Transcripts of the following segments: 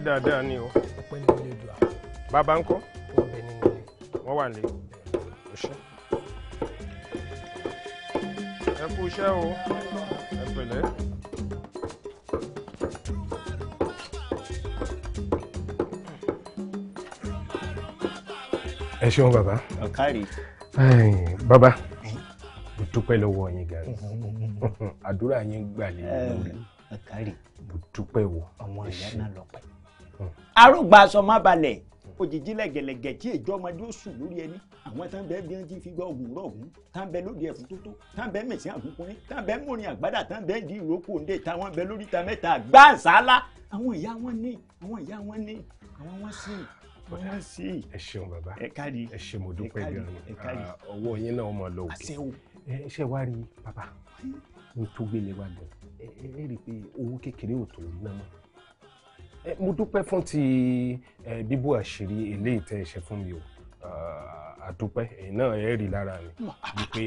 ṣe dáadáa ni o. ọpẹ́ ni wọlé dùn àwọn. bàbá ńkọ́. wọ́n bẹ nínú ilé. wọ́n wà nílé. o ṣe. ẹ kú iṣẹ́ o ẹ pẹ̀lẹ́. ẹ ṣeun bàbá. ọ̀kárì. dúpẹ́ lọ́wọ́ yín gan-an àdúrà yín gbà lé lórí. dúpẹ́ wò arógbá aṣọ má balẹ̀ òjijì lẹ̀gẹ̀lẹ̀gẹ̀ tí èjọ́ ọmọdé ó sùn lórí ẹni àwọn tán bẹ́ẹ̀ bí wọ́n ti fi gba ògùn rọ̀gùn tán bẹ́ẹ̀ lóde ẹ̀fún tótó tán bẹ́ẹ̀ mẹ̀sìn àgùnkùnrin tán bẹ́ẹ̀ mọ̀rin àgbàdà tán bẹ́ẹ̀ di ìrókò òǹdè táwọn bẹ́ẹ̀ lórí ta mẹ́ta gbáǹsálá àwọn ìyá wọn ní àwọn ìyá wọn ní àwọn wọn sí wọn wọn sí. ẹ ṣeun bàbá ẹ káàdì ẹ ṣe mo dúpẹ́ gan-an ah, ọwọ́ yín náà mọ̀ lọ òkè ṣe wá rí bàbá ní tó gbélé wa gan ẹ rí i pé owó kékeré ò tó rí náà mọ́ mo dúpẹ́ fún ti bíbú àṣírí eléyìí tẹ́ ẹ ṣe fún mi o àdúpẹ́ ẹ̀yin náà ẹ̀ rí lára mi wípé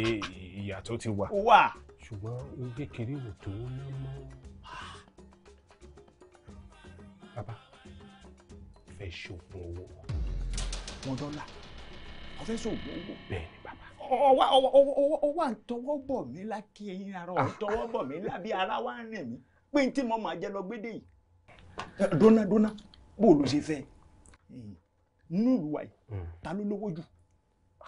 ìyàtọ̀ ti wà ṣùgbọ́n ohun kékeré ò tó ná mọ́. bàbá fẹ́ ṣoògùn owó. wọn dọ́là wọ́n fẹ́ ṣoògùn owó. bẹ́ẹ̀ni bàbá. ọwọ́ ọwọ́ ọwọ́ ń tọwọ́ bọ̀ mí lákì eyín ara ọ̀ ah. tọwọ́ bọ̀ mí lábí ara wa ń rìn mí pé n tí mo máa jẹ lọ gbédè yìí dóná dóná bó o ló ṣe fẹ́ nílùú wa yìí hmm. ta ló lówó jù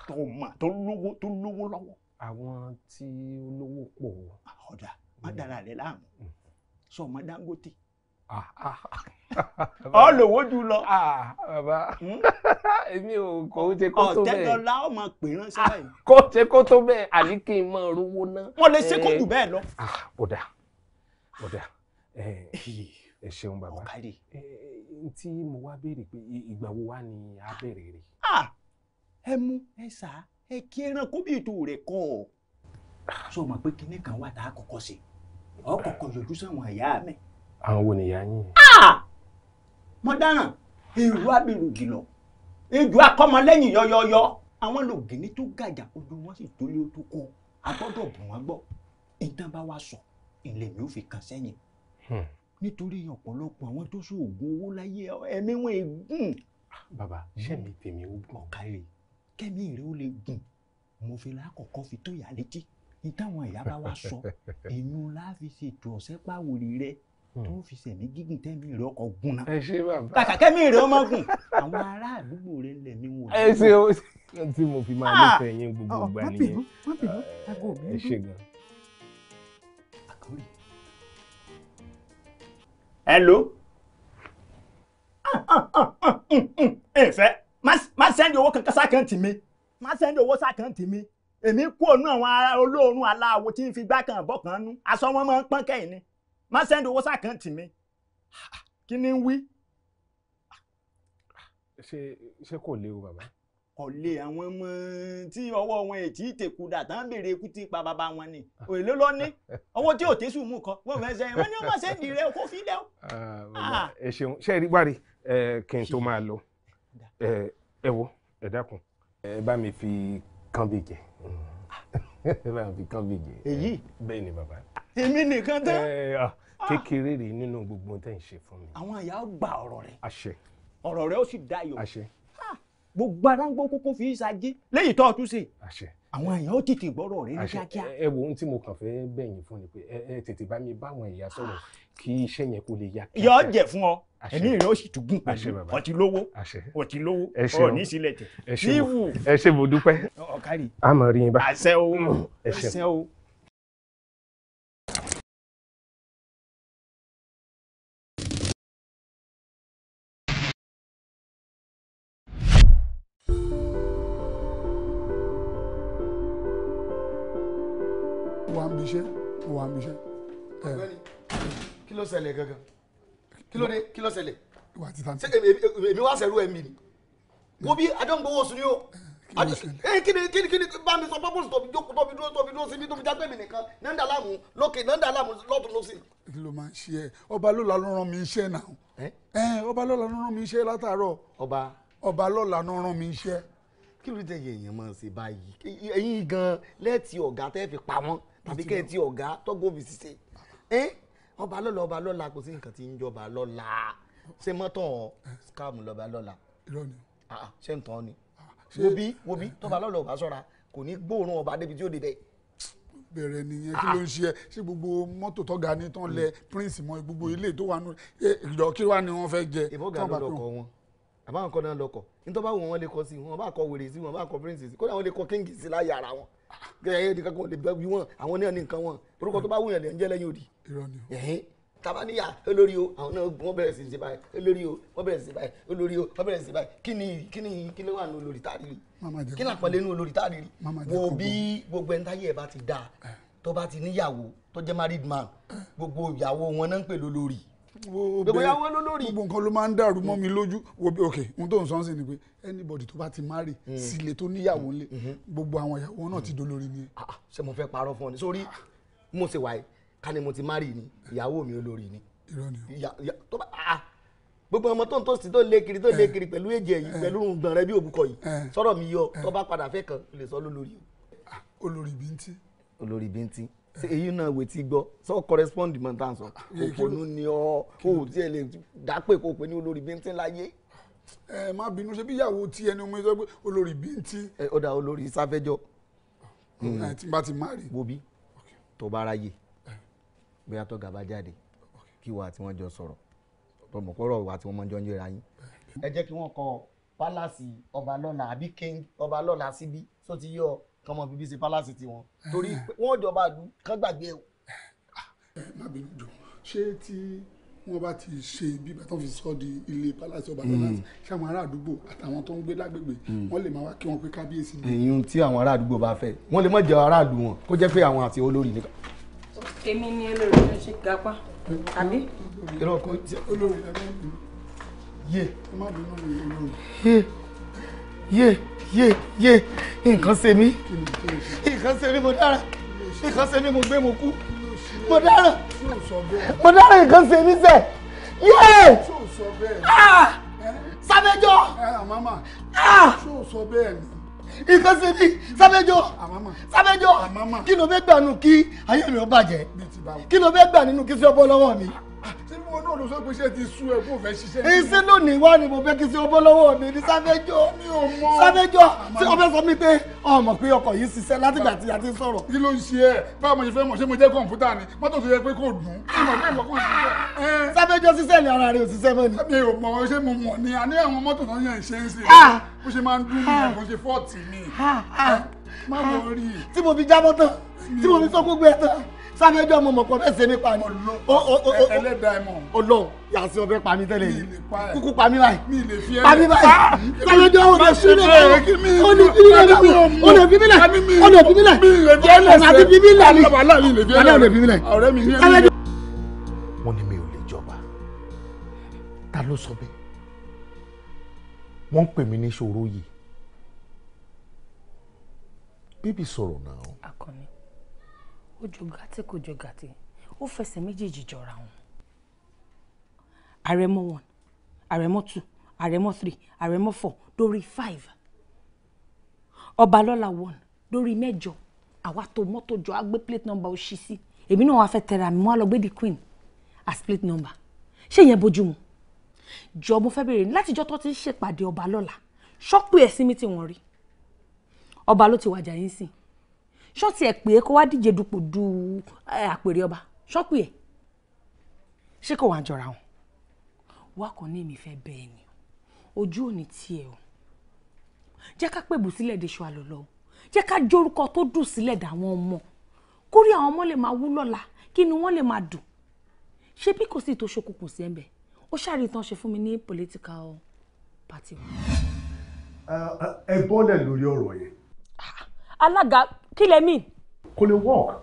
tó mà tó lówó tó lówó lọ́wọ́. àwọn tí ó lówó pọ̀. ọ̀dà má dára rẹ̀ láàmú hmm. sọ ọmọ Dangote ah, ah. ọ lówó jù lọ. Ah, bàbá hmm? èmi ò kò ó ṣe kó tó bẹ́ẹ̀. ọ̀tẹ́lọ́lá ọmọ pè ránṣẹ́ báyìí. kó ṣe kó tó bẹ́ẹ̀ àní kí n máa rówó ná. wọ́n lè ṣe kó eh. jù bẹ́ẹ̀ lọ. bọ̀dà bọ̀dà. Eh ẹ ṣeun bàbá ọkàlè. tí mo wá béèrè pé ìgbà wo wá ni a ah. bẹ̀rẹ̀ rẹ̀. Ah! ẹ mú ẹ sà ẹ kí ẹran kó bí ètò rẹ̀ kọ́ ọ. sọ ma pé kinní kan wà tá a kọ́kọ́ ṣe ọkọ̀ọ̀kan yọjú sáwọn ìyá mi. àwọn wo nìyá yín. Ah! mo dáràn èrò abirù gìlọ ejò akọmọlẹ́yìn yọyọyọ àwọn lògìní tó gàjà ojú wọn sì tó lé tó kó a gbọ́dọ̀ bù wọ́n gbọ́ ìtàn bá wa sọ ilé mi ò fi kàn sẹ́yìn. Hmm nítorí ọ̀pọ̀lọpọ̀ àwọn tó ṣoògùn owó láyé ẹ̀mí wọn è gùn. bàbá sẹ́mi tèmi ó gbọ̀n káyè. kẹ́mi rẹ̀ ó lè gùn mo fi lákọ̀ọ́kọ́ fi tó ìyá létí ní táwọn ìyá bá wá sọ èyí ńlá fi ṣètò ọ̀sẹ́ pàwòrì rẹ hmm. tó ń fi sẹ̀mí gígùn tẹ́mi rẹ̀ ọkọ̀ gùn náà. ẹ ṣe bàbá kàkà kẹ́mi rẹ̀ ọmọ gùn àwọn ará àdúgbò rẹ̀ ń lẹ̀mí wọn. ẹ ṣe o tí mo fi máa lóṣẹ̀ ah! yín gbogbo ìgbà nìyẹn ẹ ṣe gan-an. hello Eh, ìfẹ́ má sẹ́ndì owó kankan sákàǹtì mi má sẹ́ndì owó sákàǹtì mi èmi kú ònú àwọn olóòórùn aláwo tí ń fi gbá kan bọ́ kan nú aṣọ wọn máa ń pọ́n kẹ́yìn ni má sẹ́ndì owó sákàǹtì mi kí ni ń wí. ṣé ṣé kò léwu bàbá kọ̀lé àwọn ọmọ tí ọwọ́ wọn ètí tèkúdà tán béèrè ikú ti pa bàbá wọn ni òèlé ah. ló ní owó tí ò tẹ́sù mú kan wọ́n fẹ́ sẹ́yìn wọ́n ní wọ́n ṣe dì rẹ kó fi dẹ́ o. Ah, ah. ẹ ṣeun ṣe é rí wárí kí n tó máa lọ ẹ wo ẹ dákun ẹ bá mi fi kánbì jẹ ẹ bá mi fi kánbì jẹ èyí bẹ́ẹ̀ ni bàbá. èmi nìkan tán. kékeré rèé nínú gbogbo ohun tẹ́ ń ṣe fún mi. àwọn àyà gbà ọ̀rọ̀ rẹ̀ ọ̀rọ̀ rẹ̀ ó sì dayọ̀ gbogbo aráńgbó kókó fi ṣáájé lẹ́yìn tó o tún ṣe àwọn èèyàn ó tètè gbọ́rọ̀ rẹ ní kíákíá. ẹ wo ohun tí mo kàn fẹ́ bẹ̀yìn fún ni pé ẹ tètè bá mi bá àwọn ìyá sọ̀rọ̀ kí iṣẹ́ yẹn kó lè yá. yọ ọ jẹ fún ọ ẹni rẹ ó sì tún gùn pẹ̀lú ọtí lówó ọtí lówó ọ ní sílẹ̀ tẹ. ẹ ṣe mo dúpẹ́. ọkàrí a máa rí yín bá. àṣẹ o àṣẹ o. ń bíṣẹ́ mo kí ló ṣẹlẹ̀ gangan kí ló dé kí ló ṣẹlẹ̀ èmi wá sẹ́rú ẹ̀ ni wo bí adóńgbòwò sùn ni o kíni kíni kíni sọ purpose tóbi dúró tóbi dúró tóbi dúró sí ní tóbi jágbé mi nìkan nanda láàmú lókè nanda láàmú lọ́tún lọ́sì. kí ló máa ń ṣe ẹ ọba lọ́la ló rán mi iṣẹ́ náà ẹ ọba lọ́la ló rán mi iṣẹ́ látàárọ̀ ọba ọba lọ́la ló rán mi iṣẹ́. kí ló jẹ́ yẹ̀yẹ̀ máa ń ṣe báyìí ẹ̀yin gan lẹ́ẹ̀tì ọ̀gá tẹ́ fi pa wọ́n tàbí kẹ́ ẹ ti ọ̀gá tọ́gbọ́n òbí ṣiṣẹ́ ẹ ọba lọ́la ọba lọ́la kò sí nǹkan tí ń jọba lọ́la ṣé mọ́tọ̀ scam lọ́ba lọ́la ah, ah, ṣé ń tán ni wobi wobi tọ́ba lọ́la ọba sọ́ra kò ní gbóòórùn ọba débi tí ó dédé bẹ̀rẹ̀ nìyẹn ah, kí ló ń ṣe ẹ ṣé gbogbo mọ́tò tọ́ga ní tán mm. lẹ prince mọ gbogbo ilé tó wà nù ìjọ kí wà ní wọn fẹ́ jẹ. ìbọ̀gà ló lọkọ wọn àbáwọn kan náà lọkọ nítorí báwo wọn lè kọ sí wọn bá kọ wèrè sí wọn bá kọ prince sí kódà wọn lè kọ king sí láyé ara wọn gẹ́gẹ́ ẹ̀ẹ́dì kankan lè bí wọn àwọn náà ní nǹkan wọn orúkọ tó bá wù yàn lè ń jẹ́ lẹ́yìn òdì. tabaniya olórí o àwọn náà wọ́n bẹ̀rẹ̀ sí ṣe báyìí olórí o wọ́n bẹ̀rẹ̀ sí báyìí olórí o wọ́n bẹ̀rẹ̀ sí báyìí kí ni kí ni kí ni wà nù olórí táàrìrì kí ni àpọ̀lẹ́ nù olórí táàrìrì wo bí gbogbo ẹni táyé ẹ̀ bá ti dáa eh. tó bá ti níyàwó tó jẹ́ married man eh. gbogbo ìyàwó wọn náà ń pè lólórí gbogbo nǹkan ló máa ń dàrú mọ́ mi mm. lójú wo bí ok ohun tó ń sọ ń sìn ni pé anybody tó bá ti marry mm. sílé tó níyàwó ńlé mm-hmm. gbogbo àwọn ìyàwó náà ti dolórí ni. Ah, ah, ṣé mo fẹ́ parọ́ fún ọ ni sórí mo ṣe wáyé ká ni mo ti marry ni ìyàwó mi olórí ni. irọ́ ni o ah, gbogbo ọmọ tó ń tòsí tó ń lé kiri tó ń lé eh, kiri pẹ̀lú ẹ̀jẹ̀ yìí eh. pẹ̀lú gbọ̀n rẹ bí òbúkọ yìí eh, sọ̀rọ̀ mi yọ tó bá padà fẹ́ kan lè sọ lólórí. olórí bíntí. olórí bíntí èyí náà wètí gbọ́ sọ correspond mọ̀ tá à ń sọ òpònú ni ọ ò tí ẹ lè dápè kó pe ní olórí bíntín láyé. ẹ má bínú ṣe bí ìyàwó tí ẹni ọmọ ẹgbẹ́ olórí bíntín. ẹ ọ̀dà olórí sáfẹ́jọ́. Hmm. tí bá ti má rí. wo bí tó bá ráyè bóyá tó gàba jáde kí wàá tí wọ́n jọ sọ̀rọ̀ tọmọkọ́rọ̀ wàá tí wọ́n mọ́jọ́ ń yẹra yín. ẹ jẹ́ kí wọ́n kọ pálásì ọba àbí king ọba síbí só ti yọ kọ́mọ bíbí ṣe pálásì tiwọn eh. torí wọ́n jọba àdú kán gbàgbé ẹ̀. Ah, má bínú jọ ṣé tí wọ́n bá ti ṣe bíbá tó fi sọ di ilé pálásì ọba hmm. lọ́láti ṣé àwọn ará àdúgbò àtàwọn tó ń gbé lágbègbè hmm. wọ́n lè máa wá kí wọ́n pé kábíyèsí ni. èyí tí àwọn ará àdúgbò bá fẹ́ wọ́n lè má jẹ́ ará àdúgbò wọn kó jẹ́ pé àwọn àti olórí nìkan. èmi ni olórí ló ṣe gapá àbí. olórí ẹgbẹ́ má bínú mi olórí. yé yé yé yé nǹkan ṣe mí nǹkan ṣe mí mo dára nǹkan ṣe mí mo gbé mo kú mo dára mo dára nǹkan ṣe mí sẹ yé sábẹjọ nǹkan ṣe mí sábẹjọ ah, sábẹjọ kí ló fẹ́ gbà nù kí ayé ah, mi ó bàjẹ́ kí ló fẹ́ gbà nínú kí sí ọbọ lọ́wọ́ mi tí mo náà lọ sọ pé ṣé ti sú ẹ kó fẹ́ ṣiṣẹ́. iṣẹ́ lónìí wá ni mo fẹ́ kí ṣe ọbọ̀ lọ́wọ́ mi ní sáfẹ́jọ́ sáfẹ́jọ́ tí ọbẹ̀ sọ mi pé ọmọ pé ọkọ̀ yìí ṣiṣẹ́ látìgbà tí a ti sọ̀rọ̀. kí ló ń ṣe ẹ báwo mo ṣe fẹ́ mọ̀ ṣé mo jẹ́ kọ̀ǹpútà ni mọ́tò tó yẹ pé kò dùn. Ah, ah. sáfẹ́jọ́ ṣiṣẹ́ ni ara rẹ̀ ò ṣiṣẹ́ mọ́ ni. mi ò mọ̀ ṣé mo mọ̀ ni àní àwọn mọ́tò tó yẹn ṣe ń ṣe ah, bó ṣe máa ń dún mi bó tí mo fi jábọ́ tán tí mo fi sọ gbogbo ẹ̀ tán sani ọjọ́ mo mọ̀ pọ̀ fẹ́ ṣe mí pa ni. ẹlẹ́dàá ẹ̀ mọ̀. olóhùn yàtí ọbẹ̀ pa mí tẹ́lẹ̀ yìí kúkú pa mí báyìí pa mí báyìí ah! sani ọjọ́ mo fẹ́ ṣe mí lẹ̀ o ní fi mí lẹ̀ o lè fi mí lẹ̀ o lè fi mí lẹ̀ o lè fi mí lẹ̀ ni o lè fi mí lẹ̀ wọ́n ní mi ò lè jọba ta ló sọ bẹ́ẹ̀ wọ́n ń pè mí ní ṣòro yìí bíbí sọ̀rọ̀ náà. akọni ó jọ gàtí kò jọ gàtí ó fẹsẹ̀ méjèèjì jọra wọn. àrẹ̀mọ one àrẹ̀mọ two àrẹ̀mọ three àrẹ̀mọ four dórí five ọbalọ́la one dórí mẹ́jọ àwa tó mọ́tò jọ àgbé plate number ó ṣí sí èmi náà wàá fẹ́ tẹ̀ra mi wọ́n á queen as plate number ṣé yẹn bójú mu jọ mo fẹ́ bèrè látijọ́ tó ti ń ṣèpàdé ọba lọ́la ṣọ́pù ẹ̀sìn mi tí wọ́n rí ọba ló ti wàjà yín sìn ṣọ́ọ̀tì ẹ̀ pé kó wá díje dupò du àpèrè ọba ṣọ́ọ̀pì ẹ̀ ṣé kò wá jọra wọn wá kàn ní èmi fẹ́ bẹ́ẹ̀ ni ojú ò tiẹ̀ o jẹ́ ká pèbù sílẹ̀ dèṣọ àlọ́lọ́ jẹ́ ká jórúkọ tó dùn sílẹ̀ dàwọn ọmọ kórí àwọn ọmọ lè máa wú lọ́la kí ni wọ́n lè máa dùn ṣé bí kò sí tó ṣokùnkùn sí ẹ̀ńbẹ̀ ó ṣàrí tán ṣe fún mi ní political party. ẹ bọ́lẹ̀ lórí ọ̀rọ̀ yẹn. Ah, alága kí lẹ mean. kò lè work.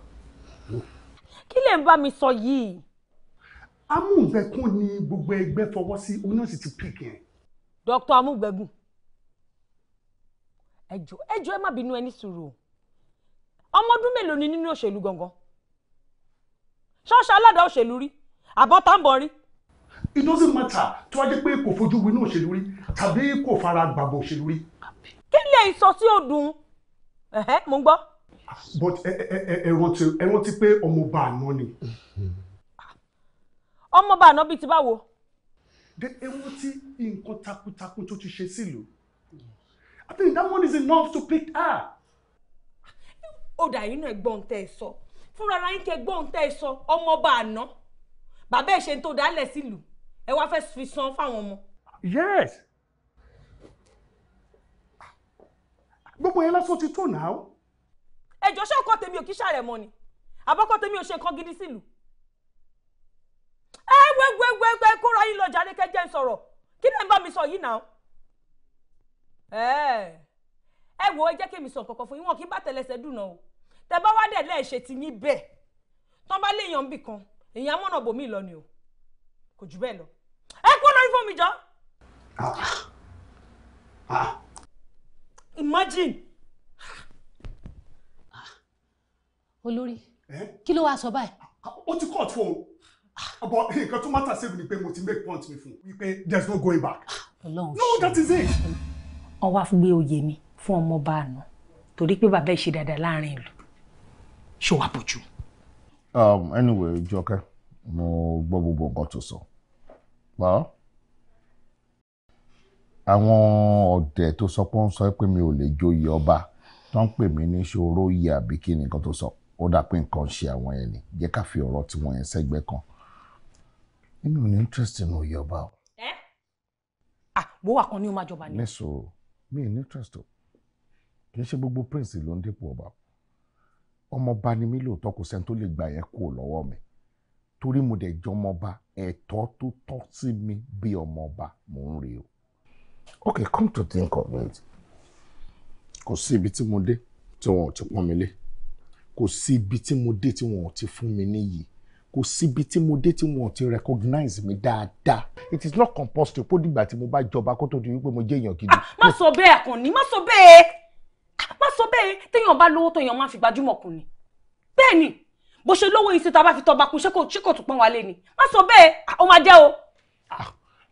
kí lẹ ń bá mi sọ yìí. amúgbẹ̀kún ni gbogbo ẹgbẹ́ fọwọ́ sí òun náà sì ti pick yẹn. dr amúgbẹ̀gùn ẹjọ ẹjọ ẹ má bínú ẹ sùúrù ọmọ ọdún mélòó ni nínú òṣèlú gangan ṣọ́ọ̀ṣì aládàá òṣèlú rí àbọ̀tàǹbọ̀ rí. it doesn't matter tó wá jẹ́ pé kò fojú winú òṣèlú rí tàbí kò fara gbàgbọ́ òṣèlú rí. kí lè sọ sí ọdún mo ń gbọ́ but ẹ rántí ẹ rántí pé ọmọọba àná ni. ọmọọba àná bíi ti báwo. de ẹ rántí nǹkan takuntakun tó ti ṣe sílùú I think that one is enough to pick her. ó dà yín náà gbọ́n tẹ́ ẹ sọ fúnra yín kẹ́ gbọ́n tẹ́ ẹ sọ ọmọọba àná bàbá ẹ̀ ṣe ń tó dálẹ̀ sílùú ẹ wá fẹ́ fi san fáwọn ọmọ. yes gbogbo yẹn lásán ti tó náà. Ejo ṣé ọkọ tèmi ò kí ṣàrẹ̀ mọ́ ni àbọ́kọ tèmi ò ṣe nǹkan gidi sílùú. ẹ wẹ́wẹ́wẹ́wẹ́ kóra yín lọ jàre kẹ́jẹ́ ń sọ̀rọ̀ kí lẹ́ ń bá mi sọ yìí náà. ẹ wo ẹ jẹ́ kí mi sọ kankan fún yín wọn kí bá o tẹ bá wá ti tán bá kan èèyàn mọ̀nà bòmí lọ ni o kò jù bẹ́ẹ̀ lọ. ẹ kú olórí kí ló wàá sọ báyìí. ó ti court fún o but nǹkan tó matter save ni pé mo ti make point mi fún wípé there is no going back. Ọlọ́run no that is it. wọn wá gbé oyè mi fún ọmọọba àná torí pé bàbá ẹ ṣe dáadáa láàrin ìlú ṣó wàá bójú. Um, anyway Jọkẹ́ mo gbọ́ gbogbo nǹkan tó sọ pa àwọn ọ̀dẹ̀ tó sọ pé ń sọ pé mi ò lè joyè ọba tó ń pè mí ní ṣòro yìí àbí kí nìkan tó sọ. So ó dà pé nǹkan ṣe àwọn ẹni jẹ́ ká fi ọ̀rọ̀ tiwọn yẹn sẹ́gbẹ́ kan nínú ní interest nínú oyè ọba o. ẹ à bó wà kan ní o máa ni. nẹ́sọ̀ mi ò ní interest o kì í ṣe gbogbo prince ló ń dépò ọba o ọmọọba ni mí lóòótọ́ kò sẹ́ni tó lè gbà yẹn kúrò lọ́wọ́ mi torí mo dẹ̀ jọmọba ẹ̀tọ́ tó tọ́ sí mi bí ọmọọba mò ń rè o. okay come to think of it kò sí ibi tí mo dé tí wọn ò ti pọ́n mi lé kò sí ibi tí mo dé tí wọn ò ti fún mi níyì kò síbi tí mo dé tí wọn ò ti recognize mi dáadáa it is not compulsory kó dìgbà tí mo bá jọba kó tó di wípé mo jẹ́ èèyàn gidi. Ah, má sọ bẹ́ẹ̀ kàn ní má sọ bẹ́ẹ̀ má sọ bẹ́ẹ̀ téèyàn bá lówó téèyàn máa fi gbajúmọ̀ kùn ni bẹ́ẹ̀ ni bó ṣe lówó yìí ṣe tá a bá fi tọba kún ṣé kò tún pọ́n wálé ni má sọ bẹ́ẹ̀ ah, ó máa jẹ́ o. Ah,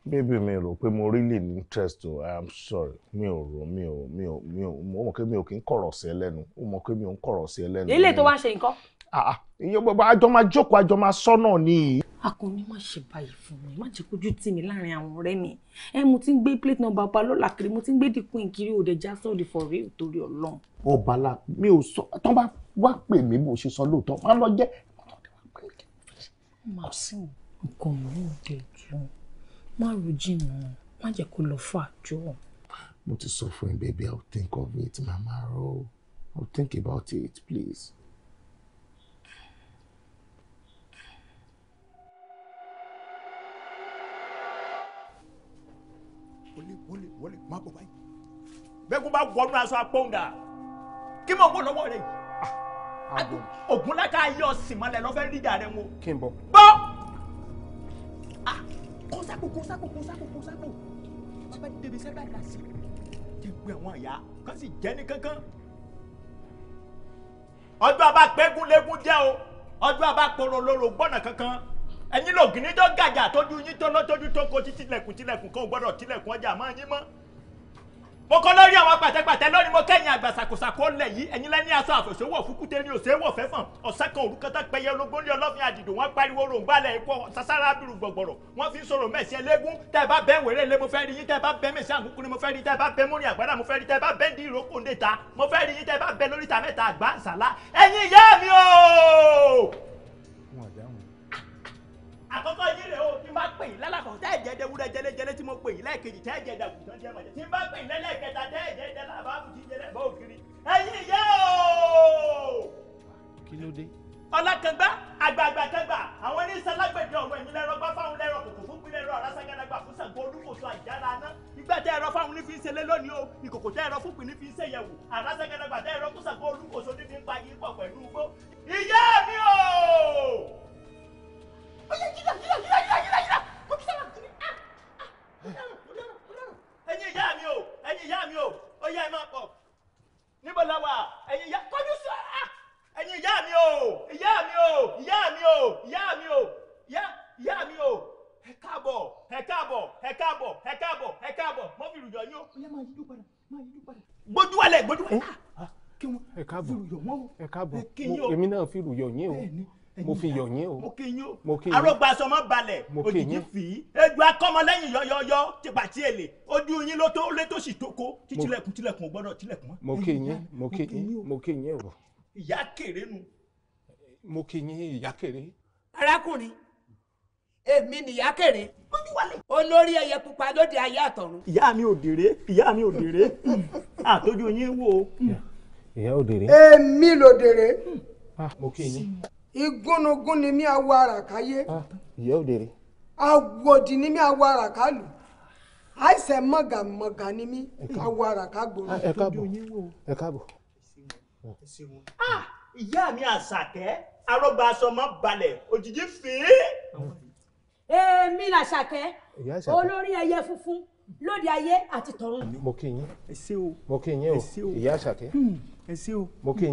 bébì mi rò pé mo really interest o i am sorry mi ò rò mi ò mi ò mi ò mo mọ̀ pé mi ò kí ń kọ̀rọ̀ sí ẹ lẹ́nu ó mọ̀ pé mi ò ń kọ̀rọ̀ sí ẹ lẹ́nu. ilé tó wá ṣe nǹkan. ìyẹn bàbá àjọ máa jókòó àjọ máa sọ náà ni. akọni má ṣe báyìí fún mi má jẹ́ kójú tì mí láàrin àwọn ọ̀rẹ́ mi ẹ mo ti ń gbé plate number ọba lọ́la kiri mo ti ń gbé dìkú ìkiri òde já sóde for real torí Ọlọ́run. ọba má ro jìnnà má jẹ́ kó lọ fà jọ. mo ti sọ fún ẹ baby I'll think of it mama ro i will think about it please. wọlé wọlé wọlé má bọ̀ báyìí. bẹ́ẹ̀ kó bá wọnú aṣọ apọ́ǹdà kí mo bọ̀ lọ́wọ́ rẹ̀ yìí. ògùn lákàá yọ ọ̀sìn mọ́lẹ̀ lọ́fẹ́ ríjà rẹ̀ wo. kí n bọ̀. bọ́ kó sápò kó sápò kó sápò kó sápò tí bá débi sẹ́gbà dàsí kí n pe àwọn ìyá kan sì jẹ́ ní kankan. ọjọ́ àbá pẹ́gun lẹ́gun jẹ́ o ọjọ́ àbá pọ̀rọ̀ lóró gbọ́nà kankan ẹ̀yin lògìnníjọ́ gàjà tójú yín tó lọ́tọ́jú tó kó títí tilẹ̀kùn tilẹ̀kùn gbọ́dọ̀ tilẹ̀kùn ọjà máa yín mọ́ mo kọ́ lórí àwọn pàtẹ́pàtẹ́ lónìí mo kẹ́yìn àgbàsàkòsàkò lẹ̀ yìí ẹ̀yin lẹ́ni aṣọ àfẹ̀sẹ̀wọ̀ fúkúté ni òṣèwọ̀ fẹ́fàn ọ̀sẹ̀ kan òrukọ́tà pẹyẹ ológun ní ọlọ́fin àdìdò wọ́n pariwo ròǹgbàlẹ̀ ikọ̀ sasara abiru gbọ̀gbọ̀rọ̀ wọ́n fi ń sọ̀rọ̀ mẹ́sì ẹlẹ́gún tẹ́ ẹ bá bẹ́ wèrè lé mo fẹ́ rí yín tẹ́ ẹ bá bẹ́ mẹ́sì àgùnkùn ni mo fẹ́ rí tẹ́ ẹ bá bẹ́ múni àgbàdà mo fẹ́ rí tẹ́ ẹ bá bẹ́ ndí ìrókò ń dé ta mo fẹ́ rí yín tẹ́ ẹ bá bẹ́ lóríta mẹ́ta àgbà ńsàlá ẹ̀yin ìyá mi ooo àkọ́kọ́ yín rẹ̀ o tí n bá pè yín lálàkọ̀ tẹ́ ẹ̀jẹ̀ dẹ wúrẹ́ jẹlẹjẹlẹ tí mo pè yín lẹ́ẹ̀kejì tẹ́ ẹ̀jẹ̀ dàgùtàn jẹ́ màjẹ́ tí n bá pè yín lẹ́lẹ́kẹta tẹ́ ẹ̀jẹ̀ dẹ làbá àbùjí jẹ lẹ́bọ̀ ògiri ẹ̀yin yẹ́ o. kí ló dé. ọlákàngbá àgbààgbà kàngbà àwọn oníṣẹ́ alágbẹ̀dẹ ọ̀wọ́ ẹ̀yin lẹ́rọ gbá fáwọn lẹ́rọ kòkò fún pínlẹ̀ ẹ̀rọ aráságádágbà fún sàgbọ́ olúkòso àjàrà aná ìgbà tẹ́ ẹ̀rọ fáwọn onífi ń ṣe lé lónìí o ìkòkò tẹ́ ẹ̀rọ fún pínlẹ̀ fi ń ṣe yẹ̀wò aráságádágbà tẹ́ ẹ̀rọ fún sàgbọ́ olúkòso ní ń pa yín pọ̀ pẹ̀lú igbó. ìyá mi o ẹ̀yin ìyá mi o ẹ̀yin ìyá mi o ó yá ẹ máa pọ̀ níbo la wà ẹ̀yin ìyá kọjú sí ah! ẹ̀yin ìyá mi o ìyá mi o ìyá mi o ìyá mi o ìyá mi o ẹ káàbọ̀ ẹ káàbọ̀ ẹ káàbọ̀ ẹ káàbọ̀ ẹ káàbọ̀ mọ fi rùjọ yín o. ó yá máa yíjú padà máa yíjú padà. gbójú wálẹ̀ gbójú wálẹ̀ ah! kí wọ́n fi rùjọ wọ́n o. ẹ káàbọ̀ èmi náà fi rùjọ yín o mo fi yọ̀ yín o mo kí yín o arọgbàsọ má balẹ̀ òjijì fì í ejò akọmọlẹ́yìn yọyọyọ tìpàtì èlé ojú yín ló tó lé tó sì tóko tí tilẹ̀kùn ò gbọ́dọ̀ tilẹ̀kùn mọ́. mo kí mo kí mo kí o. ìyá kéré nu. mo kí yín ìyá kéré. arákùnrin èmi nìyá kéré olórí ẹyẹ pupa lóde ayé àtọ̀run. ìyá mi ò dèrè ìyá mi ò dèrè àtọ́jú yín wò. ìyá ò dèrè. èmi ló dèrè. Ah, mo kí igúnnugún ni mí awọ àràkáyé Agwodi ah, ni mí awọ àràkálù Aise mọgàmọgà ni mí awo àràkágbòrò. ẹ káàbọ̀ ah, ah, mi àṣàkẹ́ arọ́gbà aṣọ balẹ ojiji òjijì fèé. èmi làṣàkẹ́ olori ẹyẹ funfun lóde ayé àti tọ̀run. mo kí yín mo kí yín o ìyá àṣàkẹ́ hmm, mo kí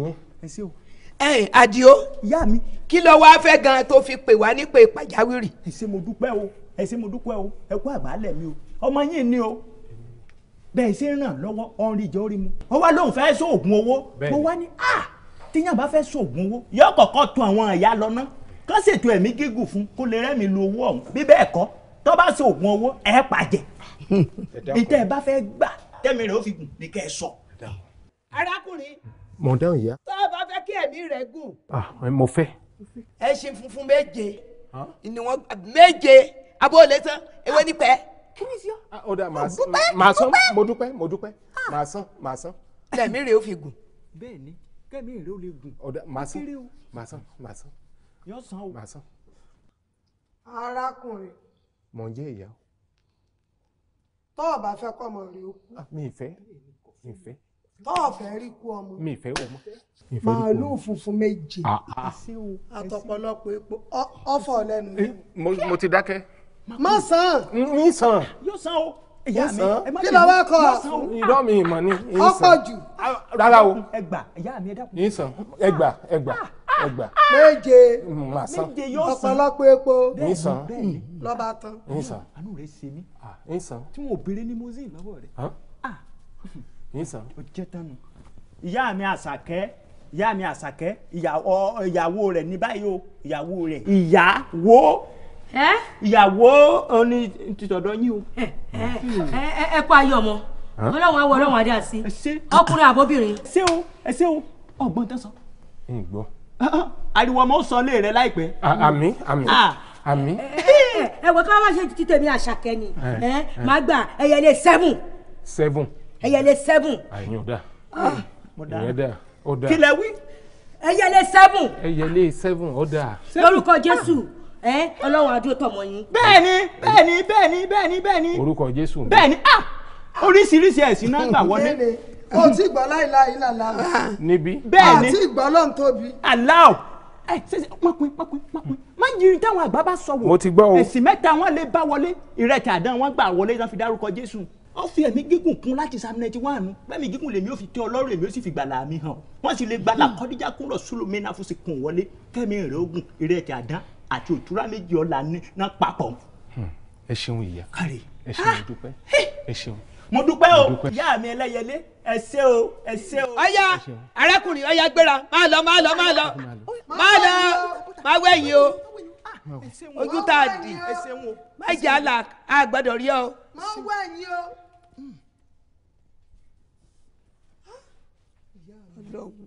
ẹ̀yin adio ìyá mi kí ló wáá fẹ́ gan-an tó fi pè wá nípe pàjáwìrì. ẹ ṣé mo dúpẹ́ o ẹ ṣé mo dúpẹ́ o ẹ kú àgbálẹ̀ mi o ọmọ yín ni o bẹ́ẹ̀ ṣe ń ràn lọ́wọ́ ọ̀rìn ìjọ orí mu ó wá lóun fẹ́ sóògùn owó mo wá ní à tíyàn bá fẹ́ sóògùn owó yóò kọ́kọ́ tún àwọn ìyá lọ́nà kán ṣètò ẹ̀mí gígùn fún kó lè rẹ́mi lu owó ọ̀hún bí bẹ́ẹ̀ kọ́ tó bá sóògùn owó ẹ̀ pàjẹ́ ìtẹ́ ẹ bá fẹ́ gbà tẹ́mi rẹ̀ ó fi gùn ní kẹ́ ẹ sọ. arákùnrin mo dáhùn ìyá. tó o bá fẹ́ kí ẹ̀mí rẹ̀ gùn. Ah, mo fẹ́. ẹṣin funfun méje ni wọn méje abóolé tán ewé ah. nípẹ́. kí ni sí ọ. Ah, ó dà máa sán mo dúpẹ́ mo dúpẹ́ máa sán máa sán. lẹ́mí rẹ̀ ó fi gùn. bẹ́ẹ̀ ni kẹ́mi rẹ̀ ó lè gùn. ó dà máa sán máa sán máa sán. yọ san o. máa sán. arákùnrin. mò ń jẹ́ ìyá. tó o bá fẹ́ kọ́ ọmọ rẹ̀ ó mi ì fẹ́ mi ì fẹ́ tọ́ọ̀fẹ́ rí kú ọmọ. mi ìfẹ́ ọmọ. màálù funfun méje. Ah, ah. àtọ̀pọ̀lọpọ̀ epo ọ̀fọ̀ lẹ́nu. Eh, mo ti dákẹ́. má san. mi san. yóò san o ìyá mi kí ló wá kọ irọ́ mi ìmọ̀ ni ọ̀pọ̀ jù ah, rárá o ẹgbà ìyá mi ẹ dákun ìsàn ẹgbà ẹgbà ẹgbà méje màsán ọ̀pọ̀lọpọ̀ epo ìsàn lọ́ba tán ìsàn àánú rẹ̀ ṣe mí ìsàn tí wọn ò béèrè ní mozin ó jẹ́ tánu ìyá mi àṣàkẹ́ ìyá mi àṣàkẹ́ ìyàwó rẹ̀ ní báyìí o ìyàwó rẹ̀ ìyàwó ìyàwó ni títọ̀dọ̀ yín o. ẹ kú ayé ọmọ ọlọ́run awọ ọlọ́run adé àti ọkùnrin àbóbìnrin. ṣé o ẹ ṣé o ọgbọ́n tẹ́ sọ. ń gbọ́. ariwo ọmọ ó sọ ilé rẹ láìpẹ́. àmín àmín àmín. ẹ wọ kí wọn bá ṣe títẹ̀mí àṣàkẹ́ ni màá gbà ẹyẹlé seven. seven ẹyẹlé seven. àyìn ọ̀dà ah, ìyẹ́dà ọ̀dà kílẹ̀ wí ẹyẹlé seven. ẹyẹlé seven ọ̀dà. lórúkọ jésù ẹ ọlọ́run adúró tọmọ yín. bẹ́ẹ̀ni bẹ́ẹ̀ni bẹ́ẹ̀ni bẹ́ẹ̀ni bẹ́ẹ̀ni. orúkọ jésù. bẹ́ẹ̀ni ah oríṣiríṣi ẹ̀sìn náà gbà wọlé o ti gbọ́ láìláì làlá. níbí. bẹ́ẹ̀ ni àti ìgbọ́ lọ́n tóbi. aláwọ̀ ẹ ṣẹṣẹ pọnpin pọnpin pọnpin máa ń yiri táwọn àgbà bá sọ wò. mo ti gbọ́ o. ẹ̀sìn mẹ́ta wọn lè bá wọlé ìrẹ̀kẹ̀ àdán wọn gbà wọlé náà fi dárúkọ jésù ó fi ẹ̀mí gígùn kún láti psalm ninety one bẹ́ẹ̀mí gígùn lèmi ó fi tẹ́ ọlọ́run èmi ó sì fi gbàlà mi hàn wọ́n sì lè gbàlà hmm. kọ́díjà kúnlọ̀ sólómìnà fún sí kùn wọlé kẹ́mi rẹ̀ ogun ìrẹ̀tẹ̀ àdán àti òtúrá méjì ọ̀la náà papọ̀. Hmm. ẹ ṣeun ìyá ẹ ṣeun ah! dúpẹ́ ẹ ṣeun. mo dúpẹ́ o ìyá mi ẹlẹ́yẹlé ẹ ṣé o ẹ ṣé o. ọyá arákùnrin ọyá gbéra máa lọ máa lọ máa lọ máa lọ máa wẹ̀yìn ah! ojú tá a dì má jẹ́ àlà àgbàdo rí ọ. máa wẹ̀yìn o. lọ́hùn.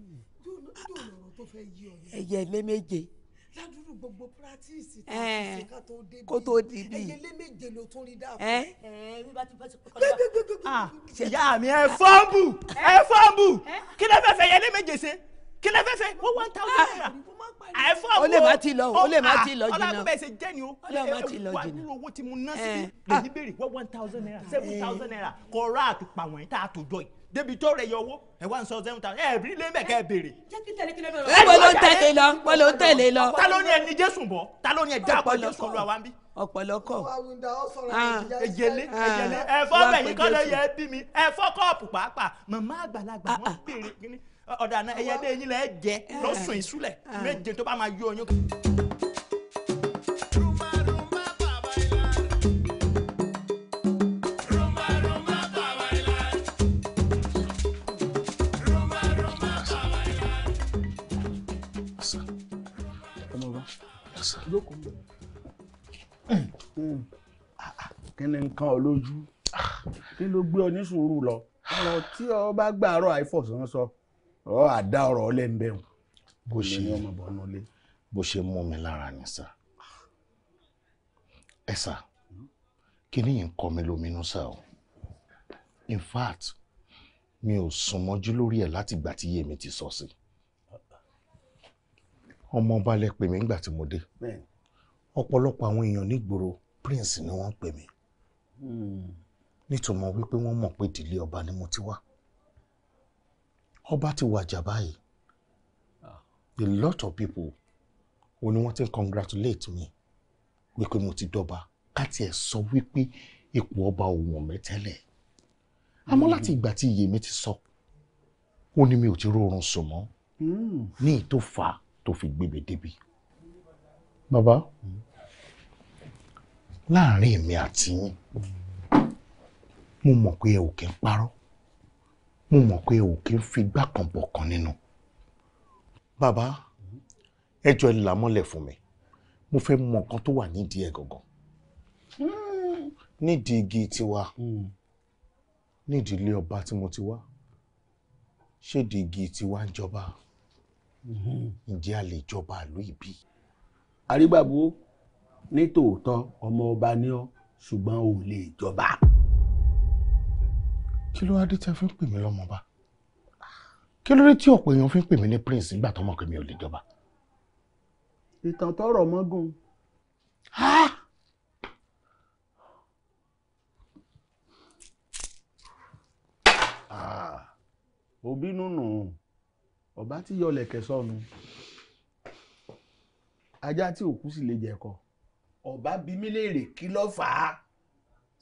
ẹyẹ ilé méje. ládùúgbò gbogbo pírátìsì tó ti ṣe ká tó débi kó ẹyẹ ilé méje ló tún rí dáàbò. Ah, ìyá mi ẹ fọ́ǹbù ẹ fọ́ǹbù kí ló fẹ́ fẹ́ ẹyẹ ilé méje ṣe kí ló fẹ́ fẹ́ wọ́n one thousand ah, naira àìfọ́ wo o lè má ti lọ o lè ti lọ jìnnà ọlọ́run bẹ́ẹ̀ ṣe o o ti lọ oh, ah, jìnnà wà owó tí mo ná síbi lèmi béèrè wọ́n one thousand naira seven thousand naira kọ́ ra àtùpà wọ̀nyí tá a tó jọ yìí débi tó rẹ̀ yọ owó ẹ wá ń sọ seven thousand ẹ bí lé mẹ́kẹ́ béèrè. ẹ bọ́ ló ń tẹ̀lé lọ bọ́ ló ń tẹ̀lé lọ. ta ló ní ẹni jésù bọ̀ ta ló ní ẹja àpọ̀ jésù lu àwa ń bí. ọ̀pọ̀lọpọ̀ ẹyẹlé ẹyẹlé ẹ̀fọ́ bẹ̀yìn kọ́ ló yẹ ẹ bí mi ẹ̀fọ́ kọ́ọ̀pù pàápàá màmá àgbàlagbà ah, wọ́n ah. béèrè kíní ọ̀dà náà ẹyẹlé yín lẹ́ jẹ ah. lọ́sùn ìsúlẹ̀ méje tó bá máa yọ ọyún kí ni nǹkan ọ lójú kí ló gbé ọ ní sùúrù lọ ọ̀rọ̀ tí ọ bá gbàárọ̀ àìfọ̀sán sọ ọ àdá ọ̀rọ̀ ọlẹ́ńbẹ̀hùn bó ṣe ní ọmọ bọ̀ nulẹ̀ bó ṣe mú mi lára ni sá ẹ sá kí ni yìí ń kọ mi lóminú sá o in fact mi ò sùn lórí ẹ̀ láti ìgbà tí yèmí ti sọ sí ọmọ ọba pè mí nígbà tí mo dé ọ̀pọ̀lọpọ̀ àwọn èèyàn nígboro prince ni wọ́n pè mí nítumọ̀ wípé wọ́n mọ̀ pé ìdílé ọba ni mo ti wá ọba ti wàjà báyìí a lot of people ó ní wọ́n ti congratulate me wípé mo ti dọ́ba káti ẹ̀ sọ wípé ipò ọba ò wọ̀n mi tẹ́lẹ̀ àmọ́ láti ìgbà tí iyèmí ti sọ ó ní mi ò ti rọrùn sùn mọ́ hmm. ní ìtòfà tó fi gbébè débi. bàbá. Mm láàrin èmi àti yín mo mọ̀ pé ẹ ò kí ń parọ́ mo mọ̀ pé ẹ ò kí ń fi igbá kan bọ̀ kan nínú bàbá ẹ jọ ẹ là mọ́lẹ̀ fún mi mo fẹ́ mọ nǹkan tó wà nídìí ẹ̀ gangan nídìí igi tiwa nídìí ilé ọba tí mo ti wá ṣédìí igi tiwa ń jọba ǹjẹ́ a lè jọba ìlú ìbí. àrígbàgbọ́ ní tòótọ́ ọmọ ọba ni ọ́ ṣùgbọ́n ò lè jọba. kí ló wá dé tí a fi ń pè mí lọ́mọba kí ló dé tí ọ̀pọ̀ èèyàn fi ń pè mí ní prince nígbà tó mọ̀ pé mi ò lè jọba. ìtàn tọrọ mọ́gùn. òbí ah, nùnù ọba tí yọlẹ̀kẹ̀ sọnù ajá tí òkú sì lè jẹ̀kọ̀ ọba bí mí léèrè kí ló fà á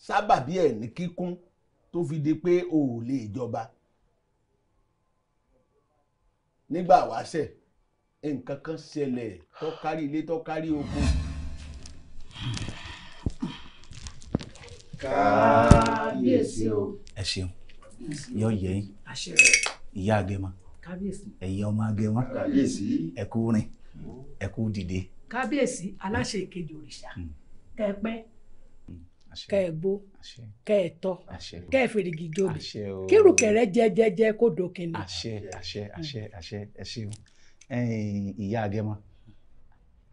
sábàbí ẹ̀ ní kíkún tó fi di pé o ò lè jọba nígbà wáṣẹ̀ nǹkan kan ṣẹlẹ̀ tó ilé tó oko. kábíyèsí o. ẹ ṣeun yóò yẹ yín ìyá agẹmọ ẹ̀yin ọmọ agẹmọ ẹ rìn ẹ dìde kábíyèsí aláṣẹ ìkejì òrìṣà hmm. kẹpẹ hmm. kẹẹgbó kẹẹtọ kẹẹfèrègì jobi kírùkẹrẹ jẹjẹjẹ kó dókínì. àṣẹ àṣẹ hmm. àṣẹ àṣẹ ẹ ṣeun ìyá agẹmọ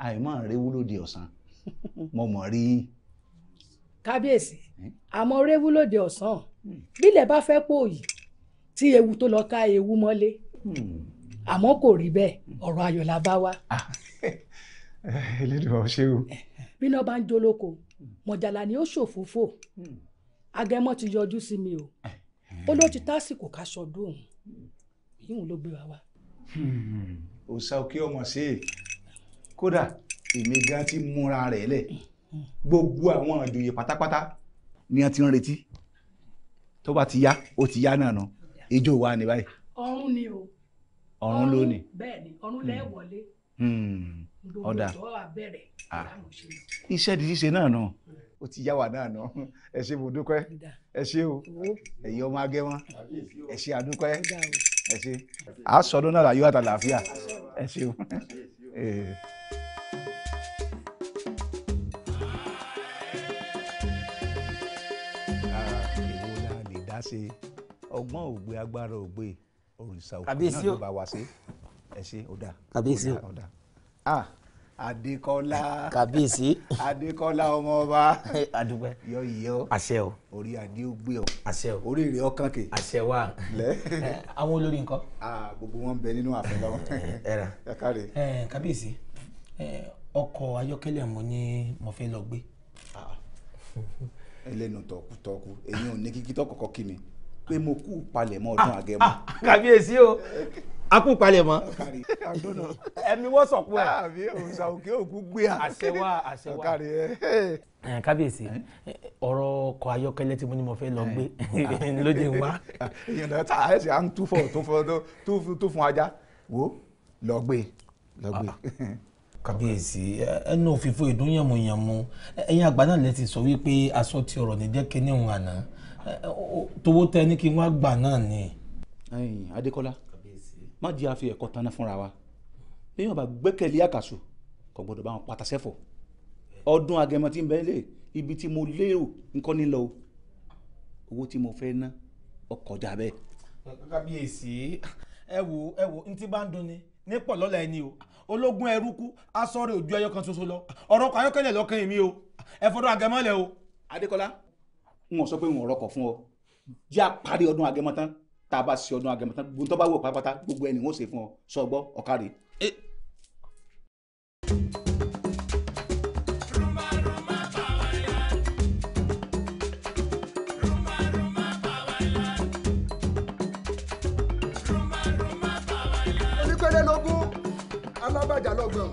àìmọ rẹ wúlò di ọ̀sán mo mọ rí yín. kábíyèsí àmọ́ rẹ wúlò di ọ̀sán bílẹ̀ bá fẹ́ pòòyì tí ewu tó lọ ká ewu mọ́lé àmọ́ kò rí bẹ́ẹ̀ ọ̀rọ̀ ayọ̀ la bá wá. Ah. elédùnmọ̀ ṣé o. bí náà bá ń jólóko mọ̀jàlá ni ó ṣòfófó agẹmọ ti yọjú sí mi o ó ló ti tásìkò ká ṣọdún òun yíyún ló gbé wa wá. Hmm. òòsà òkè ọmọ sí i kódà èmi gan ti múra rẹ̀ lẹ̀ gbogbo àwọn àjòyè pátápátá ni a ti ń retí tó bá ti yá ó ti yá náà nà ijó wa ni báyìí. ọ̀run ni o ọ̀run ló ni bẹ́ẹ̀ ni ọ̀run lẹ hmm. wọlé. Hmm ọ̀dà ah. iṣẹ́ di ṣíṣe náà nà hmm. ó ti yá wa náà nà ẹ ṣe mo dúpẹ́ ẹ ṣe o ẹ̀yin ọmọ agẹ́ wọn ẹ ṣe àdúpẹ́ ẹ ṣe àásọdún náà láyọ̀ àtàlàáfíà ẹ ṣe o. Eh. Ah, ṣe ọgbọ́n ògbé agbára ògbé òrìṣà òkú náà ló bá wa ṣe ẹ ṣe ó dà ah Adékọ́lá kàbíyèsí Adékọ́lá ọmọọba adúpẹ́ yọ yọ àṣẹ o orí adé ó gbé ọ àṣẹ o orí rẹ ọkàn kè àṣẹ wa lẹ eh, àwọn olórí nǹkan. Ah, gbogbo wọn bẹ nínú àfẹ lọ́wọ́ ẹ káre. Eh, kàbíyèsí eh, ọkọ̀ ayọ́kẹ́lẹ́ mo ní mo fẹ́ lọ gbé. Ah. ẹlẹ́nu tọkutọku èyí ò ní kíkí tọkọ̀kọ̀ kí mi pé mo kú palẹ̀mọ́ ọdún àgẹ̀mọ́. Ah, kàbíyèsí o akú palẹ̀ mọ́. ẹni wọ́n sọ̀kú ẹ̀. àbí ah, òòsà òkè òkú gbé eh. kábíyèsí eh? ọ̀rọ̀ ọkọ̀ ayọ́kẹ́lẹ́ tí mo ní mo fẹ́ lọ eh. gbé lóde a ẹ̀sìn à ń tú fọ̀ ajá wo lọ gbé lọ gbé. Ah, ah. kábíyèsí ẹnu òfìfo ìdún yànmùyànmù ẹ̀yin àgbà náà lè ti sọ wípé aṣọ ti ọ̀rọ̀ ní jẹ́kẹ́ àná tówó tẹ ní kí gbà má jẹ́ àfi ẹ̀kọ́ tanná fúnra wa lẹ́yìn ọba gbẹ́kẹ̀lé àkàsù kò gbọ́dọ̀ bá wọn pàtàsẹ́fọ̀ ọdún agẹmọ ń lé ibi tí mo lérò nǹkan nílọ o owó tí mo fẹ́ ná ọkọ̀ jà bẹ́ẹ̀. kábíyèsí ẹ wo ẹ wo ntí bá ń dunni ní o ológun eruku kú aṣọ ẹyọ kan lọ ọ̀rọ̀ ayọ́kẹ́lẹ̀ lọ́kàn o ẹ fọdún agẹmọ o. adekola n ò sọ pé n ò tá a bá ṣe ọdún agẹmọ tán gbogbo tó bá wò pátápátá gbogbo ẹni wọn ò ṣe fún ọ sọ gbọ ọkàrẹ. onípẹ̀lẹ́lógún alábàjá lọ́gbọ̀n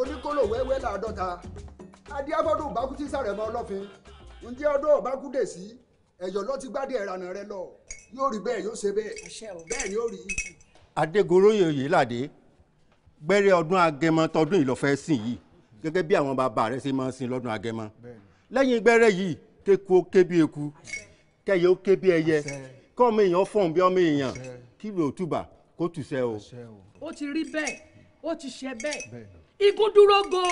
oníkóló wẹ́wẹ́ láàdọ́ta adíábọ́dún bákútí sàrẹ̀mọ́ ọlọ́fin ǹjẹ́ ọdún ọ̀bákúdè sí ẹ̀yọ̀ ló ti gbádùn ẹ̀rànà rẹ lọ yóò rí bẹ́ẹ̀ yóò ṣe bẹ́ẹ̀ bẹ́ẹ̀ ni ó rí. adégoróyè oyèládé gbẹ́rẹ́ ọdún agẹmọ tọdún yìí ló yìí gẹ́gẹ́ bí àwọn bàbá rẹ̀ ṣe máa ń sìn lọ́dún agẹmọ lẹ́yìn gbẹ́rẹ́ yìí kéku ó ké bí eku kẹyẹ ó ké bí ẹyẹ kọ́mọ èèyàn fọ̀n bí ọmọ èèyàn kí ló túbà kó tùṣẹ́ o. ó ti rí bẹ́ẹ̀ ó ti ṣe bẹ́ẹ̀ igun dúró go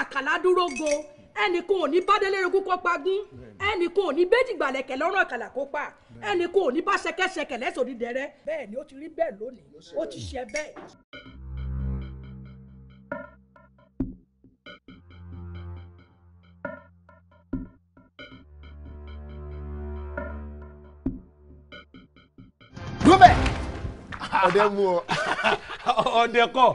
àkàlà dúró go ẹnìkan ò ní bádélérogún kó pagún ẹnìkan ò ní béjìgbàlẹ̀kẹ̀ lọ́rùn àkàlà kó pa ẹnìkan ò ní bá ṣẹkẹ́ṣẹkẹ̀ lẹ́sòdì dẹrẹ́ bẹ́ẹ̀ ni ó ti rí bẹ́ẹ̀ lónìí ó ti ṣe bẹ́ẹ̀. ọdẹ mú ọ. ọdẹ kọ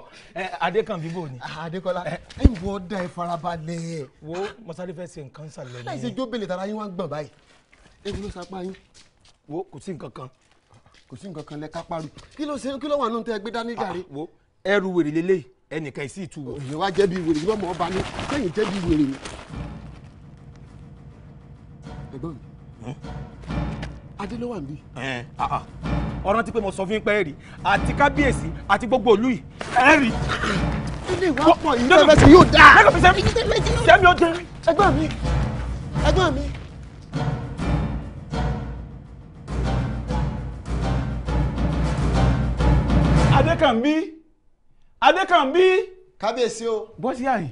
adékànbí bò ni. Ah, adékọlá ẹ wọ ọdẹ ìfarabalẹ̀. wo mọ̀sálí fẹ́ ṣe nǹkan sàlẹ̀ ni. láìsí jóbele tara yín wá ń gbọ̀n báyìí. ewu ló sapá yín. wo kò sí nǹkan kan. kò sí nǹkan kan lẹ ká parí. kí ló ṣe kí ló wà nínú tẹ gbé dání gàrí. Ah, wo ẹrù wèrè lélẹ́yìí ẹnìkan ìsì ìtú wo. òye wa jẹ́bi wèrè yíwọ́ mọ̀ ọba ni sẹ́yìn jẹ́bi wèrè ni. ẹ̀gbọ́n mi hm? adé ló wà níbí. Ah, ọ̀ràn tí pé mo sọ fún yín pé ẹ̀rì àti kábíyèsí àti gbogbo ìlú yìí ẹ̀rì. ilé ìwà pọ̀ yìí lọ́dọ̀ sí yóò dáa. lẹ́kọ̀ọ́ fi sẹ́mi sẹ́mi ó jẹ́ ẹgbọ́n mi ẹgbọ́n mi. adékànbí adékànbí. kábíyèsí o. bọ́sí àyìn.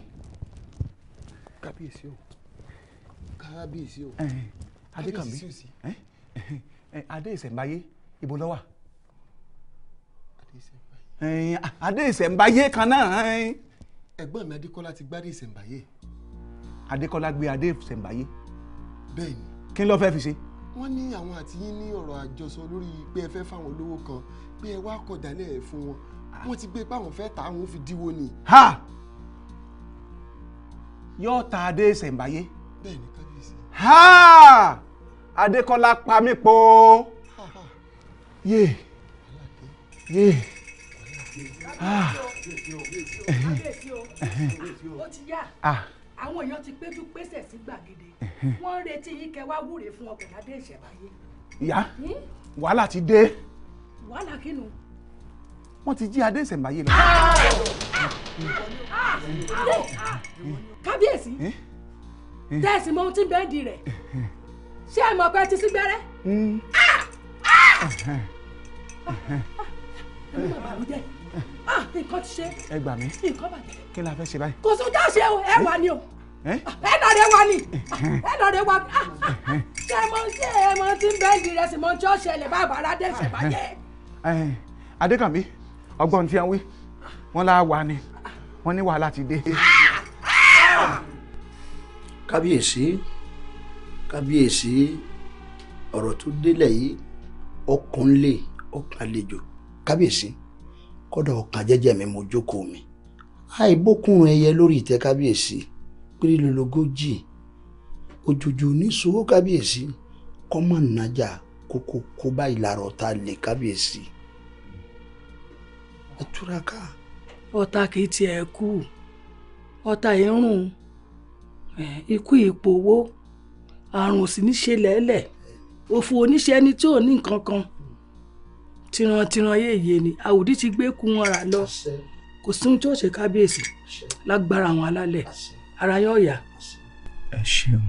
kábíyèsí o kábíyèsí o. adékànbí adé ìṣẹ̀mbáyé ibo ló wà. adé ìṣẹ̀ǹbáyé ah, kan náà. ẹ̀gbọ́n mi adékọ́lá ti gbádé ìṣẹ̀ǹbáyé. adékọ́lá gbé adé ìṣẹ̀ǹbáyé. bẹ́ẹ̀ni. kí ló fẹ́ fi ṣe. wọ́n ní àwọn àti yín ní ọ̀rọ̀ àjọsọ lórí pé ẹ fẹ́ fáwọn olówó kan pé ẹ wá kọ̀ dálẹ̀ fún wọn ah. wọ́n ti gbé páwọn fẹ́ tà àwọn fi díwó ni. ha yóò ta adé ìṣẹ̀ǹbáyé. bẹ́ẹ̀ni kábíyèsí. ha adékọ́lá pa mí po yé yé ah ó ti yá ah. àwọn èèyàn ti péjú pésẹ̀ sí gbàgede wọ́n ń retí yín kẹ́ wá wúre fún ọkọ̀ ládé ìṣẹ̀báyé. ìyá hmm? wàhálà ti dé. wàhálà kínú. wọ́n ti jí adé ìṣẹ̀báyé lọ. kábíyèsí eh? eh? tẹ́sí mọ ohun tí ń bẹ́ẹ̀ di rẹ̀ ṣé ẹ mọ̀ pé ẹ ti sígbẹ́rẹ́. Hmm. Ah! ẹ̀mí bàbá mi jẹ́ nǹkan ti ṣe. ẹ gbà mí nǹkan bàjẹ́. kí la fẹ́ ṣe báyìí. kò sójà ṣe o ẹ wà ní o ẹ dọ̀rẹ́ wa ni ẹ dọ̀rẹ́ wa ni ṣe mo ṣe ẹ mo ti ń bẹ́ẹ̀lì rẹ sì mo jọ́ ṣẹlẹ̀ bá bàrà dẹ̀ ṣẹ̀ bàjẹ́. adékànmí ọgbọ́n tí a ń wí wọ́n lá wa ni wọ́n ní wàhálà ti dé. kábíyèsí kábíyèsí ọ̀rọ̀ tó délẹ̀ yìí ọkàn lè ọkàn àlejò kábíyèsí kọ́dọ̀ ọkàn jẹ́jẹ́ mi mo jókòó mi àìbókùnrin ẹyẹ lórí ìtẹ́ kábíyèsí péré lológójì òjòjò ní sowó kábíyèsí kọ́mọ̀ nájà kókó kó báyìí làárọ̀ tá a lè kábíyèsí ẹ túraká. ọ̀tá kì í tiẹ̀ kú ọ̀tá irun ikú ìpòwó àrùn sì ní ṣe lẹ́lẹ̀ òfò oníṣẹ́ ẹni tí ò ní nǹkan kan tìrantìran yéèyé ni àwòdì ti gbé kú wọn rà lọ kò sí ohun tí ó ṣe kábíyèsí lágbára àwọn alálẹ̀ ara yóò yá. ẹ ṣeun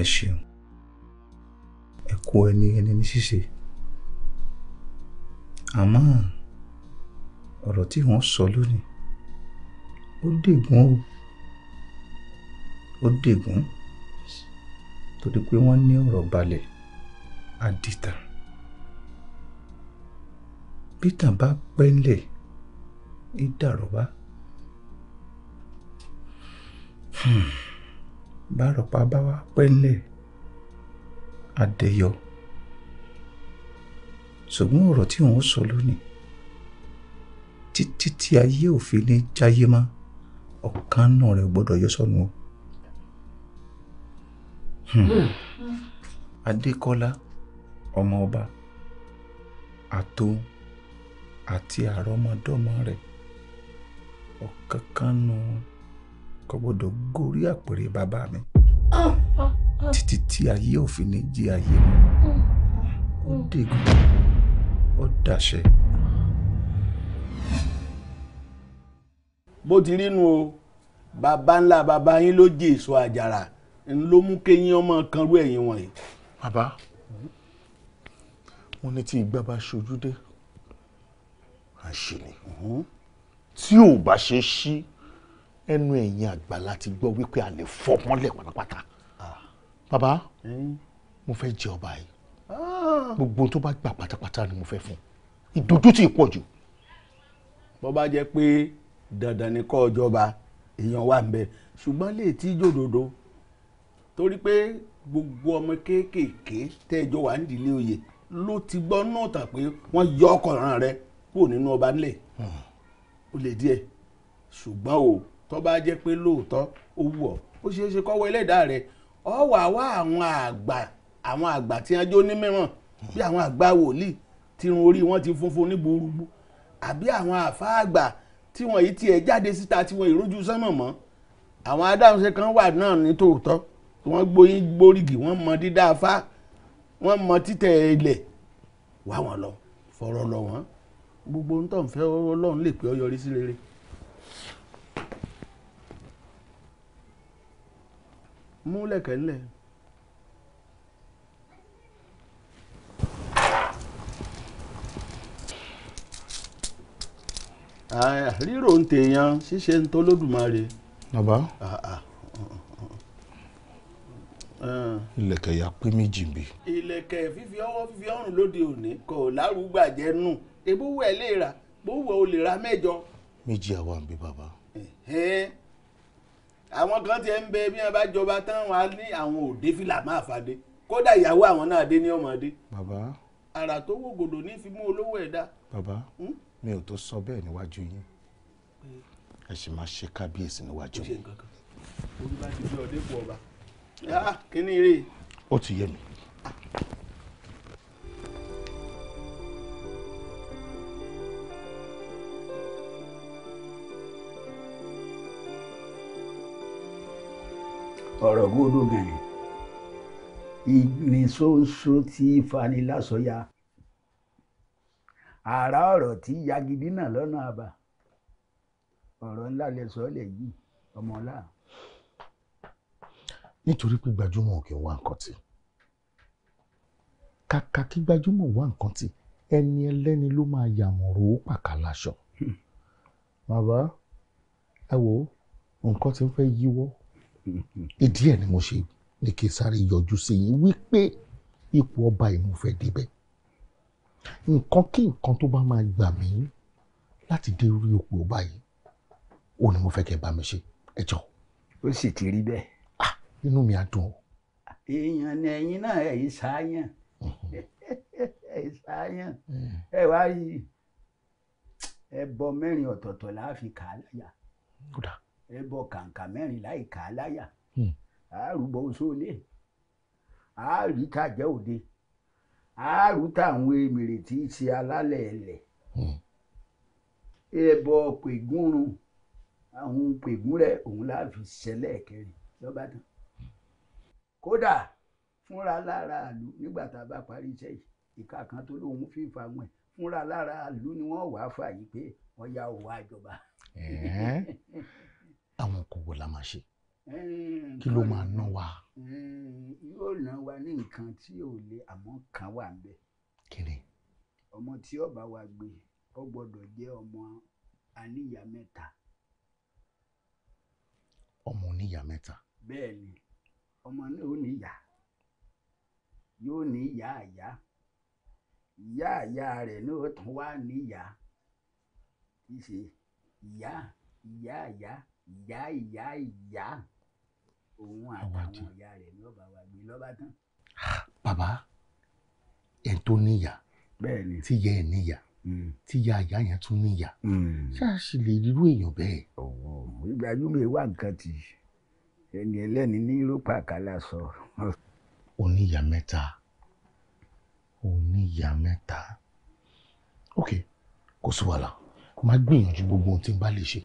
ẹ ṣeun ẹ kó ẹni ẹni ní ṣíṣe àmọ́ ọ̀rọ̀ tí wọ́n sọ lónìí ó dègún ó dègún tó di pé wọ́n ní ọ̀rọ̀ balẹ̀ á dìtàn bítàn bá pẹ́ ńlẹ̀ ìdàrọ̀bá hmm. bárọ̀pá bá wá pẹ́ ńlẹ̀ adéyọ ṣùgbọ́n ọ̀rọ̀ tí òun sọ lónìí títí tí ayé òfin ní jáyé mọ́ ọ̀kan náà rẹ̀ gbọ́dọ̀ yọ sọ́nù o. Hmm. Hmm. adékọ́lá ọmọọba àtòun àti àrọ́mọdọ́mọ rẹ̀ ọ̀kan kan nu kò gbọ́dọ̀ gorí àpèrè bàbá mi ah, ah, ah. títí tí ayé òfin ní jí ayé mi ó hmm. dègùn ó dàṣẹ. bó ti rí nu o bàbá ńlá bàbá yín ló jí èso àjàrà ń ló mú kéyín ọmọ kan rú ẹ̀yìn wọ̀nyí. bàbá wọn ní tí ìgbà bá ṣojú dé à ṣe ni tí ò bá ṣe ṣí ẹnu ẹ̀yìn àgbà láti gbọ́ wípé a lè fọ́ mọ́lẹ̀ pátápátá ah. bàbá mo fẹ́ jẹ ọba yìí ah. gbogbo tó bá gbà pátápátá ni mo fẹ́ fún ìdójútì pọ̀ jù. bó bá jẹ́ pé dandan ni kọ́ ọjọba èèyàn wà ń bẹ ṣùgbọ́n lè tí jòdòdó torí pé gbogbo ọmọ kéékèèké tẹ́jọ wà nídìílé oyè ló ti gbọ́ náà tà pé wọ́n yọ ọkọ̀ ran rẹ kúrò nínú ọba nílẹ̀ ó lè díẹ̀ ṣùgbọ́n o tó bá jẹ́ pé lóòótọ́ ó wù ọ́ ó ṣeé ṣe kọ́wọ́ ẹlẹ́dàá rẹ ọ wà wá àwọn àgbà àwọn àgbà tí wọ́n jó ní mìíràn bí àwọn àgbà wòlíì tí irun orí wọn ti funfun ní burúkú àbí àwọn àfa àgbà tí wọ́n yìí tiẹ̀ jáde síta tí wọ́n ìrójú sánmọ̀ mọ́ àwọn adáhunṣe kan wà náà ní tòótọ́ wọ́n gbóyin gbórígì wọ́n mọ dídá afá wọ́n mọ títẹ̀ ilẹ̀ wá wọn lọ fọ̀rọ̀ lọ wọ́n gbogbo ń tàn fẹ́ ọlọ́run lè pé ọ yọrí sí rere. mú lẹ̀kẹ̀ ńlẹ̀. rírò ń tèèyàn ṣíṣe ń tó lódùmarè. bàbá. Ah. ilẹ̀kẹ̀ ya pé méjì ń bì. ilẹ̀kẹ̀ fífi ọwọ́ fífi ọrùn lóde òní kò lárúgbàjẹ́ nù ebó wẹ̀ lè rà bó wẹ̀ o lè ra mẹ́jọ. méjì àwa ń bí bàbá. àwọn kan ti ń bẹ bí wọn bá jọba tán wọn á ní àwọn òde fìlà máa fàdé kódà ìyàwó àwọn náà dé ní ọmọdé. bàbá. àrà tó wògòdò ní fi mú olówó ẹ̀ dá. bàbá hm? mi ò tó sọ bẹ́ẹ̀ níwájú yín ẹ sì máa ṣe kábíyèsí níwájú mi. olùbá ti fi ọdẹ pọ̀ ọba. Ah, kíní rè. ó ti yé mi. ọ̀rọ̀ gbódò gẹ̀rẹ̀ ìgbìnsóso ti fani lásọyà àrà ọ̀rọ̀ tí yagidi náà lọ́nà àbà ọ̀rọ̀ ńlá lẹ sọ lẹ̀ yìí ọmọlá nítorí pé gbajúmọ̀ kì í wá nǹkan tí kàkà kí gbajúmọ̀ wá nǹkan tí ẹni ẹlẹ́ni ló máa yàmọ̀rọ̀ ó pàkà láṣọ. bàbá ẹ wo nǹkan tí ń fẹ́ yíwọ́ ìdí ẹ̀ ni mo ṣe ní kí n sáré yọjú sí yín wípé ipò ọba yìí mo fẹ́ débẹ̀ nǹkan kí nǹkan tó bá máa gbà mí láti dé orí ipò ọba yìí òun ni mo fẹ́ kẹ́ bá mi ṣe ẹ jọ. ó sì ti rí bẹ́ẹ̀ inú mi á dùn o. èèyàn ni ẹ̀yin náà ẹ̀yin sáyàn ẹ̀yin sáyàn mm-hmm. ẹ wá rí ẹbọ mẹ́rin ọ̀tọ̀ọ̀tọ̀ la fi kà á láyà ẹbọ kàǹkà mẹ́rin láì kà á láyà àárúbọ hmm. sólè àáríta jẹ́ òde àárúta àwọn èmèrè tí í ṣe alálẹ̀ ẹ̀lẹ̀ hmm. ẹbọ pègúnrún àwọn pègún òun láà fi ṣẹlẹ̀ kẹrin lọ́bàdàn kódà fúnra lára ìlú nígbà tá a bá parí iṣẹ́ yìí ìka kan tó lóun fìfà mọ̀ ẹ̀ fúnra lára ìlú ni wọ́n wàá fà yìí pé wọ́n yá òwò àjọba. àwọn kò la máa ṣe kí ló máa ná wa. yóò ná wa ní nǹkan tí ò lè àmọ́ kan wà ń bẹ. kiri. ọmọ tí ọba wa gbé ọ gbọ́dọ̀ jẹ́ ọmọ aníyàá mẹ́ta. ọmọ oníyàá mẹ́ta. bẹ́ẹ̀ ọmọ náà ó ní ìyá yóò ní ìyá àyá ìyá àyá rẹ̀ náà tún wá ní ìyá tí ṣe ìyá ìyá àyá ìyá ìyá ìyá òun àtàwọn ìyá rẹ̀ ní ọba wa gbé lọ́ba tán. bàbá ẹ̀ tó níyà tí yẹ ẹ̀ níyà hmm. tí ya àyà yẹn tún níyà hmm. ṣáà sì lè rírú èèyàn bẹ́ẹ̀. ìgbà yóò lè wá nǹkan tì í ẹni ẹlẹ́ni ní Europe àkàlà sọ. ó ní ìyá mẹ́ta ó ní ìyá mẹ́ta ok kò sí wàhálà máa gbìyànjú gbogbo ohun tí n bá lè ṣe.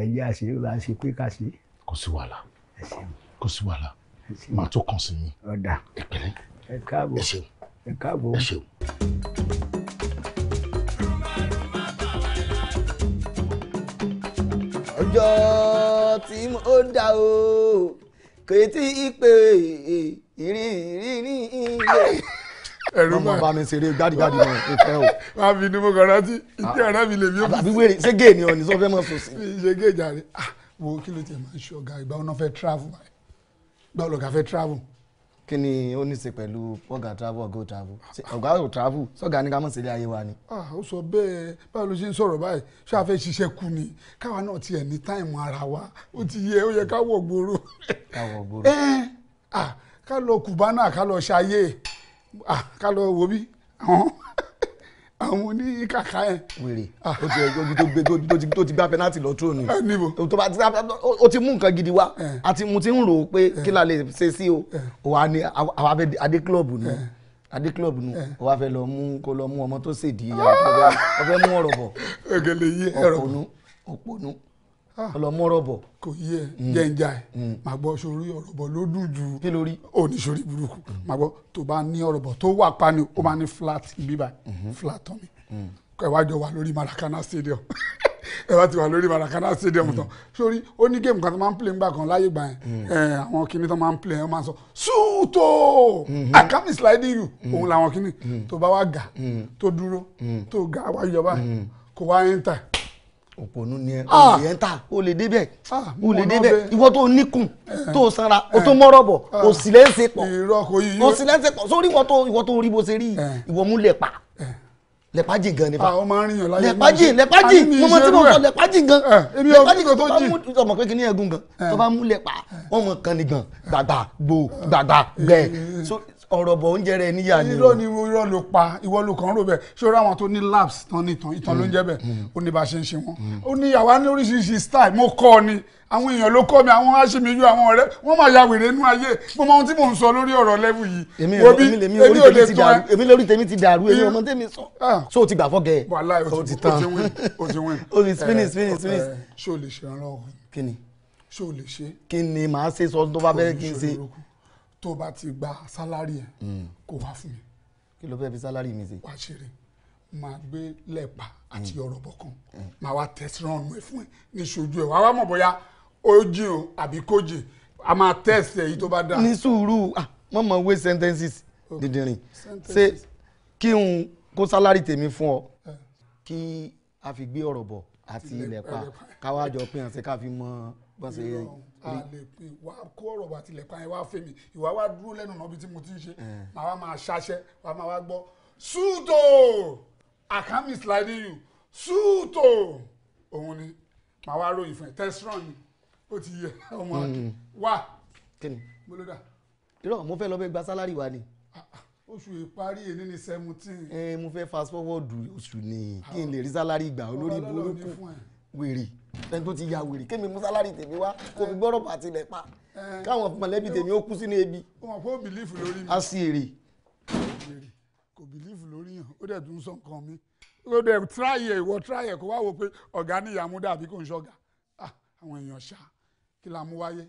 ẹ jẹ́ àṣírí bá a ṣe pé ká ṣe. kò sí wàhálà kò sí wàhálà máa tó kàn sí mi. ọ̀dà ẹ pẹ̀lẹ́ ẹ káàbọ̀ ẹ ṣeun ẹ káàbọ̀ ẹ ṣeun. ọjọ́ tí mo dá o kò tí ì pé ìrìnrìnrìn ilé ẹrú mọ ọmọ bá mi ṣeré gbádìgbádì náà ẹ o. má fi dúró kan rántí ìtẹ́ ọ̀rẹ́ ah, mi lè bí àbí wèrè ṣé géè ni ọ ní sọ fẹ́ mọ̀ sọ̀sì. ṣé géè jàre ah, wo kí ló tiẹ̀ máa ń ṣe ọ̀gá ìgbà ọ̀nà fẹ́ travel ìgbà ọ̀lọ́gà fẹ́ travel kí ni ó ní ṣe pẹ̀lú ọ̀gá travel ọ̀gá travel ọ̀gá ò travel sọ̀gá ní ká mọ̀ sílé ayé wa ni. Ah, ó sọ bẹ́ẹ̀ báwo ló ṣe ń sọ̀rọ̀ báyìí ṣé a fẹ́ ṣiṣẹ́ kù ni káwa náà tiẹ̀ ní táìmù ara wa ó ti yẹ ó yẹ ká wọ̀ gbòòrò. ká wọ̀ gbòòrò. Eh, ah, ká lọ kùbánà ká lọ ṣayé ah, ká lọ wo bí àwọn oní kàkà yẹn. wèrè o ti o tó gbé tó ti gbá penalty lọ tóo ni tó bá o ti mú nǹkan gidi wá àti mo ti ń rò ó pé kí la lè ṣe sí o o wà ní àwa fẹ́ adé club ni adé club nu ó wá fẹ́ lọ mú kó lọ mú ọmọ tó ṣèdí ìyá ó fẹ́ mú ọ̀rọ̀ bọ̀ òpònú òpònú Ah. ọlọmọrọ bọ. kò yẹ jẹnja ẹ mm. mm. màá gbọ́ sórí ọ̀rọ̀ bọ̀ ló dùn ju oníṣòrí burúkú mm. màá gbọ́ tó bá ní ọ̀rọ̀ tó wà pani ó máa ní flat bíbá mm-hmm. flat tán mi kọ ẹ wá jọ wà lórí Maracana stadium ẹ bá ti wà lórí Maracana stadium tán sórí ó ní géèmù kan tó máa ń play ńgbà kan láyé gbà yẹn àwọn kinní tó máa ń play ẹ máa sọ súùtò àkàmì mm-hmm. sliding you òun làwọn kinní tó bá wà gà tó dúró tó gà wá yọ kò wá enter òpònú ni ẹ ah. olè yẹn ta olè débẹ̀ ah, olè débẹ̀ ìwọ tó níkùn eh. tó sanra o tó eh. mọ́rọ̀ bọ̀ o ah. sì lẹ́ ń ṣe pọ̀ o sì lẹ́ ń ṣe pọ̀ sórí ìwọ tó ìwọ tó rí bó ṣe rí eh. ìwọ mú lẹ̀ pa lẹ́pàjì gan ni fa lẹ́pàjì lẹ́pàjì mo mọ tí mo sọ lẹ́pàjì gan lẹ́pàjì gan tó bá mú ọmọ pé kí ni gan tó bá mú lẹ́pà ọmọ kan ni gan gbàgbà gbò gbàgbà gbẹ ọ̀rọ̀ bọ̀ oúnjẹ rẹ̀ níyà ni. irọ́ ni irọ́ ló pa ìwọ ló kàn rò bẹ́ẹ̀ ṣé o rà wọn tó ní labs tán ní ìtàn ìtàn ló ń jẹ́ bẹ́ẹ̀ mm, mm. ó ní bá a ṣe ń ṣe wọn. ó ní yàwá ní oríṣiríṣi style mo kọ́ ọ ni àwọn èèyàn ló kọ́ mi àwọn aṣèmíyú àwọn ọ̀rẹ́ wọ́n máa ya wèrè inú ayé mo mọ ohun tí mò ń sọ lórí ọ̀rọ̀ lẹ́wù yìí. èmi lórí tèmi ti dàrú èmi lórí tèmi ti dàrú èmi ọmọ tèmi sọ. so ah. o ti gbà fọ́gẹ̀ ẹ̀. wàhálà o ti tán o ti win. o ti spinning spinning spinning. Eh, eh, ṣé o lè ṣe ìrànlọ́wọ́. kí ni. ṣé o lè ṣe. kí ni màá ṣe sọ tó bá fẹ́ kí n ṣe tó bá ti gba sálárì ẹ̀ hmm. kó wá fún mi. kí ló fẹ́ fi sálárì mi ṣe. wá ṣeré máa gbé lẹ́pa àti hmm. ọ̀rọ̀ bọ̀ kan máa hmm. wá tẹ̀sí ránnu ẹ̀ fún ẹ̀ ní ṣojú ẹ̀ wá wá mọ̀ bóyá ó jìn o àbí kò jìn a máa tẹ̀sí èyí tó bá dáa. ní sùúrù ah, mọ̀ mọ̀ wé sentences dídìrín ṣé kí n kó sálárì tèmi fún ọ eh. kí a fi gbé ọ̀rọ̀ bọ̀ àti lẹ́pa káwájọ pé hàn ká fi mọ bọ́sẹ̀ yẹn a lè pè wá kó ọ̀rọ̀ wá tilẹ̀ pa yẹn wá fẹ́ mi ìwà wá dúró lẹ́nu ọ̀nà ibi tí mo ti ń ṣe màá wá máa ṣaṣẹ́ wàá máa wá gbọ́ ṣúùtò I can't mislead you ṣúùtò òun ni màá wá ròyìn fún ẹ tẹ́sán ni ó ti yẹ ọmọ hmm. wa mo ló dà. irọ́ mo fẹ́ lọ fẹ́ gba sálárì wa ni ah, ah. oṣù ìparí èyí ní seventeen. ẹ mo fẹ́ fast forward oṣù ni kí n ah. lè rí sálárì gbà olórí burúkú wèrè ẹni tó ti ya wèrè kémi mọ́sálárì tèmi wá kó fi gbọ́rọ̀ pàtì lẹ̀ pa káwọn mọ̀lẹ́bí tèmi ó kú sínú ebi. wọn kò bìlífù lórí mi. a sì èrè. kò bìlífù lórí yàn ó dẹ̀ tún sọ nǹkan mi ó dẹ̀ tíráyè ìwọ tíráyè kó wá wò pé ọ̀gá níyàmú dàbí kò ń ṣọ́gà ah, àwọn èèyàn ṣá kí la mú wáyé.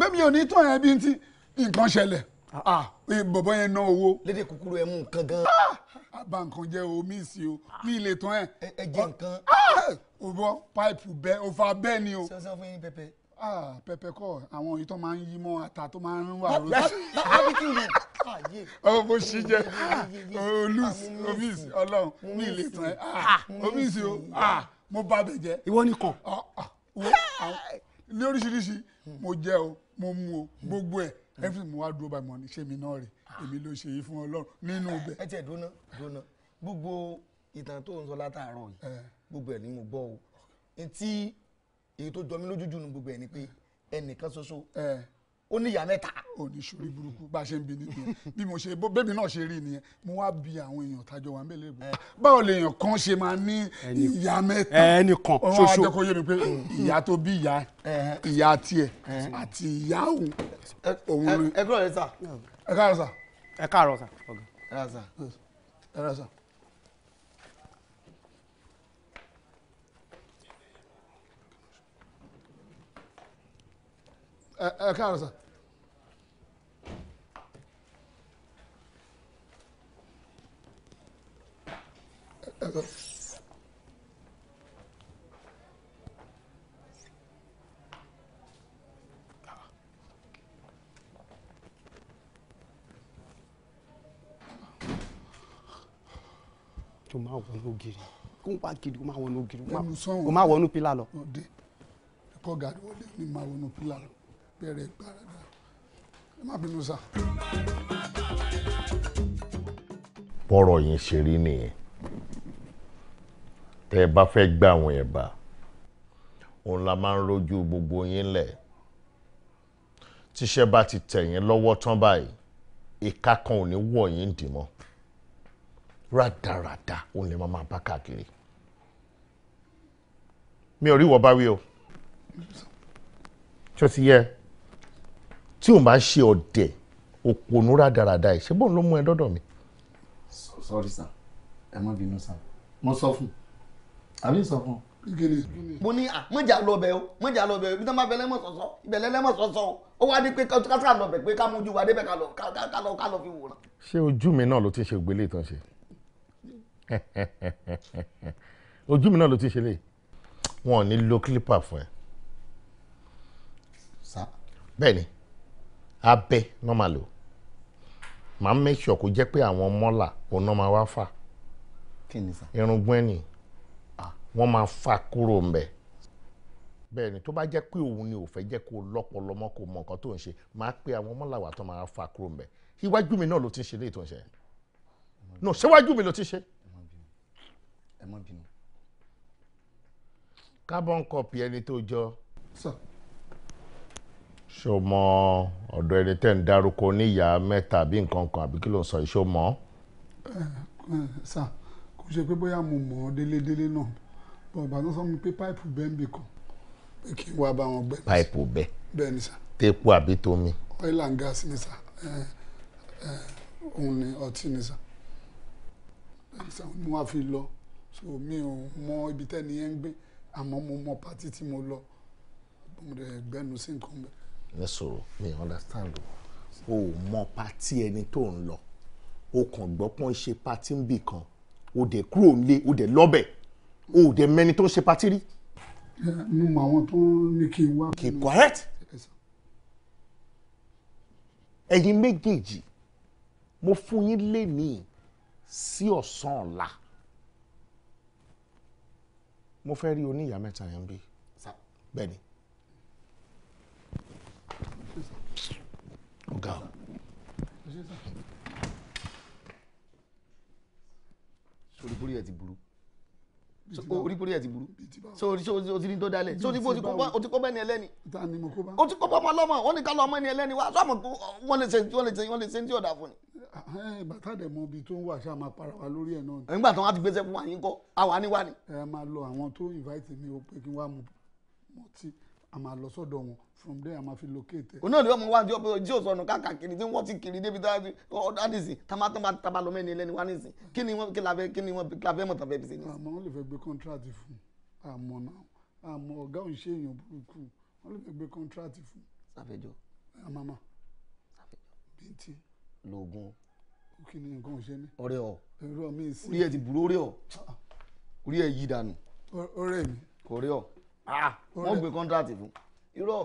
pé mi ò ní tán ẹ bí ti nǹkan ṣẹlẹ̀ ah, ah. bọ̀bọ̀ yẹn ná owó. lédè kúkúrú ẹ mú nǹkan gan. àbá ah! nǹkan jẹ́ o sí o mi lè tán ẹ. ẹ jẹ nǹkan. o bọ páìpù bẹ o fa bẹ́ẹ̀ ni o. sọ́sọ́ fún yín pẹpẹ. pẹpẹ kọ àwọn yìí máa ń yí mọ ata tó máa ń wà lórí. ọmọ mo ṣì jẹ olùs omis Ọlọ́run mi lè tán ẹ omis o mo bá bẹ jẹ. ìwọ nìkan. ní oríṣiríṣi mo jẹ o mo mu o hmm. gbogbo ẹ̀ hmm. everything mo wá dúró báyìí mo ní ṣé mi náà rè ah. èmi ló ṣe yìí fún ọlọ́run nínú ibẹ̀. ẹ tiẹ̀ dúná dúná gbogbo ìtàn tó ń sọ látàárọ̀ yìí eh. gbogbo ẹ̀ ni mo gbọ́ o tí èyí tó jọ mí lójú jù ní gbogbo ẹ̀ ni pé eh. ẹnìkan ṣoṣo eh ó ní ìyá mẹ́ta. ò ní sori burúkú bá a ṣe ń bi nìyẹn bí mo ṣe bébí náà ṣe rí nìyẹn mo wá bi àwọn èèyàn tájọ wà ń bẹ̀lẹ̀ bọ̀ báwo lèèyàn kan ṣe máa ní ìyá mẹ́ta eh, ẹnìkan ṣoṣo ọ̀rọ̀ àjẹkọ yé mi pé ìyá tó bí ìyá eh, eh. ìyá tiẹ̀ àti ìyá òun. ẹ kúrò yẹn ẹ káàárọ̀ sà. ẹ káàárọ̀ sà. ẹ káàárọ̀ sà. ẹ káàárọ̀ sà. ẹ káàárọ̀ sà. D'accord. tó máa wọnú ògiri kó n pa kiri kó máa wọnú ògiri kó máa wọnú pílà lọ. ọdẹ ẹkọ gàdú wọlé ni máa wọnú pílà lọ bẹ̀rẹ̀ gbàràdà ẹ má bínú sá. bọ́rọ̀ yẹn ṣe rí nìyẹn tẹ́ ẹ bá fẹ́ gbà àwọn ẹ̀bà òun la máa ń rojú gbogbo yín lẹ̀ tíṣẹ́ bá ti tẹ̀ yín lọ́wọ́ tán báyìí ìka kan ò ní wọ̀ yín dì mọ́ rádaràda òun lè máa bá káàkiri mi ò rí wọ bá wí o ṣó ti yẹ tí o máa ṣe ọ̀dẹ̀ òpònú rádaràda ẹ̀ ṣé bóun ló mú ẹ dọ́dọ̀ mi. sorry sir ẹ má bínú sir mo sọ fún un àbí sọ fún un. mo ní mọ̀jà lọ bẹ̀ o mọ̀jà lọ bẹ̀ o ibi tí wọ́n bá bẹ lẹ́mọ̀ sọ̀sọ̀ ibẹ̀ lẹ́lẹ́mọ̀ sọ̀sọ̀ o ó wá ní pé ká lọ bẹ̀ pé ká mójú wa débẹ̀ ká lọ ká lọ fi wòran. ṣé ojú mi náà ló ti ṣe gbélé tán ṣe ojú mi náà ló ti ṣe lè wọn ò ní lo clipper fún ẹ bẹ́ẹ̀ ni abẹ náà máa lò máa make sure kó jẹ́ pé àwọn mọ́là òun náà máa wá fà irungbọ́n ẹ̀ wọ́n máa fa kúrò ńbẹ̀ bẹ́ẹ̀ ni tó bá jẹ́ pé òun ni ò fẹ́ jẹ́ kó lọ́pọlọ mọ́ kó mọ nǹkan tó ń ṣe máa pe àwọn ọmọlàwà tó máa fa kúrò ńbẹ̀ iwájú mi náà ló ti ń ṣe léyìí tó ń ṣe no ṣéwájú mi ló ti ṣe. carbon copy ẹni tó jọ ṣó mọ ọ̀dọ̀ ẹni tẹ́ ń dárúkọ níyàá mẹ́ta àbí nǹkan kan àbí kí ló ń sọ yìí ṣó mọ́. sà kò ṣe pé bóyá mo mọ̀ ọ́ délédélé náà bọ̀ bàbá náà sọ mi pé páìpù bẹ́ẹ̀ ń bì kan pé kí n wá bá wọn gbẹ́. páìpù bẹ́ẹ̀ bẹ́ẹ̀ ni sà. téèpù àbí tomi. oil and gas ni sà òun ni ọtí ni sà mo wá fi lọ so mi ò mọ ibi tẹ́ni yẹn ń gbé àmọ́ mo mọ pátí tí mo lọ mo sí nǹkan bẹ́ẹ̀. ní sọ̀rọ̀ mi understand o ò mọ pátí ẹni tó ń lọ o kàn gbọ́ pọ́n ṣe pátí ń bì kan o dẹ̀ kúrò nílé o dẹ̀ lọ́bẹ̀ẹ́ o ò dẹ̀ to tó ń ṣe patí rí. mo mọ àwọn tó ní kí n wá. correct. ẹ̀yin méjèèjì mo fún yín lénìí sí ọ̀sán ọ̀la mo fẹ́ rí oníyà mẹ́ta yẹn bí bẹ́ẹ̀ ni. ọ̀gá o. sori bórí ẹ ti oríkórí ẹ̀ ti burú sórí sórí ní tó dálẹ̀ sórí o ti kó bẹ́ẹ̀ ni ẹlẹ́ni o ti kó bọ́ ọmọ lọ́mọ wọ́n ní ká lọ ọmọ ẹni ẹlẹ́ni wá sọ́mọ wọ́n lè ṣe wọ́n lè ṣe wọ́n lè ṣe tí ọ̀dà fún ni. bàtà dẹ̀ mọ ibi tó ń wà ṣáà máa para wa lórí ẹ̀ náà. nígbà tó wọn ti gbéṣẹ́ fún wa yín kọ́ àwa ni wá ni. ẹ máa lọ àwọn tó invite mi ó pé kí wọ́n á mu a máa lọ sọ́dọ̀ wọn from there a máa fi locate. òun náà ni wọ́n mú wájú ọ̀pọ̀ tí yóò sọnù káàkiri tí wọ́n ti kiri débi tá nísìn tamatama tabalọ mẹ́ni ẹlẹ́ni wá nísìn kí ni wọ́n kí la fẹ́ kí ni wọ́n kí la fẹ́ mọ̀ tán fẹ́ fi ṣe nísìn. àmọ́ wọ́n lè fẹ́ gbé contract fún àmọ́ náà àmọ́ ọ̀gá òun ṣe èèyàn burúkú wọ́n lè fẹ́ gbé contract fún. sàfẹ́jọ́. àmàmà. sàfẹ́jọ́. bíntín. lóògùn. kí ni nǹkan ò ṣe ní. ọ̀rẹ́ ọ orí ẹ ti burú orí ọ ah. orí ẹ yí dànù. ọ̀rẹ́ mi. kò rí ọ. Ah, wọ́n gbé kọ́ńtàtì fún irọ́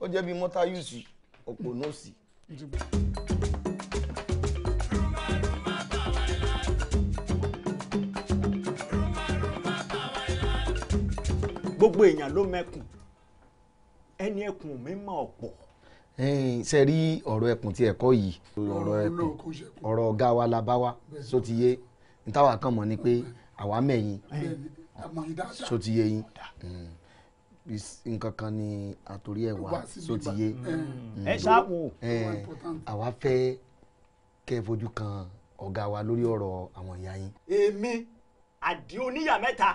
ó jẹ́ bí mọ́tà yùsì ọ̀pọ̀ nọ́ọ̀sì. gbogbo èèyàn ló mẹ́kùn ẹni ẹkùn mi mọ̀ ọ̀pọ̀. ṣe rí ọ̀rọ̀ ẹkùn tí ẹ̀kọ́ yìí ọ̀rọ̀ ẹkùn ọ̀rọ̀ ọ̀gá wa la bá wa sótìyé ntàwa kan mọ̀ ni pé àwa mẹ̀yìn so ti yé yín mm. ni àtòrí ẹ̀ wá so ti yé mm. ẹ ṣáàpù mm. eh, àwa fẹ́ kẹ́ ẹ fojú kan ọ̀gá wa lórí ọ̀rọ̀ àwọn ìyá yín. èmi àdí oníyà mẹ́ta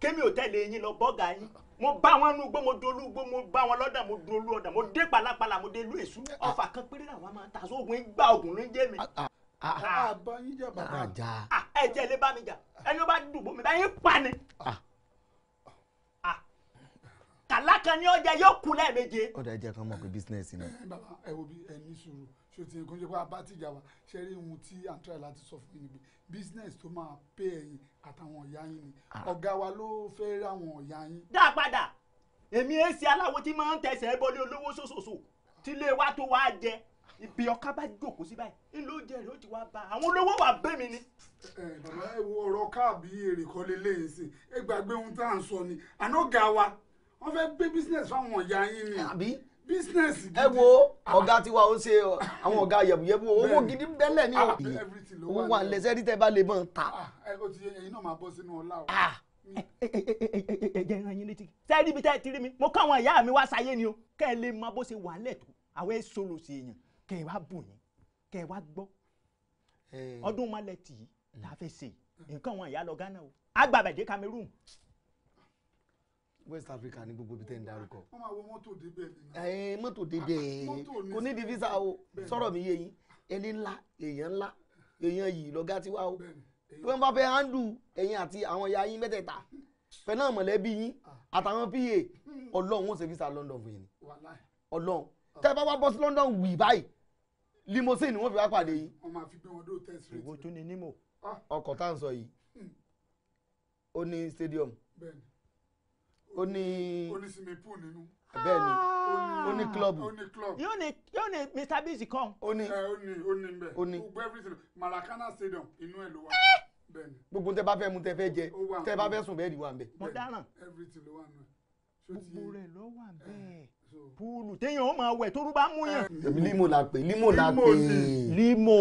kémi ò yín lọ bọ́gà yín mo bá wọn nú gbó mo dolú gbó mo bá wọn lọ́dà mo dolú ọ̀dà mo dé pàlàpàlà mo dé lú èṣù ah. ọ̀fà kan péré làwọn máa ta sóògùn ìgbà ògùn ló ń jẹ́ mi àbáyín ah, ah. ah, jà bàbá àjà. ẹ jẹ́ ilé bá mi jà ẹni ó bá dùbò mi báyìí pa ni. kàlákan ní ọjà yóò kú lẹ́ẹ̀méje. ọ̀dà ẹ̀jẹ̀ kan mọ̀ pé bísínẹ́sì náà. Eh, bàbá ẹ wo bí ẹ ní sùúrù ṣòtì nǹkan ṣe pé a bá tìjà wa ṣe rí ohun tí à ń tẹ̀lé láti sọ fún yín ni pé business tó máa pé ẹ̀yin àtàwọn ọ̀yá yín ni ọ̀gá wa ló fẹ́ ráwọn ọ̀yá yín. dá a padà èmi èsì aláwo tí máa ń tẹsẹ̀ ẹ bọ́lé olówó ṣoṣoṣo tí ilé wa tó wá jẹ ibi ọká bá jókòó sí báyìí ló jẹ ló ti wá bá àwọn olówó wà bẹ́ mi ni. ẹ bàbá ẹ wo ọ̀rọ̀ káàbí èrè kọ́ lé lẹ́yìn sí ẹ gbàgbé ohun tá à ń sọ ni àná ga wa wọ́n fẹ́ gbé business fáwọn ìyá yín ni. àbí business gidi. ẹ wo ah. ọ̀gá tiwa ó ṣe àwọn ọ̀gá yẹ̀bùyẹ̀bù owó gidi bẹ́lẹ̀ ni o. Ah, owó wa lẹ́sẹ̀ rí tẹ́ bá lè mọ̀ ta. Ah, ẹ o ti yẹ ẹyin náà máa bọ́ sínú ọlá o ẹjẹ ìran yín létí sẹ́ẹ̀rí ibi tẹ́ ẹ ti rí mi mo káwọn ìyá mi wá sáyé ni o kẹ́ ẹ lè mọ bó ṣe wà á lẹ̀ tó àwọn èso lòsì èèyàn kẹ́ ẹ wá bù yín kẹ́ ẹ wá gbọ́ eh. ọdún malẹ̀tì yìí la mm. fẹ́ ṣe mm. nǹkan wọn ìyá lọ Ghana o agbábẹ̀dé Cameroon. West Africa ní gbogbo ibi tẹ́ ń darúkọ. wọ́n máa wọ mọ́tò débẹ̀ ni. ẹ eh, mọ́tò débẹ̀ kò ní di visa o sọ̀rọ̀ mi yé yín ẹni ńlá èèyàn ńlá èèyàn yìí lọ́gá tiwa o bí wọ́n bá fẹ́ handle ẹ̀yin àti àwọn ìyá yín mẹ́tẹ̀ẹ̀ta fẹ́ mọ̀lẹ́bí yín ah. àtàwọn pa hmm. ọlọ́run ó ṣe visa London fún yín ni ọlọ́run tẹ́ bá wá bọ́ sí London wì báyìí limousine ni wọ́n fi wá pàdé yìí. wọ́n máa fi gbé wọn dúró test rate. tún ni nímò ah. ọkọ̀ tá à ń sọ yìí hmm. ó ní stadium ó ní. ó ní swimming pool nínú. bẹ́ẹ̀ ni ó ní club. ó ní club. yóò ní mr bisi kan. ó ní ó ní ó ní bẹ́ẹ̀. ó ní everything maracana stadium inú ẹ̀ ló wà eh! gbogbo tẹ bá fẹ́ mu tẹ fẹ́ jẹ tẹ bá fẹ́ sùn bẹ́ẹ̀ ni wà ń bẹ. mo dáràn gbogbo rẹ̀ ló wà bẹ́ẹ̀ púùlù téèyàn ó máa wẹ̀ tó rú bá mú yàn. limo la pe limo la pe limo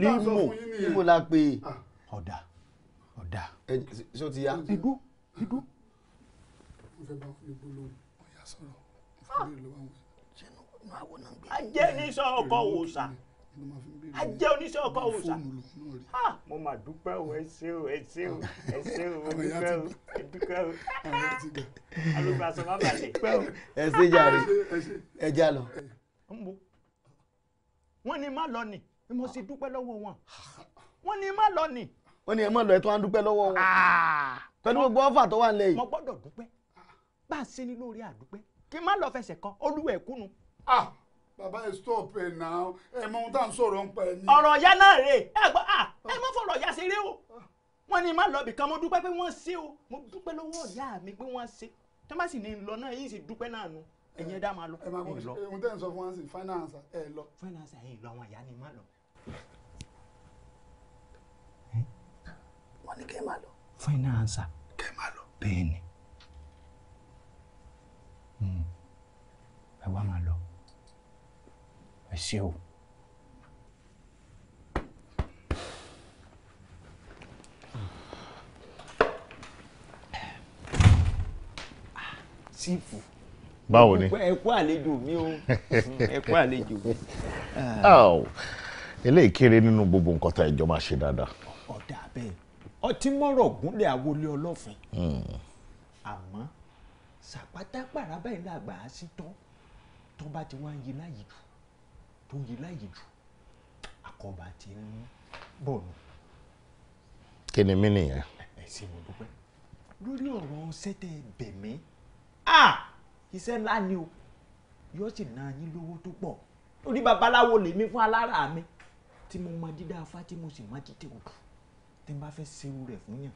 limo limo la pe ah. ọ̀dà ọ̀dà. ẹ ṣó ti yá. ìdú ìdú. mo fẹ́ ah. ní sọ ọkọ̀ wòsàn ajẹ́ oníṣẹ́ ọkọ̀ òòṣà mo mà dúpẹ́ o ẹ ṣé o ẹ ṣé o ẹ ṣé o dúpẹ́ o ẹ dúpẹ́ o alùpàṣọ má bàjẹ́ dúpẹ́ o. ẹ ṣe jàre ẹ já lọ. wọ́n ní má lọ nì mo sì dúpẹ́ lọ́wọ́ wọn wọ́n ní má lọ nì. wọ́n ní ẹ má lọ ẹ tó wá ń dúpẹ́ lọ́wọ́ wọn pẹ̀lú gbogbo ọ́fà tó wà nílẹ̀ yìí. mo gbọ́dọ̀ dúpẹ́ bá a ṣe ní lórí àdúpẹ́ kí n má lọ fẹsẹ̀ kan olúwẹ̀ kúnnu. Ah! bàbá ẹ stop ẹ náà ẹ mọ ohun tá à ń sọ̀rọ̀ ń pa ẹ ní. ọ̀rọ̀ ya náà rè é gbọ́ à ẹ má fọ̀rọ̀ ya ṣeré o wọ́n ní má lọ bìkan mo dúpẹ́ pé wọ́n ṣe o mo dúpẹ́ lọ́wọ́ ìyá mi pé wọ́n ṣe tó bá sì ní lọ náà yìí sì dúpẹ́ náà nu ẹ̀yin ẹ̀dá máa lọ. ẹ máa bọ̀ ohun tẹ́ ẹ̀ ń sọ fún wa sí finance ẹ lọ. finance ẹ lọ àwọn ìyá ni má lọ. wọ́n ní kẹ́ máa lọ. finance kẹ́ máa lọ. bẹ́ẹ̀ ni hmm. ẹ wá máa lọ ẹ ṣé o. sífù. báwo ni. ẹ kú àlejò mi o ẹ kú àlejò mi. eléyìí kéré nínú gbogbo nǹkan tá ìjọ máa ṣe dáadáa. ọ̀dà bẹ́ẹ̀ ọtí mọ́rọ̀ gúnlẹ̀ àwọlé ọlọ́fin hmm. àmọ́ sàpátá pàrà báyìí làgbà á sí tán tó bá ti wá ń yí láyìí tó yí láyè jù àkọ́bà ti ń bọ̀ nù. kí ni mí nìyẹn. ẹ ṣe dúpẹ́ lórí ọ̀rọ̀ sẹ́tẹ̀ bẹ̀mí iṣẹ́ ńlá ni o yóò sì ná yín lówó tó pọ̀ torí babaláwo lèmi fún alára mi tí mo mọ dídá afá tí mo sì mọ títẹ̀ òkú tí n bá fẹ́ ṣerú rẹ̀ fún yàn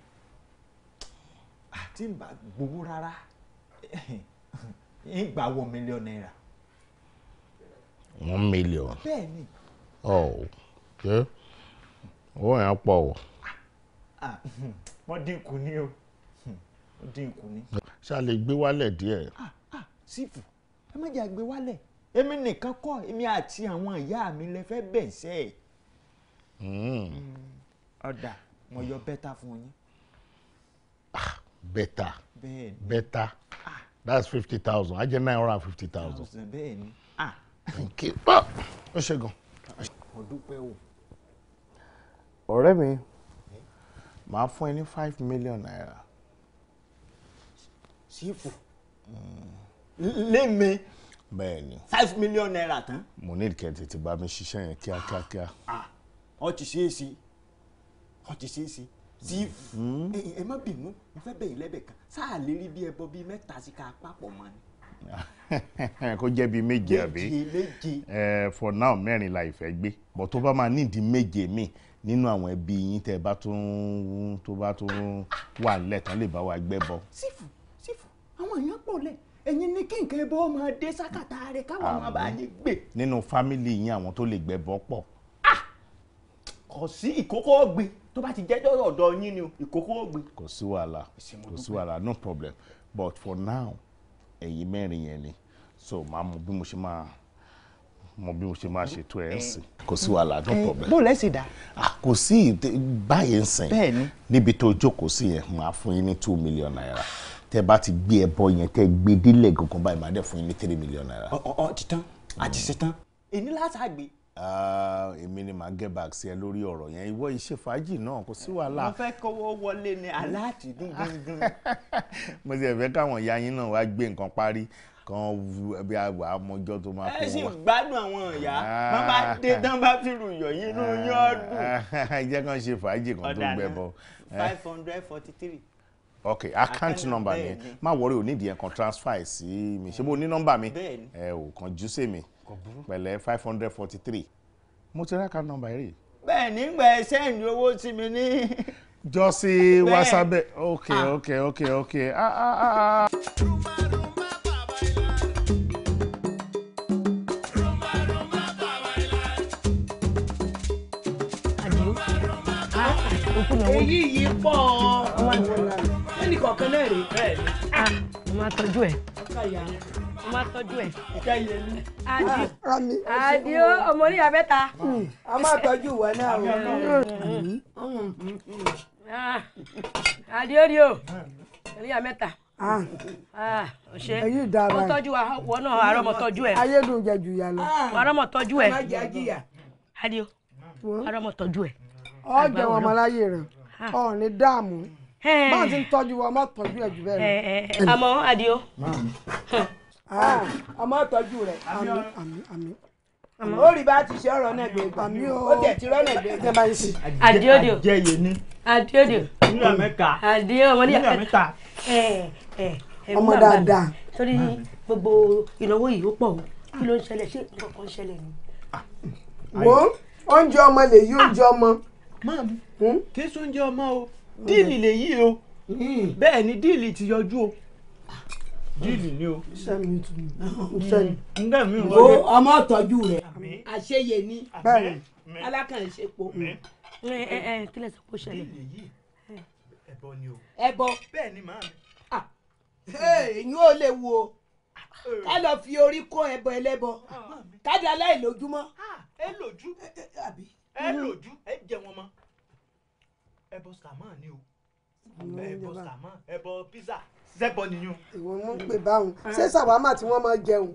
àti n gbowó rárá ń wọ mílíọ̀nù náírà one million. bẹ́ẹ̀ni. ọ oh, ṣe owó yẹn pọ̀ o. Ah, hmm, wọ́n dín kù ní o hmm, wọ́n dín kù ní. ṣá lè gbé wálẹ̀ díẹ̀. Ah, ah, sífù ẹ má jẹ́ àgbé wálẹ̀ èmi nìkan kọ́ èmi àti àwọn ìyá mi lè fẹ́ bẹ̀ sẹ́ ẹ̀. Hmm. ọ̀dà mo yọ bẹ́tà fún yín. bẹ́tà bẹ́tà that's fifty thousand ajẹ́ nine hundred and fifty thousand. bẹ́ẹ̀ni thank you pa ó ṣe gan. mo dúpẹ́ o. ọ̀rẹ́ mi màá fún ẹ ní five million naira. sífù lémi bẹ́ẹ̀ni five million naira tán. mo ní ìkẹ́ tètè bá mi ṣiṣẹ́ yẹn kíákíákíá. wọ́n ah, ah. ti ṣe é sí wọ́n ti ṣe é sí sífù hmm? ẹ má bínú mo fẹ́ bẹ̀yìn lẹ́bẹ̀ẹ́ kan sáà lè rí bí ẹbọ bíi mẹ́ta sí ká papọ̀ mọ́ ni. kó jẹ́ bíi méje àbí for now mẹ́rin la ìfẹ́ gbé but tó bá máa nídìí méje mi nínú àwọn ẹbí yín tẹ́ bá tún tó bá tún wà lẹ́tàn lè bá wa gbẹ́ bọ. sífù sífù àwọn èèyàn pọ̀ lẹ̀ ẹ̀yin ní kí nǹkan ẹbọ ọmọ adé sákàtà rẹ̀ káwọn ọmọ bá yín gbé. nínú fámìlì yín àwọn tó lè gbẹ́ bọ pọ̀. Ah! kò sí ìkókó ọ̀gbìn tó bá ti jẹ́jọ́ ọ̀dọ̀ yín ni ìkókó ọ̀gbìn. kò sí wàhálà kò sí wàhálà no problem but for now ẹ̀yìn mẹ́rin yẹn ni so màá mọ bí mo ṣe máa mọ bí mo ṣe máa ṣètò ẹ̀ ń sìn kò sí wàhálà no eh, problem. bó lẹ́sìn dá. kò sí báyìí ń sìn níbi tó jókòó sí yẹn màá fún yín ní two million naira tẹ bá ti gbé ẹbọ yẹn tẹ gbé délẹ̀ gangan báyìí màá dẹ̀ fún yín ní three million naira. ọ̀ ọ̀ ti tán àti mm. ṣetán èyí ni láti àgbè. Ah, èmi ni màá get back sí ẹ lórí ọ̀rọ̀ yẹn ìwọ iṣẹ́ fàájì náà kò sí wàhálà. mo fẹ́ kówó wọlé ni aláàtì dùn mo ti ẹ̀fẹ́ káwọn ìyá yín náà wá gbé nǹkan parí kan bí àgbà amọjọ tó máa kó wa. ẹ sì gbádùn àwọn ìyá ah. wọn bá dé tán bá fi rùyọ̀ yín inú yín ọdún. Ah. jẹ́ kàn ṣe fàájì kan tó gbẹ bọ. Eh. five hundred forty three ok account number ni má wọrí ò nídìí ẹ kan transfer sí mi ṣé bó ní nọ́mbà mi ẹ ò eh, kàn jú sí mi pẹ̀lẹ́ five hundred forty three mo ti rákà nọ́mbà rí. bẹ́ẹ̀ nígbà ẹ sẹ́ǹdì owó sí mi ní. jọ sí wasabe ok ah. ok ok ok ah ah ah. ah. èyí yìí pọ̀ ọ́ ẹnì kọ̀ọ̀kan náà rèé. a ah, máa tọ́jú ẹ̀. ọkọ ìyá rẹ mo máa tọ́jú ẹ̀. ìjà yẹ ní. àdìó ọmọ oníyà mẹ́ta. Hmm, a máa tọ́jú ìwà náà o. Hmm, hmm, ah, àdìó ni o oníyà mẹ́ta. ọ̀ṣẹ́ ó tọ́jú wa wọ́n náà àrọ́mọ tọ́jú ẹ̀. ayédùn jẹ̀jù yà lọ. àrọ́mọ tọ́jú ẹ̀. àdìó àrọ́mọ tọ́jú ẹ̀. ọ jẹun ọmọláyé rẹ ah. ọ ní dáàmú bá a ti ń tọ́jú wa má tọ́jú ẹ̀ jù bẹ́ẹ̀ àmọ́ àdìó ọmọ ah, ìtọ́jú rẹ̀. àmín àmín àmín ó rí bá ti ṣe ọ̀rọ̀ náà gbẹ̀gbà ó tẹ̀ ti rọ́nà gbẹ̀gbà. àdìódò àdìódò àdìódò mo ní àmẹ́ta ọmọ dáadáa. torí gbogbo ìnáwó yìí ó pọ̀ o kí ló ń ṣẹlẹ̀ ṣé nǹkan kan ń ṣẹlẹ̀ ni. Ah. wo oúnjẹ ọmọ lèyí ah. hmm? oúnjẹ ọmọ. máàmù kí sóúnjẹ ọmọ o díìlì lèyí o hmm. bẹ́ẹ̀ ni díìlì ti yọjú o díìlì ni o. sẹ́mi tún sẹ́mi. nígbà mi wọ́n. o ọmọ tọ́jú rẹ̀ àṣeyẹ ní alákànṣepo. ẹ ẹ ẹ kílẹ̀ sọ pé ó ṣẹlẹ̀. ẹbọ ni o. ẹbọ. bẹ́ẹ̀ ni màá mi. Ah. èyí ò lè wo ah. ká lọ fi orí kó ẹbọ ẹlẹ́bọ ah. ká dá láì lójúmọ́. ẹ lójú ẹ lójú ẹ jẹ wọn ẹbọ sàmán ni o ẹbọ sàmán ẹbọ pizza zẹ́bọ̀ nìyún. ìwọ wọn ń báwọn ṣé sàwámà tí wọ́n máa jẹun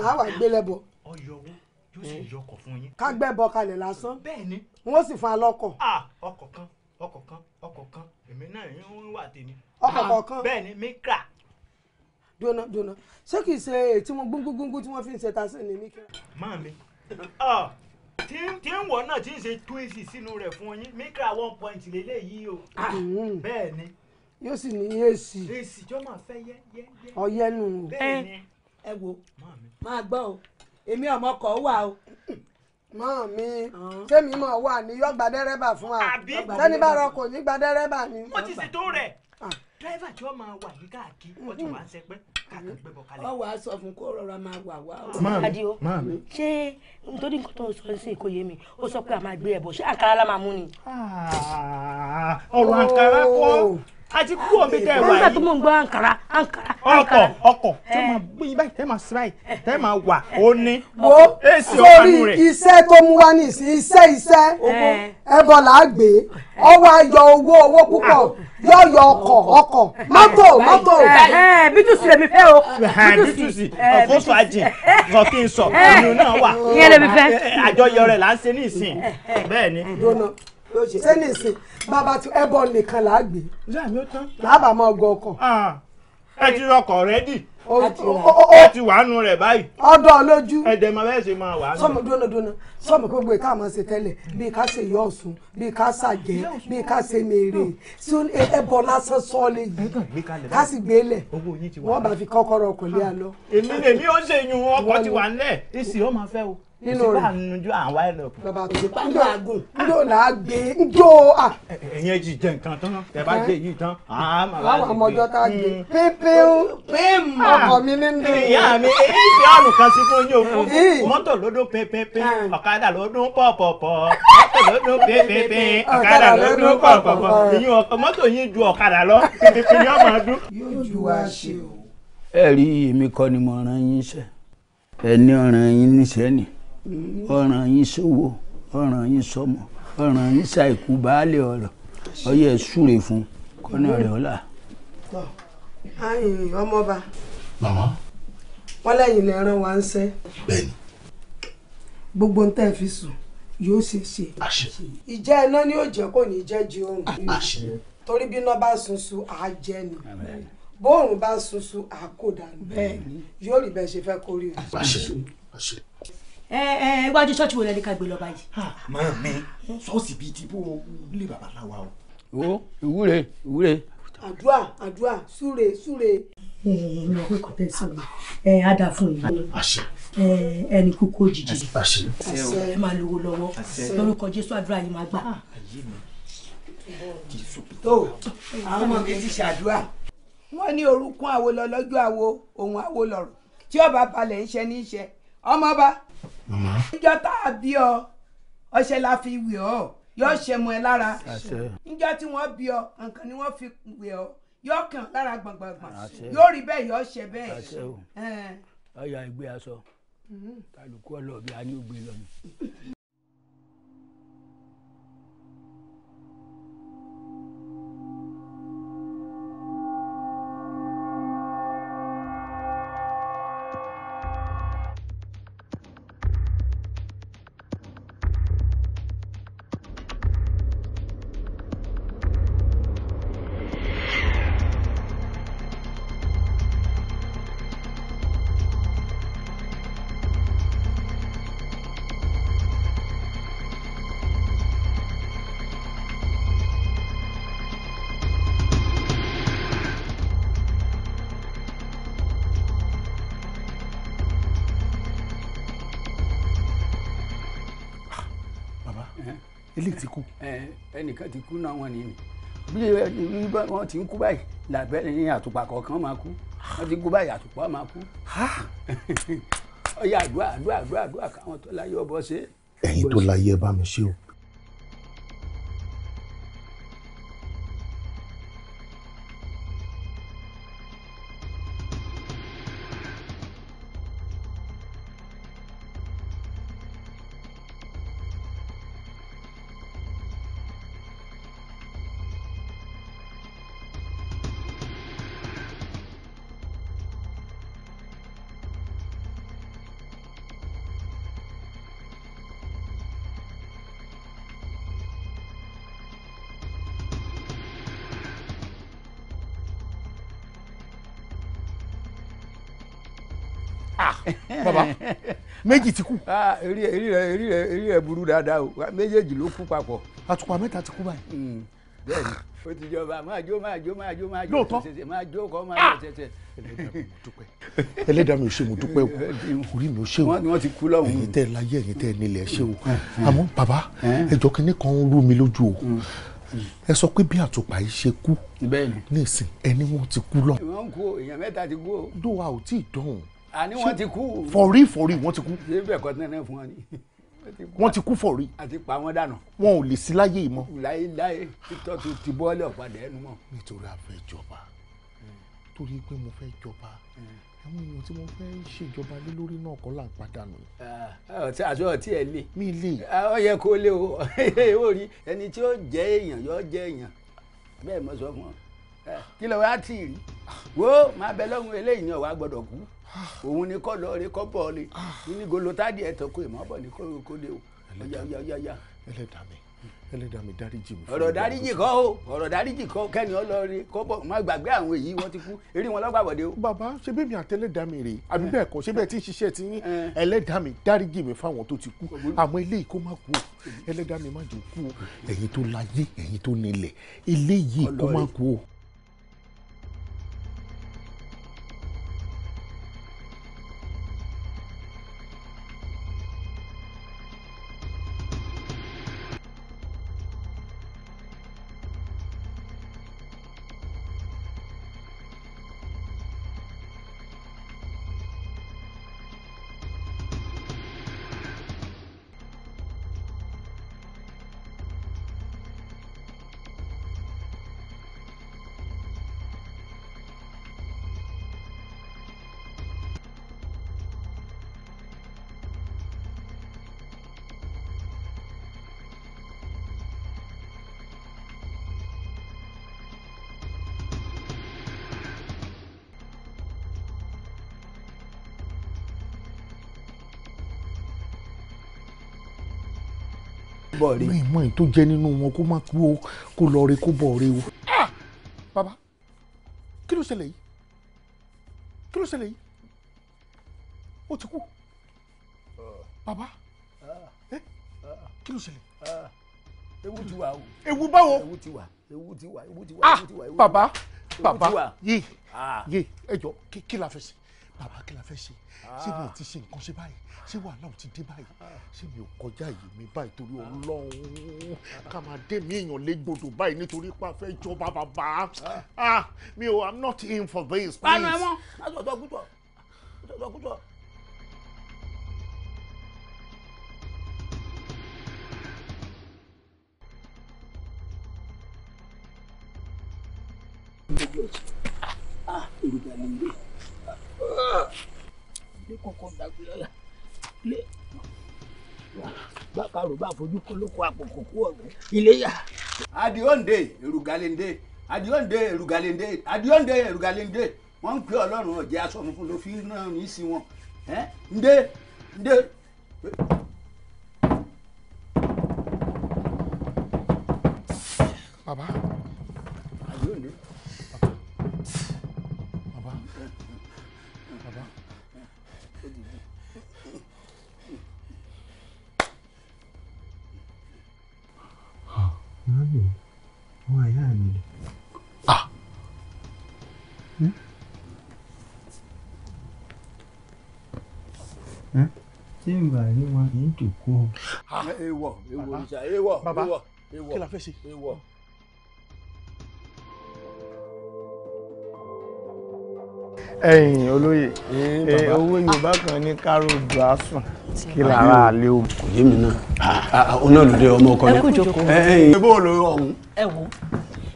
làwọn àgbélẹ̀bọ̀. ọyọ owó yóò sì yọkọ̀ fún yín. ká gbẹ́bọ kalẹ̀ lásán wọ́n sì fún alọ́kọ̀. ọkọ̀ kan ọkọ̀ kan ọkọ̀ kan èmi náà ń wà tèmi. ọkọ̀ kọ̀ọ̀kan bẹ́ẹ̀ mi kà. jona jona ṣé kìí ṣe tí wọ́n gbóngbóngbóngbó tí wọ́n fi ń ṣe ta sí ni mi kà. mi tí ń wọ̀ náà tí ń ṣe twins sínú rẹ̀ fún yín mi one point lélẹ́yìí o ah. bẹ́ẹ̀ yóò sì ní èsì. èsì tó máa fẹ́ yẹ́ yẹ́ yẹ́. ọyẹ́ nù. bẹ́ẹ̀ ni ẹ wo máa gbọ́ o èmi ọmọ kọ̀ ó wà o mọ mi sẹmi mọ wà ní yọ gba dẹrẹbà fún wa sẹni bá rọ kò ní gba dẹrẹbà ni. mo ti ṣètò rẹ ah. dírẹ́fà tí wọ́n máa wà ní káàkiri wọ́n ti wà ń sẹpẹ́ káàkiri gbẹ̀bọ̀ kalẹ̀. ọwọ́ aṣọ fún kó rọra máa wà wá o. máàmì máàmì. ṣé nítorí nǹkan tó ń sọ sí kò yé mi ó sọ pé a máa gbé ẹbọ ṣé àǹkárá la máa mú ni. Ah, ọ̀rọ̀ àǹkárá kọ́. Oh àti kú òbí tẹ wà yìí. nígbà tó mò ń gbọ́ ankara ankara ankara. ọkọ ọkọ tẹ máa gbé yín báyìí tẹ máa sí báyìí tẹ máa wà ó ní. wo sórí iṣẹ́ tó mú wá ní iṣẹ́ iṣẹ́ ẹbọ là á gbé ọwọ́ ayọ̀ owó owó púpọ̀ yóò yọ ọkọ̀ ọkọ̀ mọ́tò mọ́tò. bítúsì lèmi fẹ́ o bítúsì ọ̀fọ́sọ àjìn kan kí n sọ ọ̀nù náà wà. ìyẹn lèmi fẹ́. àjọyọ̀ rẹ̀ là ń ṣe ní ìsìn bẹ́ẹ̀ ni ṣé nìsín bàbá tí ẹbọ nìkan là á gbé làbà máa gọ ọkàn. ẹ ti rọkọ̀ rẹ́dì ó ti wà nù rẹ̀ báyìí. ọdọ lójú ẹdẹ máa bẹ́ẹ̀ ṣe máa wà nù. sọmọ dúró dúró sọmọ gbogbo ìta àmọ́ ṣe tẹ́lẹ̀ bíi ká ṣe yọ ọ̀sùn bíi ká ṣàjẹ́ bíi ká ṣe mèrè sí ẹbọ lásán sọ́ọ̀lì yìí ká sì gbélẹ̀ wọ́n bá fi kọ́kọ́rọ́ ọkọ̀ lé àlọ́. èmi lèmi ó ṣèyún ọkọ̀ ti wà nílẹ̀ nínú rẹ̀ ìsìnkú àwọn wáyé lọ. bàbá tó bá ń dàgùn ńdò náà gbé ńdò à. ẹ̀yin ẹjì jẹ nǹkan tán ẹ bá jẹ èyí tán àá màá wá sí gbé. àwọn ọmọdé tá a gbé pépé ń pém ọkọ mi ní ndé. ìyá mi èyí fi àrùn kan sí fún yín òfin mọ́tò lọ́dún pépépé ọ̀kadà lọ́dún pọ̀pọ̀pọ̀ mọ́tò lọ́dún pépépé ọ̀kadà lọ́dún pọ̀pọ̀pọ̀ ìyún ọkọ mọ́tò yín ju ọ̀kadà lọ pépépé ni ọmọ ọdún. yóò ju wa ṣe o. ẹ rí èmi kọ́ ni mo rán yín iṣẹ́ ẹ ní ọ̀ràn yín níṣẹ́ ni ọ̀ràn yín sówó ọ̀ràn yín sọmọ ọ̀ràn yín ṣàìkú baálé ọ̀rọ̀ ọyẹ súre fún kọ́nà rẹ̀ ọ̀la. ọmọọba. màmá. wọ́n lẹ́yìn lè rán wa ń sẹ́. bẹ́ẹ̀ni. gbogbo ń fi sùn yóò ṣe ṣe. ìjẹ́ iná ni yóò jẹ́ kò ní jẹ́ ju oòrùn. àṣẹ. torí bí iná bá sunsun àá jẹ ni bóòrùn bá sunsun àá kò dànù. yóò rí bẹ́ẹ̀ ṣe fẹ́ kórè iwájú ṣọ́ọ̀ṣì wo lẹ́ni ká gbé lọ báyìí. màá mi ṣọ́ọ̀ṣì bíi ti bó ilé babaláwa o. o ìwúre ìwúre. àdúrà àdúrà súre súre. ẹ ẹ lọ pé kò tẹ sí mi ẹ á dà fún yín. àṣẹ. ẹ ẹni kúkú òjijì. àṣẹ. àṣẹ ẹ máa lówó lọ́wọ́ lórúkọ jésù àdúrà yìí máa gbà. tó àwọn ọmọ mi ti ṣàdúrà wọn ní orúkún àwo lọ lọ́jọ́ àwo òun àwo lọ̀rọ̀ tí ọba balẹ̀ ń ṣe ní í ṣe ọmọọba níjọ́ tá a bí ọ ọṣẹ la fi wẹ̀ ọ́ yóò ṣe mọ́ ẹ lára níjọ́ tí wọ́n bí ọ nǹkan ni wọ́n fi wẹ̀ ọ́ yóò kàn lára gbọ̀ngbọ̀ngbọ̀n yóò rí bẹ́ẹ̀ yóò ṣe bẹ́ẹ̀. ọyà ìgbé aṣọ mm-hmm. kálukú ọlọ́ọ̀bí a ògbé lọ́nà. eléyìí ti kú. ẹnìkan ti kú náà wọn ni ni bí wọn ti ń kú báyìí làbẹ́ ní àtùpà kọ̀ọ̀kan máa kú wọn ti kú báyìí àtùpà máa kú. ọyà àdúrà àdúrà àdúrà káwọn tó láyé ọbọ ṣe. ẹ̀yin tó láyé ẹ bá mi ṣe o méjì ti kú. Ah, eré eré rẹ eré rẹ eré rẹ burú dáadáa o ah, méjèèjì ló kú papọ̀. àtùpà mẹ́ta ti kú báyìí. Hmm, bẹ́ẹ̀ni o ti jọba máa jó máa jó máa jó máa jó ṣẹṣẹ máa jó kọ máa jó ah! ṣẹṣẹ. ẹlẹ́dàá mi ò ṣe mo dúpẹ́ o orí mi ò ṣe o wọ́n ti kú lọ́hùn-ún ẹ̀yin tẹ́ ẹ láyé ẹ̀yin tẹ́ ẹ nílẹ̀ ẹ ṣe o eh, eh. àmọ́ bàbá eh? ẹjọ́ kínní kan rú mi lójú o hmm. ẹ sọ pé bí àtùpà yìí ṣe kú nísìn ẹni wọn ti kú lọ. wọ́n ń kú èèyàn mẹ́ta ti kú o. dó ò tí ì dọ̀hùn àní wọ́n ti kú. fọ̀rí fọ̀rí wọ́n ti kú. ṣé bẹ́ẹ̀ kọ́ tẹ́lẹ̀ fún wọn ni. wọ́n ti kú fọ̀rí. àti pa wọn dànù. wọn ò lè sí láyé yìí mọ́. láyé láyé títọ́ tó ti bọ́ọ̀lì ọ̀padà ẹnu mọ́. nítorí a fẹ́ jọba torí pé mo fẹ́ jọba àwọn èèyàn tí mo fẹ́ ṣèjọba lé lórí náà kọ́ là ń pàdánù. Ah, ọtí àti ọtí ẹ lè. mi lè. ọ ah, yẹ kó lé o ó rí ẹni tí ó jẹ èèyàn yóò jẹ èèyàn bẹ́ẹ̀ mo sọ fún ọ. Eh, kí lọ wá tì rí wo máa bẹ lọ́hùn eléyìí ni ọ̀wá gbọ́dọ̀ kú òun ni kọ́ lọ́ọ́ rí kọ́ bọ́ọ̀ lé ní golo tádì ẹ̀tọ́ kó ìmọ̀ bọ̀ ní kó lé o ọjà ọjà ọjà ọjà. ẹlẹ́dàá mi ẹlẹ́dàá mi dáríjì mi. ọ̀rọ̀ dáríjì kọ́ o ọ̀rọ̀ dáríjì kọ́ kẹ́ni ọlọ́ọ̀rẹ́ kọ́ bọ̀ má gbàgbé àwọn èyí wọ́n ti kú eré wọn lọ́gbàbọ̀dé o. bàbá ṣé bẹ́ẹ̀ mi àtẹlẹ́dàá mi rèé àbí bẹ́ẹ̀ kọ́ ṣé bẹ́ẹ̀ tí ń ṣiṣẹ́ ti yín eh. ẹlẹ́dàá mi dáríjì bọ̀ re. mi mọ èyí tó jẹ́ nínú wọn kó má kú o kó lọ re kó bọ̀ re o. bàbá kí ló ṣẹlẹ̀ yìí kí ló ṣẹlẹ̀ yìí ó ti kú bàbá kí ló ṣẹlẹ̀. ewu ti wà o. ewu báwo. ewu ti wà ewu ti wà ewu ti wà ewu ti wà. ah Baba, Baba, yé yé ẹ jọ kí la fẹ́ bàbá kí la fẹ́ ṣe mi ò ti ṣe nǹkan ṣe báyìí ṣé wàhálà ò ti dé báyìí ṣé mi ò kọjá yìí mi báyìí torí ọlọ́run ká máa dé mi èèyàn légbodò báyìí nítorí pa fẹ́ jọba bàbá ah mi ò i'm not in for this please. báwo ẹ mọ. àparò bá fojú kólókó àpòkò kú ọ̀gbẹ́ iléyà. adionde erugalende adionde erugalende adionde erugalende wọ́n ń pè ọlọ́run ọ̀jẹ̀ aṣọ funfun ló fi ń rán ní sí wọn ǹdẹ ǹdẹ. bàbá rí wọn ní ìdòkó. ewọ ewọ ìṣà ewọ ewọ ewọ kí la fẹ́ ṣe. ewọ. ẹ̀yin olóye eh, eh, owó yorùbá kan ní káròdù asùn kí lára àlè o. kò yé mi náà ah. Ah, ah, ọ̀nà olùdé ọmọ ọkọ mi. ẹ kú jókòó. ẹ eh, bó lo ọ̀hún. ẹ wo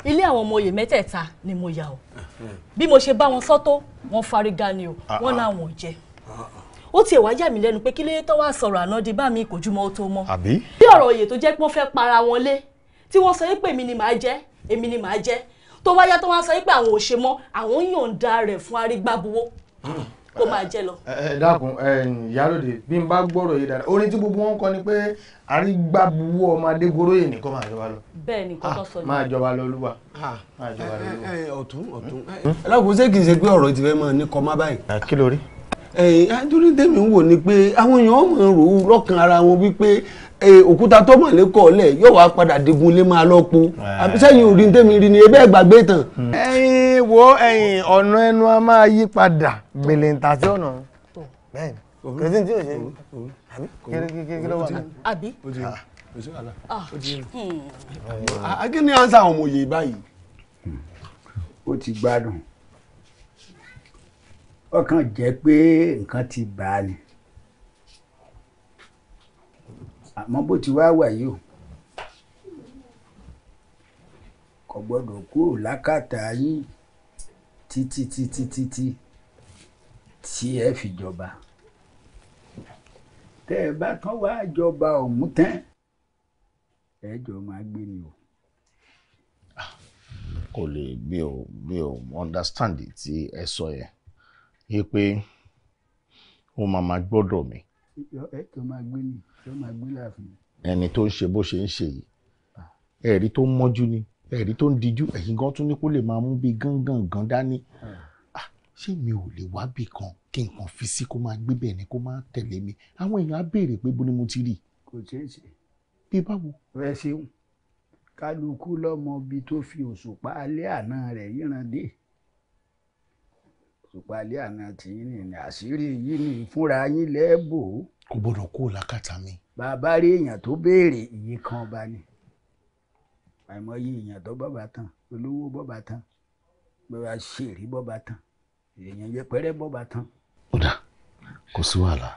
ilé àwọn ọmọ oyè mẹ́tẹ̀ẹ̀ta ni mo yà o bí mo ṣe bá wọn sọ́tọ̀ wọ́n fárígá ni o wọ́n láwọn ò jẹ ó tiẹ̀ wá yà mí lẹ́nu pé kí tó wá sọ̀rọ̀ àná di bá mi kò jùmọ̀ ó tó mọ́. àbí. bí ọ̀rọ̀ òye tó jẹ́ pé wọ́n fẹ́ para wọn lé tí wọ́n sọ yìí pé èmi ni màá jẹ́ èmi ni màá jẹ́ tó wá yá tó wá sọ yìí pé àwọn ò ṣe mọ́ àwọn yọ̀ǹda rẹ̀ fún arígbábuwó kó máa jẹ́ lọ. ẹ dákun ìyálòde bí n bá gbọ́rọ̀ yìí dáadáa orin tí gbogbo wọn kọ ni pé arígbábuwó ọmọ Adégoróyè nìkan máa jọba lọ. bẹ́ẹ̀ ni kọ́kọ́ sọ ni. máa jọba lọ olúwa. máa jọba lọ olúwa. ọ̀tún ọ̀tún. ẹ lọ́kùnrin ṣé kì í ṣe pé ọ̀rọ̀ ti fẹ́ máa ní kọ́ má báyìí. kí ló rí. nítorí tèmi ń wò ni pé àwọn èèyàn mọ̀ ẹ̀rọ lọ́kàn ara wọn wípé òkúta tó mọ̀ yóò wá padà digun lé máa lọ́po àbísẹ́yìn òrin tèmi rí ni ẹyin hmm. wo ọ̀nà ẹnu a máa yí gbèlè ń ta ọ̀nà oh. oh. tí oh. ọkàn jẹ́ pé nǹkan ti bà á ni àmọ́ bó ti wá wà yìí o kò gbọ́dọ̀ kúrò lákàtà yín títí títí títí tí ẹ fi jọba tẹ́ ẹ bá tán wá jọba ọ̀hún tán ẹ jọ máa gbé ni o. Ah, kò lè mi ò mi ò understand tí ẹ sọ yẹn yí pé ó máa máa gbọ́dọ̀ mi. ẹ tó máa gbé ni tó máa gbé láàfin. ẹni tó ń ṣe bó ṣe ń ṣe yìí ẹ̀rí tó ń mọ́jú ni ẹ̀rí tó ń dijú ẹ̀yìn gan tún ní kó lè máa mú bí gángan gan dání ah. Ah, ṣé mi ò lè wá bì kan kí nǹkan fi sí kó máa gbébẹ̀ ni kó máa tẹ̀lé mi àwọn èèyàn á béèrè pé bó ni mo ti rí i. kò ṣeé ṣe. bí báwo. rẹ ṣeun kálukú lọmọ bíi tó fi òṣùpá alẹ́ àná rẹ̀ yíran dé òṣùpá alẹ́ àná tí yín nìyí àṣírí yín ni fúnra yín lẹ́ẹ̀bò. kò gbọdọ̀ kó o lákàtà mi. bàbá rí èèyàn tó béèrè iye kan ọba ni àìmọye èèyàn tó bọ́ba tán olówó bọ́ba tán bàbá ṣèrè bọ́ba tán èèyàn yẹpẹrẹ bọ́ba tán. ó dà kò sí wàhálà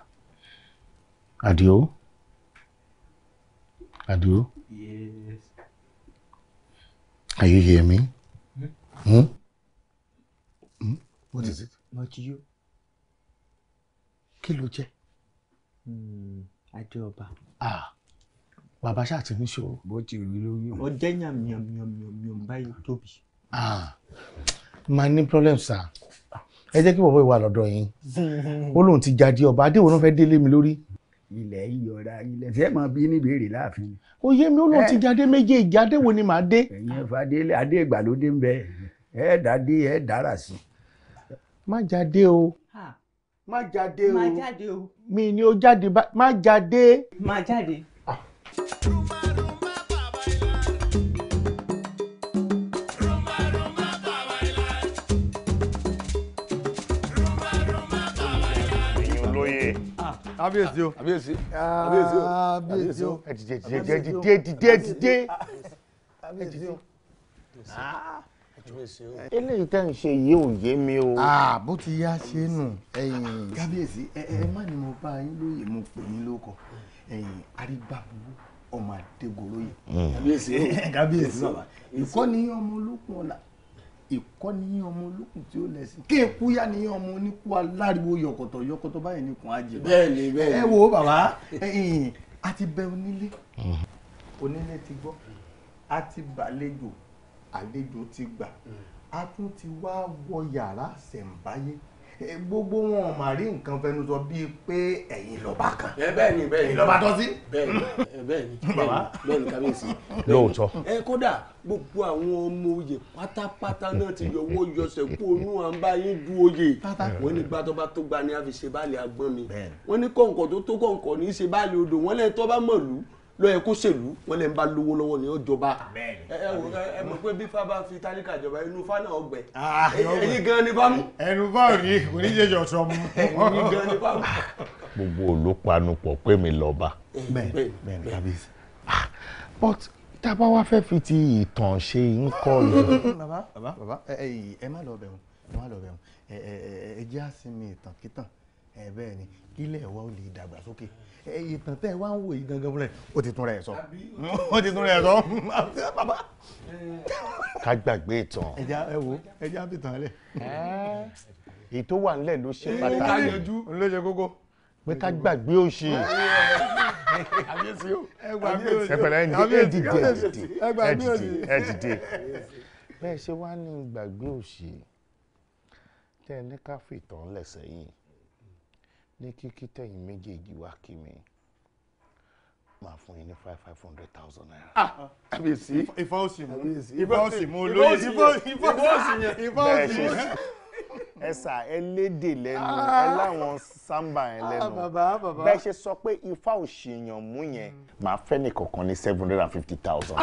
àdìo àdìo. Yes. Are you hear me? Hmm? hmm? What mm. is it? Not you. Kí ló jẹ́? Hmm, Adé ọba. Ah, bàbá ṣáà ti níṣòro. Bó ti rí lórí òun. Ó jẹ́ yànmìyànmìyànmìyàn báyìí tóbi. Ah, màá ní problem sir. Ẹ jẹ́ kí bọ̀bọ̀ ìwà lọ́dọ̀ yín. Ó lóun ti jáde ọba. Adéwòrán náà fẹ́ délé mi lórí. Ilẹ̀ ìyọ̀ra ilẹ̀ fẹ́ máa bí níbèrè láàfin. Ó yé mi ó lóun ti eh. jáde méjèèjì. Adéwo ni màá dé. Ẹ̀yin ẹ̀fọ́ Adé Adé ìgbàlódé ń bẹ. Ẹ̀ẹ́dà dé ẹ̀ẹ́dà rà sí má jáde o má jáde o má jáde o mi ni o jáde bá má jáde. má jáde. Ah. ah. kábíyèsí o ah. kábíyèsí o kábíyèsí o ẹ dìde dìde dìde dìde dìde ẹ dìde o. Ah kábíyèsí o. eléyìí tẹ́ ń ṣe yìí ò yé mi o. bó ti yá ṣe nù. kábíyèsí ẹ ẹ má ni mo bá yín lóye mo pè yín lóko arígbàbùrú ọmọ àdégoróyè. Hmm. kábíyèsí kábíyèsí bàbá ìkọ́ni ọmọ olókùn ọ̀la ìkọ́ni ọmọ olókùn tí ó lẹ́sìn kí eku yá ni ọmọ oníkú aláriwo yọ̀kọ̀tọ̀ yọ̀kọ̀tọ̀ báyìí ni kùn á jẹ. bẹ́ẹ̀ni bẹ́ẹ̀ni ẹ wo bàbá a ti bẹ onílé hmm. onílé ti gbọ́ a ti bàlejò àlejò ti gbà hmm. a tún ti wá wọ yàrá ṣẹ̀ǹbáyé gbogbo wọn mà rí nǹkan fẹnu sọ bíi pé ẹ̀yin lọ́ba kan bẹ́ẹ̀ni bẹ́ẹ̀ni ẹ̀yin lọ́ba tọ́ sí. bẹ́ẹ̀ni bẹ́ẹ̀ni bẹ́ẹ̀ni kábíyèsí. lóòótọ́. ẹ kódà gbogbo àwọn ọmọ oyè pátápátá náà ti yọwọ́ hmm. yọsẹ̀ kó onú à ń bá yín du oyè wọ́n ní gbàtọ́ tó gba ni a fi ṣe báàlì agbọ́n mi wọ́n ní kọ̀ǹkọ̀ tó tó kọ̀ǹkọ̀ ní í ṣe báàlì odò wọ́n lẹ́yìn tó bá mọ̀lú lọ́yẹ kó ṣèlú wọn lẹ́ ń bá lówó lọ́wọ́ ní ọjọba ẹ mọ̀ pé bí fábà fi tálíkà jọba inú fá náà ah, ẹyin gan ni bámu. ẹnu bá ò ní kò mu. ẹyin gan ni bámu. gbogbo olùpanu pọ̀ pé mi lọ́ba. bẹ́ẹ̀ bẹ́ẹ̀ kábíyèsí. Ah, but tá a bá wá fẹ́ fi ti ìtàn ṣe ń kọ́ lọ. bàbá bàbá ẹ má lọ bẹ̀rù ẹ má lọ bẹ̀rù ẹ jẹ́ àsinmi ìtàn kítàn ẹ bẹ́ẹ̀ ni kílẹ̀ wa ò lè dàgbàsókè. Okay ìtàn tẹ́ ẹ wá ń wò yìí gangan fúnra ẹ̀ ó ti tún rẹ̀ sọ ó ti tún rẹ̀ sọ bàbá. ká gbàgbé ìtàn. ẹja ẹ wo ẹja fi tàn lẹ. èyí tó wà nílẹ̀ ló ṣe pàtàkì ló ṣe kókó pé ká gbàgbé òṣì. ẹ pẹ̀lẹ́ ẹ dìde ẹ dìde ẹ dìde ẹ dìde bẹ́ẹ̀ ṣe wá ní gbàgbé òṣì tẹ́ ẹ ní ká fìtàn lẹ̀ sẹ́yìn ní kíkí tẹ̀yìn méjèèjì wá kí mi máa fún yín ní five five hundred thousand naira. àbíyèsí ah! ìfọ òsì mú ìfọ òsì mú olóyè ìfọ òsì yẹn ìfọ òsì yẹn. ẹ sà ẹ lédè lẹ́nu ẹ ah! láwọn sábà ẹ lẹ́nu ah, bẹ́ẹ̀ ṣe sọ pé ifá òṣèyàn mú yẹn. màá fẹ́ nìkọ̀ọ̀kan ní seven hundred and fifty thousand.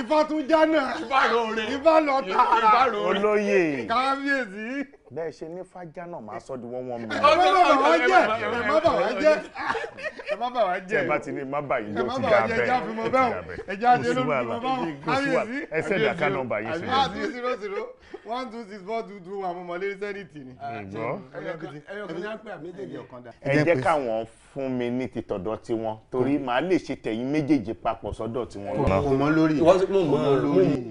ìfọ tún jánà ìfọ lọ tààrà olóyè kábíyèsí bẹ́ẹ̀ ṣe ní fájá náà máa sọ di wọ́n wọ́n mi. ẹ má bà wá jẹ́ ẹ má bà wá jẹ́ ẹ má bà wá jẹ́ ẹ má ti ní má bà yìí ló ti ga bẹ́ẹ̀ ẹja fi mọ bẹ́ẹ̀ ẹja dé ló fi mọ bẹ́ẹ̀ ẹsẹ̀ ìdàká nọ́mbà yìí sí. a ti zero zero one two six four two two one mọ̀mọ́ lérí sẹ́nìtì ni. ẹ jẹ́ káwọn fún mi ní ti tọ̀dọ̀ tiwọn torí màá lè ṣe tẹ̀yìn méjèèjì papọ̀ sọ́dọ̀ tiwọn. kò mọ lórí kò mọ lórí.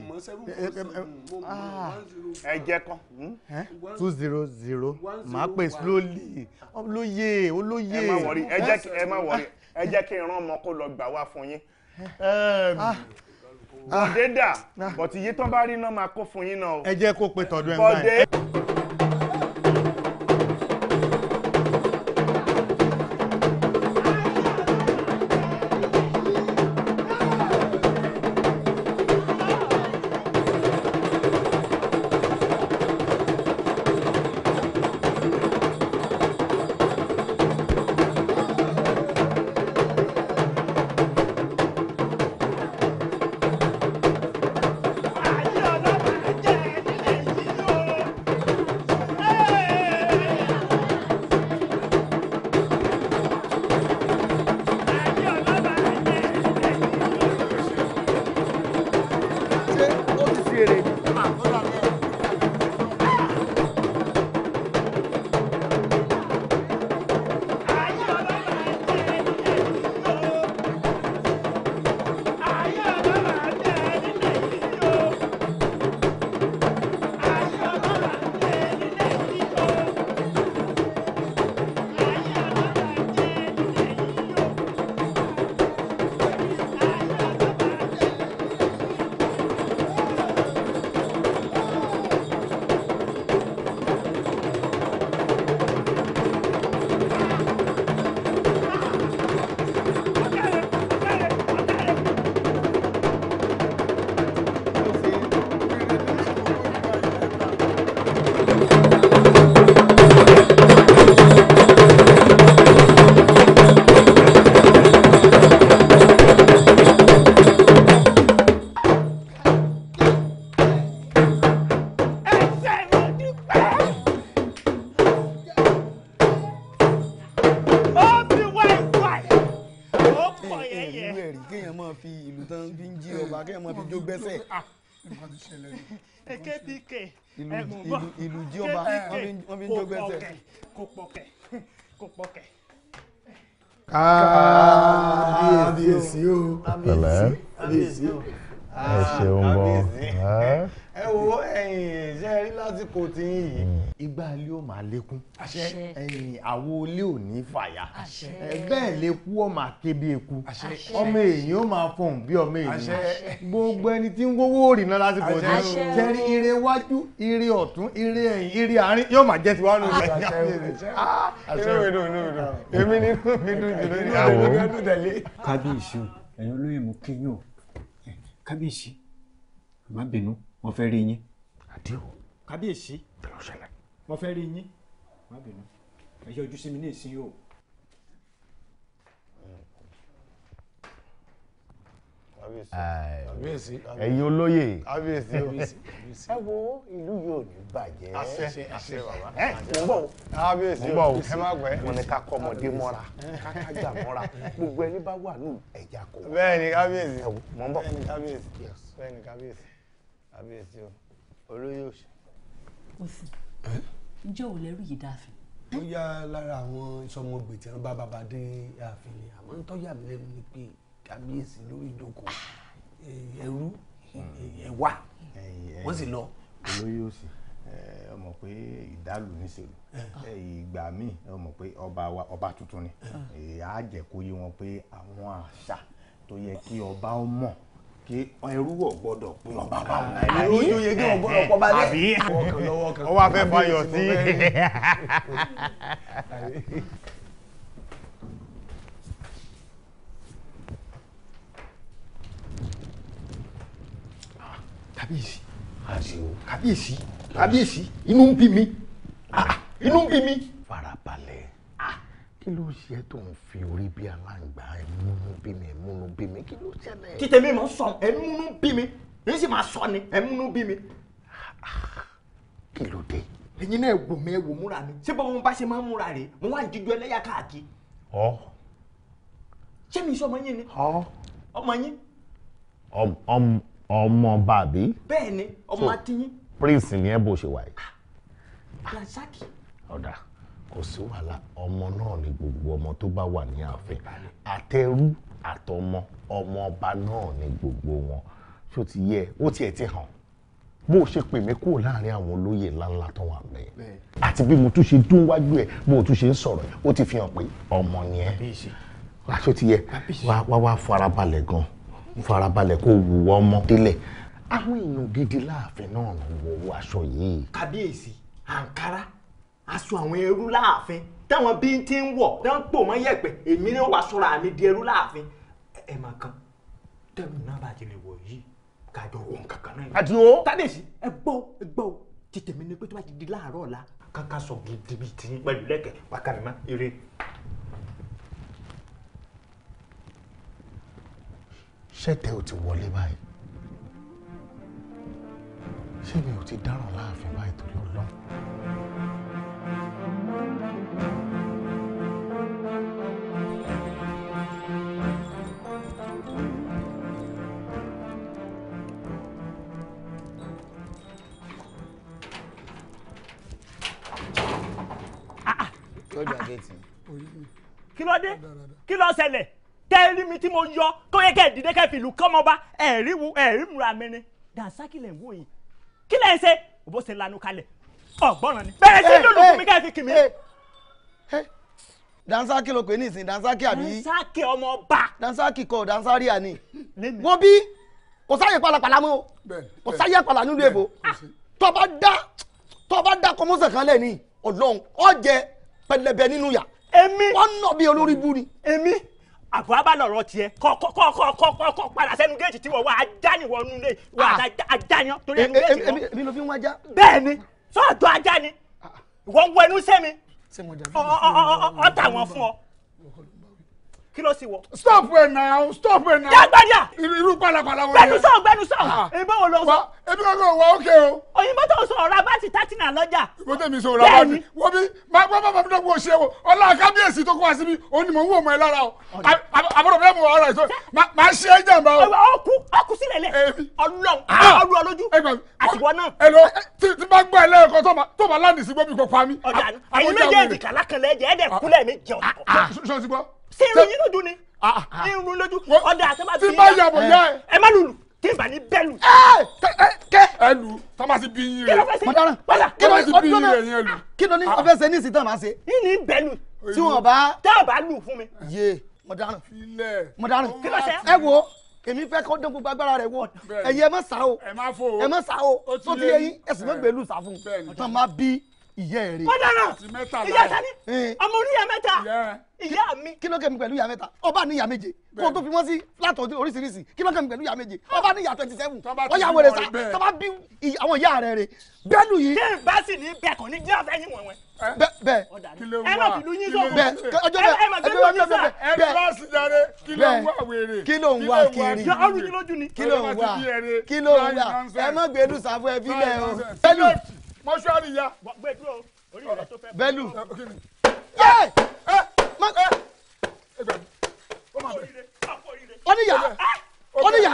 Ah, ẹ jẹ́ kán. Hmm? two zero zero màá pè slowly olóyè olóyè. ẹ má wọrí ẹ jẹ́ kí ẹ má wọrí ẹ jẹ́ kí n rán ọmọ kó lọ gbà wá fún yín. Ah. bọ̀dé dà ah. bọ̀tí iye tán bá rí náà máa kó fún yín náà ẹ jẹ́ kó pe tọ̀dọ̀ ẹ̀ ń báyìí. pk ìlú jí ọba wọ́n fi ń jó gbẹ́sẹ̀. kò pọ̀kẹ̀ kò pọ̀kẹ̀. kábíyèsí o kábíyèsí o ẹ ṣeun gan. ẹ wo ẹyin lásìkò tí ń yìí mm. igbá ilé ò máa lékún àwo ilé ò ní fàyà bẹ́ẹ̀ lè kú ọ̀ máa ké bí eku ọmọ èèyàn ò máa fọhùn bí ọmọ èèyàn gbogbo ẹni tí ń wówó rìnà lásìkò tí ń tẹ́rí ire wájú ire ọ̀tún ire ẹ̀yìn ire àárín yóò máa jẹ́ tiwa nù lẹ́yìn. Ah, èmi ni kú mi dùn jù lórí àwọn olùgbàdùn tẹ̀lé. kábíyèsí o ẹ̀yin olóyè mú kéyìn o kábíyèsí má bínú wọ́n fẹ́ rí yín. àdéhùn kábíyèsí mo fẹ́ rí yín má bínú ẹ yọjú sí mi ní ìsinyìí o. kábíyèsí ẹ̀yin olóyè kábíyèsí ẹ wo ìlú yóò ní bàjẹ́ àṣẹ àṣẹ bàbá ẹ ń bọ̀ kábíyèsí ń bọ̀ ẹ má gbẹ wọn ni ká kọmọdé mọ́ra ká kájà mọ́ra gbogbo ẹni bá wà ní ẹ̀já kó bẹ́ẹ̀ ni kábíyèsí ẹ wò mọ̀ ń bọ̀ bẹ́ẹ̀ ni kábíyèsí bẹ́ẹ̀ ni kábíyèsí kábíyèsí o olóyè òṣèlú. Kúsì. Ǹjẹ́ ò lẹ́rù yìí dáàfin? Ó yá lára àwọn ìsọmọgbè tí wọ́n bá bàbá dé ààfin ni àmọ́ ń tọ́jà mi lẹ́nu ni pé kàbíyèsí lórí ìjókòó ah! ẹ̀rú ẹ̀wà hmm. wọ́n sì lọ. Olóyè òsì ẹ mọ̀ pé ìdálù níṣèlú ìgbà míì ẹ mọ̀ pé ọba wa ọba tuntun ni àá jẹ́ kó yé wọn pé àwọn àṣà tó yẹ kí ọba ó mọ̀ pé ẹrú wọ̀ gbọ́dọ̀ pé ọba bá wọn. ẹrú yóò yege wọn gbọ́dọ̀ pọ̀ bá dé. àbí ó wá fẹ́ fayọ̀ sí. kábíyèsí kábíyèsí kábíyèsí inú ń bí mi ah, inú ń bí mi. farabalẹ̀ kí ló ṣe tó ń fi orí bí aláǹgbá ẹ múnú bí mi ẹ múnú bí mi kí ló ṣẹlẹ̀. títẹ mi mọ sọ ẹ múnú bí mi èyí sì máa sọ ni ẹ múnú bí mi. kí ló dé. ẹ̀yin náà wò mí ẹ wò múra mi ṣé bọ́n mo bá ṣe máa ń múra rèé mo wá ìdíjú ẹlẹ́yà káàkiri. ọ. ṣé mi sọ ọmọ yín ni. ọ. ọmọ yín. ọmọ bàbí. bẹ́ẹ̀ ọmọ àti prince ni ẹ bó ṣe wà yìí. Ah, rasaki. ọ̀dà kò sí wàhálà ọmọ náà ni gbogbo ọmọ tó bá wà ní ààfin àtẹrú àtọmọ ọmọ ọba náà ni gbogbo wọn ṣó ti yẹ ó tiẹ̀ ti hàn bó o ṣe pè mí kúrò láàrin àwọn olóyè ńláńlá tó wà bẹ́ẹ̀ àti bí mo tún ṣe dún wájú ẹ̀ bó o tún ṣe ń sọ̀rọ̀ ó ti fi hàn pé ọmọ ni ẹ́ aṣọ ti yẹ wá wá farabalẹ̀ gan farabalẹ̀ kó wù ọmọ délẹ̀ àwọn èèyàn gidi láàfin náà ló wọ aṣọ yìí. kábíyèsí àǹkárá aṣọ àwọn ẹrú láàfin táwọn bí ti ń wọ̀ tán pò mọ́ yẹ̀pẹ̀ èmi ni ó wàá sọ̀rọ̀ àmì di ẹrú láàfin ẹ mà kan tẹ́lẹ̀ náà bàjẹ́ lè wọ̀ yìí kájọ wọn kankan náà. àdìo tádèsí ẹ gbọ́ ẹ gbọ́ o ti tèmi ni pé tó bá ti di láàárọ̀ ọ̀la kankan sọ gidi bíi ti pẹ̀lú lẹ́kẹ̀ pàkànnì má eré. ṣẹ́tẹ̀ ò ti wọlé báyìí ṣé mi ò ti dáràn láàfin báyìí torí ọlọ́run. yóò jà géètì. kí ló dé kí ló ṣẹlẹ̀ tẹ́ rí mi tí mo yọ kó yẹ kẹ́ ẹ̀ dìde kẹ́ fi ìlú kọ́mọba ẹ̀rí wu ẹ̀rí múra mẹ́rin dànsá kí lẹ̀ wò yìí kí lẹ̀ ṣe òbó ṣe lanu kalẹ̀ ọ̀gbọ́n ni bẹ̀rẹ̀ sí lónìí fún mi kẹ́ ẹ fi kì mí dansaki ló pè ní ìsìn dansaki àbí. dansaki ọmọ ọba. dansaki kọ dansari àní. wọ́n bí kò sáyè palapala mọ́ kò sáyè pala nílùú èbó tọ́ba dá tọ́ba dá kọ́mọ́sẹ̀ kan lẹ́ni ọlọ́run ọ̀jẹ̀ pẹlẹbẹ nínú yà. èmi wọn nọ bí olórí bú ni. èmi àbọ̀ abá lọ̀rọ̀ tiẹ̀ kọ́ kọ́ kọ́ kọ́ kọ́ kọ́ kọ́ padà sẹ́nu géètì tí wọ́n wá ajá ni wọ́n nu lé wọ́n ajá ni torí ẹnu géètì wọn. èmi ló fi ń wájà. bẹ́ẹ̀ ni sọ́ọ̀tọ̀ ajá ni wọ́n wọ inú sẹ́mi ọ̀tà wọn fún ọ kí ló sì wọ. stop ẹ na stop ẹ na. jágbádìá. irú pàlàpàlà wo ni. gbẹnusọ gbẹnusọ. Ah. èmi ò lọ sọ. ebi kankan wà ókè o. òyìnbó tó sọ ọ̀rọ̀ abáàtì tátìnà lọ́jà. mo tẹ̀mí sọ ọ̀rọ̀ abáàtì wọ́n bí máa bá bàbá mi dọ́gbọ́ ṣe o ọlá kábíyèsí tó kó wá síbi onímọ̀ wò mọ́ ẹ lára o àbúrò bẹ́ẹ̀ mọ̀ ọ̀rọ̀ ìṣó máa ṣe é jàmbá o. ọkù ọkù sílẹ̀ lẹ̀ ọlọ́run ah. ọlú ọlójú àtìwọ́ náà. ẹ lọ tí bá gbọ́ ẹ lẹ́yìn kan tó bá láǹdì sí gbọ́ mi kò pa mí. ọ̀dà ẹ̀yin méjèèjì kàlákànlẹ̀ ẹ̀jẹ̀ ẹ̀dẹ̀ kúlẹ̀ mi jẹun. Ah, ṣé irun yín lójú ni irun ah, ah, lójú ọ̀dà àtẹ́bà bí yín ẹ má lùlù tí ìbá ní bẹ́ẹ̀ lù. kẹ́ ẹ lù tọ́másì bí yín rẹ̀ mọ̀dáràn tọ́másì bí yín rẹ̀ yẹn lù. kí ló ní ah. ọfẹ́ ṣe ní ìsìtàn máa ṣe. yín ní bẹ́ẹ̀ lù tí wọ́n bá. tá a lù fún mi. yé mọ̀dáràn mọ̀dáràn ẹ wo èmi fẹ́ kọ́ dán gbogbo agbára rẹ̀ wọ̀ ẹ̀yin ẹ má sá o ẹ má sá o tó ti yẹ yín ẹ̀sìn mọ́gbẹ́lù sá fún un tán bí ìyá ẹ rè. ọ̀daràn ìyá sani ọmọ oníyà mẹ́ta ìyá mi. kí ló kẹ́ mi pẹ̀lú ìyá mẹ́ta ọba níyà méje kó o tó fi wọ́n sí látọ̀ oríṣiríṣi kí ló kẹ́ mi pẹ̀lú ìyá méje ah! ọba níyà twenty seven ọ̀yà wẹ̀rẹ̀ sá tọ́ba bí àwọn ìyá rẹ̀ rè bẹ́ẹ̀lù yìí. kí n bá sì ní bẹ́ẹ̀ kọ́ ní díẹ̀ fẹ́yìn wọ̀n wọ̀n. bẹ́ẹ̀ ẹ má fi lóyún sọ̀rọ̀ bẹ́ẹ̀ ọjọ́ bẹ́ẹ̀ ẹ má fi lóyún sọ̀rọ̀ bẹ́ẹ̀ kí ló ń wá kiri kí ló ń wá kí ló ń wá ẹ má gbẹdùn sáfù ẹ fi lẹ mọ́ṣúárì ya. gbé dúró orí rẹ tó fẹ́. bẹ́lú. oníyà oníyà oníyà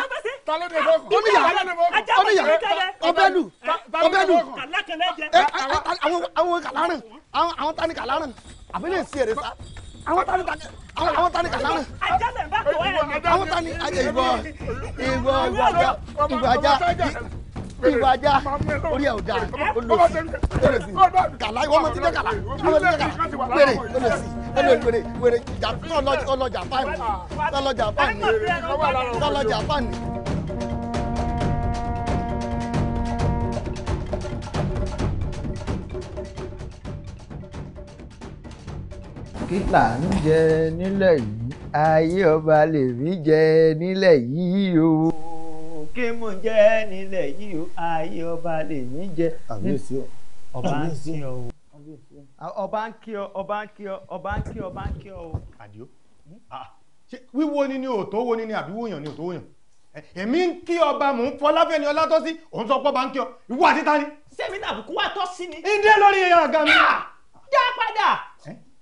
oníyà ọbẹ̀lú ọbẹ̀lú àwọn kàlárìn àwọn tani kàlárìn àbí lè sí èrè sá àwọn tani kàlárìn àwọn tani kàlárìn àwọn tani ìwọ ìwọ ìwọ ajá ìwọ ajá ìwà ajá orí ẹ̀ ò dáa olùsí kàlá ìwọ ọmọ ti jẹ́ kàlá ìwọ ti jẹ́ kàlá wèrè olùsí olùwèrè wèrè ìjà tọ́lọ́jà fáìní tọ́lọ́jà fáìní tọ́lọ́jà fáìní. kí là ń jẹ nílẹ̀ yìí ayé ọba lèmi jẹ nílẹ̀ yìí o kí mo jẹ́ nílẹ̀ yìí o ayé ọba lèmi jẹ́ ọba ń kí ọ o ọba ń kí ọ ọba ń kí ọ ọba ń kí ọ ọba ń kí ọ o. àdìo wíwo ni ni òtó wo ni ni àbí wòyàn ni òtó wòyàn èmi ń kí ọba mò ń fọláfẹ́ni ọlátọ́sí òun sọ pé ọba ń kí ọ ìwọ àti ta ni. sẹ́mi tàbùkù wa tọ́ sí ni. ìdí lórí àga mi. dá padà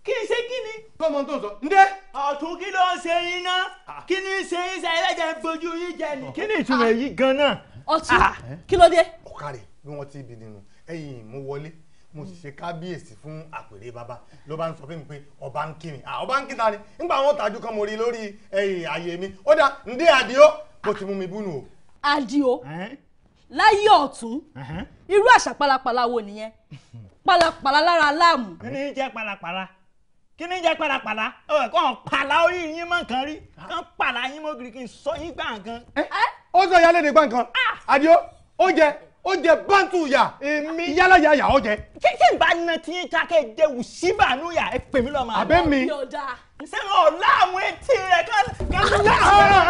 kí n ṣe kí ni. tọmọ tó ń sọ ǹdẹ. ọ̀tún kí ló ń ṣe yín náà ah. kí ni ṣe yín sẹ́yìn lẹ́jẹ̀ ń fojú yín jẹ ni. kí ni ìtumọ̀ ah. èyí gan-an. ọtún ah. kí ló dé. ọ̀kàrẹ̀ bí wọ́n ti bì nínú ẹ̀yìn mú wọlé mo sì ṣe kábíyèsí fún àpèrè bàbá ló bá ń sọ fún mi pé ọba ń kí mi ọba ń kí ni nígbà wọn tàjú kan mo rí lórí ààyè mi ó dá ǹdẹ àdìo mo ti mú mi búnu o. àdìo láyé ọ̀tún irú àṣà pálapàla wo nìyẹn pálapàla lára aláàmù. kí ni jẹ́ pálapàla kí ni jẹ́ pàlàpàlà ẹ kàn pàlà orí yín mọ̀ nǹkan rí kàn pàlà yín mọ̀ kiri kí n sọ yín gbà nǹkan. ó sọ ìyálé ní gbà nǹkan àdìo ó jẹ ó jẹ bántú yà èmi yálà yà yà ó jẹ. kíkì bá na tí yín kákẹ́ jẹ wù síbà nù yà ẹ pè mí lọ máa. àbẹ mi. ṣé wọn ò láwọn etí rẹ kán kán láwọn.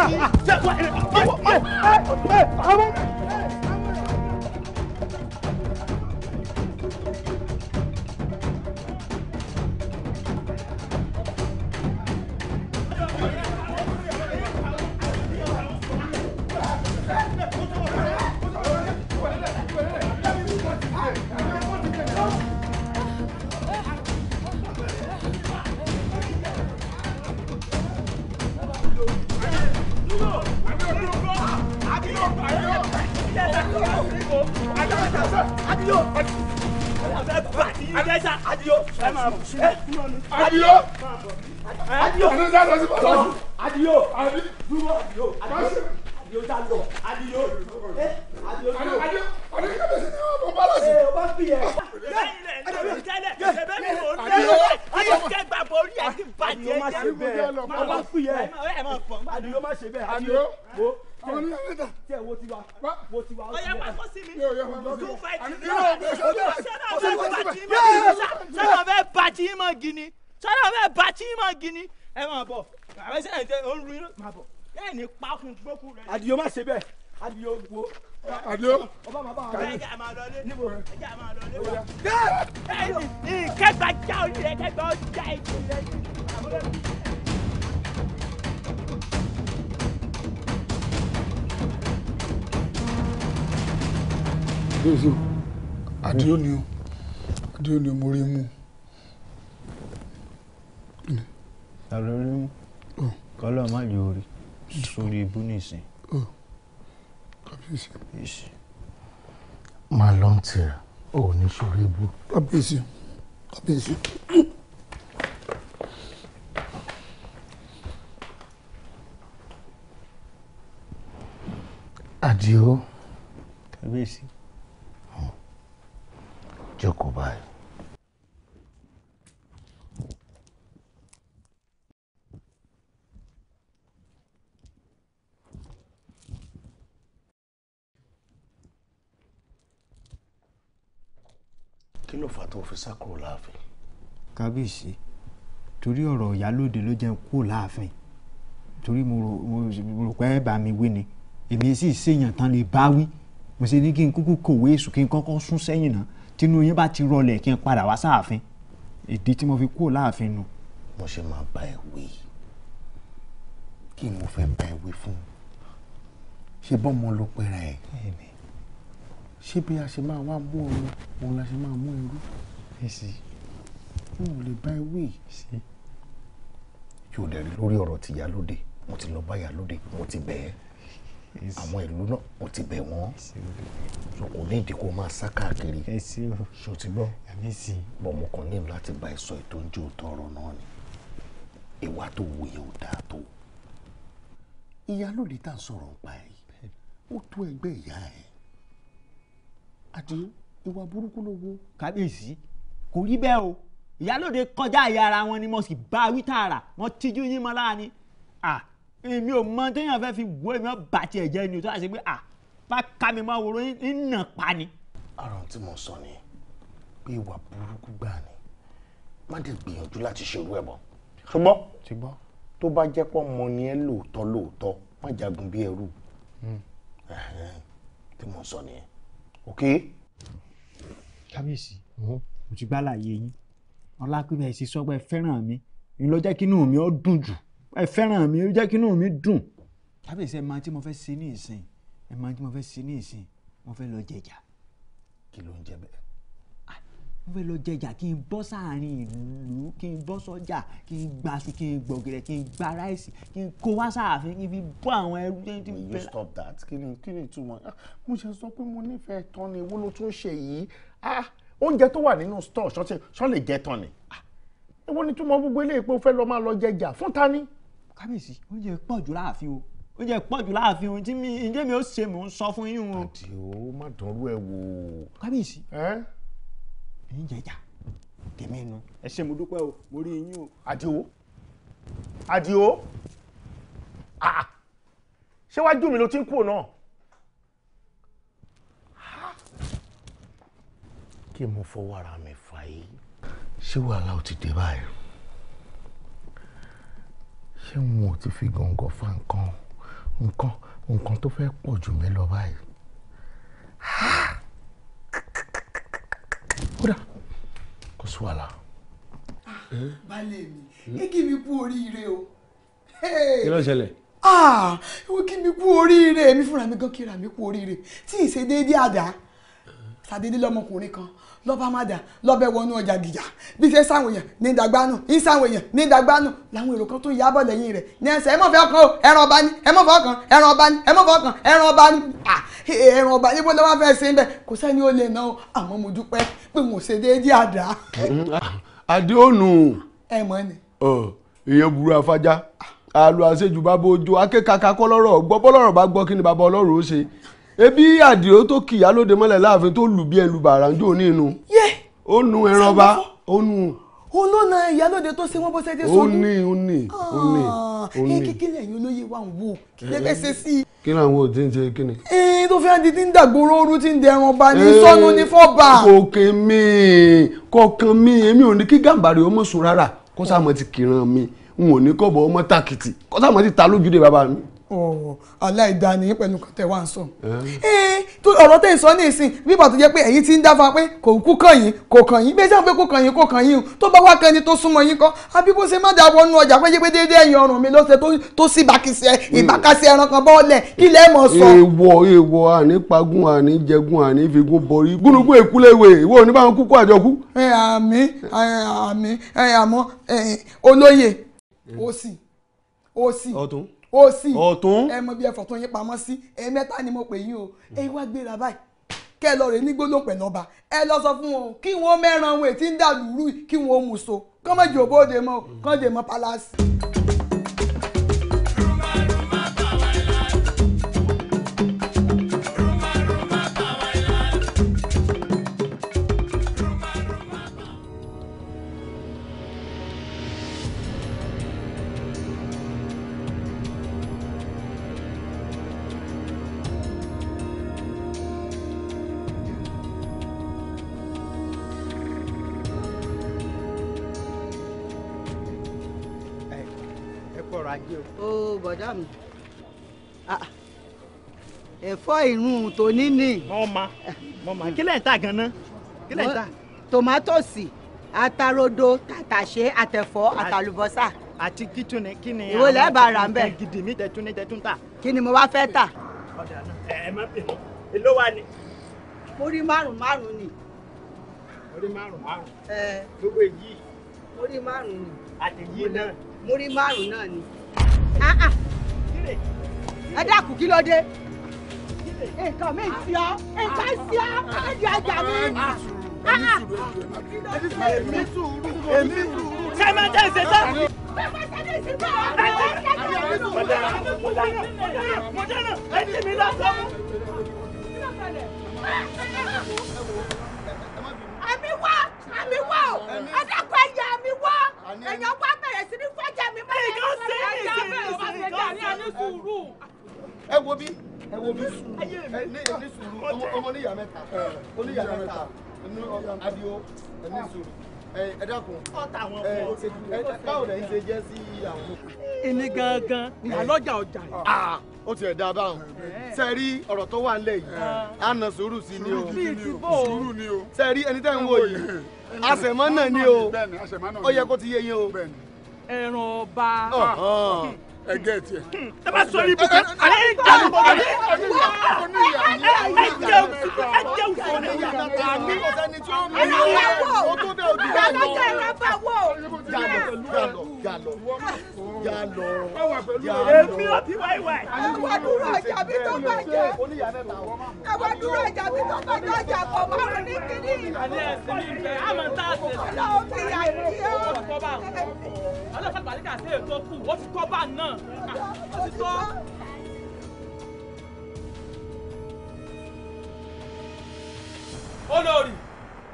Adio! Adio! Adio! Adio! adìyó. sá kúrò láàfin. kábíyèsí torí ọ̀rọ̀ ìyálòde ló jẹ́ kúrò láàfin torí mo rò pé bá mi wí ni èmi sì ṣèyàn tán lè bá wí mo ṣe ní kí n kúkú kòwé èṣù kí n kọ́kọ́ sún sẹ́yìn náà tínú yín bá ti rọlẹ̀ kí n padà wá sáàfin ìdí tí mo fi kúrò láàfin nu. mo ṣe máa bá ẹ wí kí mo fẹ́ bá ẹ wí fún ṣe bọ́mọ ló pera ẹ̀ ṣé bí a ṣe máa wá mú ọrùn òun la ṣe máa mú irú kábíyèsí n ò lè bá ewé sí. yóò dẹ̀ rí lórí ọ̀rọ̀ ti Ìyálóde mo ti lọ bá Ìyálóde mo ti bẹ̀ ẹ́ àwọn ìlú náà mo ti bẹ̀ wọ́n so kò ní ìdí kó máa sá káàkiri ṣó ti gbọ́ bọ́ mo kàn ní láti bá ẹ sọ ètò oúnjẹ òótọ́ ọ̀rọ̀ náà ni ìwà tó wòye ò dáa tó Ìyálóde tá à ń sọ̀rọ̀ ń pa ẹ̀ ó tó ẹgbẹ́ ìyá ẹ̀ àti ìwà burúkú ló wo kábíyèsí kò rí bẹ́ẹ̀ o ìyálòde kọjá àyà ara wọn ni mo sì bá wí tààrà wọn tíjú yín mọ́ lára ni èmi ò mọ téèyàn fẹ́ fi wo èmi ọba tiẹ̀ jẹ́ ni o tó àṣẹ pé à bá ká mi máa wòrò ń nà pa ni. ara ohun tí mo sọ ni pé ìwà burúkú gbà ni má dé gbìyànjú láti ṣerú ẹ̀ bọ̀ ṣùgbọ́n ṣùgbọ́n tó bá jẹ́ pọ́ mọ ni ẹ lóòótọ́ lóòótọ́ má jagun bí ẹrú hmm. tí mo sọ nìyẹn ok. kábíyèsí. Mm -hmm mo ti gbálàyé yín ọlápẹ́ ẹ ṣe sọ́gbà ẹ fẹ́ràn mi ń jẹ́ kí inú mi ó dùn jù ẹ fẹ́ràn mi ó jẹ́ kí inú mi dùn kábíyèsí ẹ máa tí mo fẹ́ ṣe ní ìsìn ẹ máa tí mo fẹ́ ṣe ní ìsìn mo fẹ́ lọ jẹjà kí ló ń jẹ bẹ́ẹ̀ ah, mo fẹ́ lọ jẹjà kí n bọ́ sáàrin ìlú kí n bọ́ sọ́jà kí n gba sí kí n gbọ̀gẹ̀rẹ̀ kí n gba ráìsì kí n kó wá sáàfin kí n fi bọ́ àwọn ẹrú tí n ti bẹ̀rẹ̀. will you stop that kí ni kí ni ìtumọ̀ ah, mo ṣe sọ pé mo nífẹ̀ẹ́ tán ni ìwúlò tó ṣe ah oúnjẹ tó wà nínú store ṣọ́ọ́ṣì ṣọ́ọ́ lè jẹ tán ni ah, èwo ni túmọ̀ gbogbo eléyìí pé ó fẹ́ lọ́ọ́ máa lọ jẹjà fún ta ni. kábíyèsí oúnjẹ pọ̀ jù láàfin o oúnjẹ pọ̀ jù láàfin o tí mi ǹjẹ́ mi ó ṣe mò ń sọ fún yín o. àdìo má dánrú ẹ wò. kábíyèsí ẹ̀yin jẹjà tèmi nu ẹ ṣe mo dúpẹ́ o mo rí yín o. àdìo àdìo ah, ah. ṣé wàá jù mí ló ti ń kú náà. tí mo fọwọ́ ara mi fà yìí. ṣé wàhálà ò ti dé báyìí ṣé wọn ò ti fi gàngàn fa nǹkan nǹkan nǹkan tó fẹ́ pọ̀ jù mí lọ báyìí. kódà kò sí wàhálà. Ah, balẹ̀ mi ẹ kí mi kú oríire o. kí ló ṣẹlẹ̀ ah wọ́n kí mi kú oríire èmi fúnra mi gan kíra mi kú oríire tí ì àdá sàdédé lọmọkùnrin kan lọ́ba má dà lọ́bẹ̀ wọnú ọjà gìjà bí ṣe sáwọn èèyàn ní ìdàgbánu ń sáwọn èèyàn ní ìdàgbánu làwọn èrò kan tó yá bọ̀ lẹ́yìn rẹ̀ ní ẹsẹ̀ ẹ mọ̀fẹ́ ọkàn o ẹran ọba ni ẹ mọ̀fẹ́ ọkàn ẹran ọba ni ẹ mọ̀fẹ́ ọkàn ẹran ọba ni ẹran ọba níbo lọ́wọ́ fẹ́ ṣe ń bẹ̀ kò sẹ́ni ó lè ná o àmọ́ mo dúpẹ́ pé mo ṣe déédé àdá. àdéhùnù. ẹ mọ ni. ìyẹn burú afájá alu àṣejù bá bójú akékaka kọ́ lọ́rọ̀ gbọ́ bọ́lọ́rọ̀ bá gbọ́ kí ni bàbá ọlọ́run ó ṣe ebi àdìo tó kì ìyá lóde mọ́lẹ̀ láàfin tó lù bí ẹlù bàrà ń jò ní inú. yé ó nu ẹran ọba ó nu. òun ló na ìyá lóde tó ṣe wọ́n bó ṣe dé sọ́dún. ó ní ó ní ó ní ah, ó ní. kíkí lẹ́yìn olóyè wa ń wò kí lè eh, fẹ́ ṣe sí i. kí ni àwọn òdì ń ṣe kí ni. ee tó fi hàn di ti ń dàgbòrò ooru ti ń dẹran ọba ní eh, sọnù ní fọba. kòkè mi kọkàn mi èmi ò ní kí gàmbàrè ọmọ sùn rárá kọ́sàmọ́ ti kìran mi n ò ní kọ́bọ̀ ọmọ tàkìtì kọ́sàmọ́ ti ta aláìdáni pẹ̀lú kan tẹ̀ wá ń sọ. tó ọ̀rọ̀ tẹ̀ ń sọ ní ìsìn bíbọ̀ tó jẹ́ pé ẹ̀yin ti ń dáfa pé kò kú kàn yín kò kàn yín bí ẹ sẹ́wọ̀n pé kò kàn yín kò kàn yín o tó bá wá kẹni tó súnmọ́ yín kọ́ àbí bó ṣe má dà wọnú ọjà pé jẹ́pẹ́ déédéé ẹ̀yìn ọrùn mi ló ṣe tó sì bàkìsẹ̀ hmm. ìbákasẹ̀ ẹran kan bọ́ọ̀lẹ̀ kí lẹ́ mọ̀ sọ. èèwọ̀ èèwọ̀ àní pagún àní jẹgún àní figun borí gúnugún èkúléwè ìwọ ò ní báwọn kúkú àjọkú. ẹ àmì àmì ẹ àmọ́ olóyè ó sì ó sì. ọ̀tún O ọ̀tún ẹ mọ bí ẹfọ tó yín pamọ́ sí ẹ mẹ́ta ni mo pè yín o ẹ wá gbéra báyìí kẹ lọ rè ní gbólóhùn pẹ̀lú ọba ẹ lọ sọ fún wọn kí wọn mẹ́ran wọn ètí ń dàlúrú kí wọn ó mú so kọ́mọ̀jì òbóde mọ́ kọ́ndé mọ́ palace. bọ̀dá mi ah, ah. ẹ̀fọ́ irun tòní ni. mọ́ọ̀mà mọ́ọ̀mà kí lẹ́yìn tá gan-an kí lẹ́yìn tá. tòmátòsì atarodo tàtàṣé àtẹ̀fọ́ àtàlùbọ́sà. àti kítún ni kí ni. ìwọ lẹ́ẹ̀ bá ra nbẹ. gidi mi tẹ̀tún ni tẹ̀tún ta. kí ni mo wá fẹ́ tà. ẹ ẹ má bínú èló wa ni. mo rí márùn márùn ni. mo rí márùn márùn. gbogbo èyí. mo rí márùn ni. àtẹ̀yí náà. mo rí márùn náà ni ẹ dákun kí ló dé nǹkan mi sí ọ nǹkan sí ọ ẹdí ọjà mi. èmi sùúrù èmi sùúrù. sẹ́mi tẹ̀ ṣe tán. ẹni mi lọ sọ. àmì wá àmì wá o ẹ̀dẹ́kọ̀ ẹ̀yà àmì wá èèyàn wá bẹ̀rẹ̀ sí ní fọ́jà mi mọ́ ẹ̀yà ọ̀sẹ̀ ẹ̀yà ọ̀sẹ̀ ẹ̀yà ọ̀sẹ̀ ẹ wo bí ẹ wo bí sùúrù ní sùúrù ọmọ níyà mẹ́ta oníyà mẹ́ta adio ní sùúrù ẹ dákun báwo lẹ́yìn ṣe jẹ́ sí àwọn. ìní gangan ni àlọ́jà ọjà yìí ah, ó ti ẹ̀dá báwọn sẹ́rí ọ̀rọ̀ tó wà nílẹ̀ yìí ah. á sùúrù sí ni o sùúrù ni o sẹ́rí ẹni tẹ́ ń wò yìí àṣẹmọ́ náà ni o ó yẹ kó ti yé yín o. ẹran ọba ah, ah ẹ gẹ́ tiẹ̀. ẹ bá sọ ní ibùkún alẹ́ ẹ jẹ́ òun alẹ́ ẹ jẹ́ òun ẹ jẹ́ òun sọ̀rọ̀. àní ọ̀sẹ́ni tí ó mú un ó tó dé òdì yà lọ. ọlọ́jà ìwà bá wò. yà lọ yà lọ yà lọ yà lọ. èmi ò ti wáyé wáyé. ẹwà dúró ọjà bí tó bá jẹ. ẹwà dúró ọjà bí tó bá jẹ ọjà kò má rún ní kíní. àmọ́ tá a ṣe. ọlọ́run ti yà kí ó. ọlọ́run ti yà kí ó. ọlọ́run ti yà kí ó náà ó ti tọ́. olórí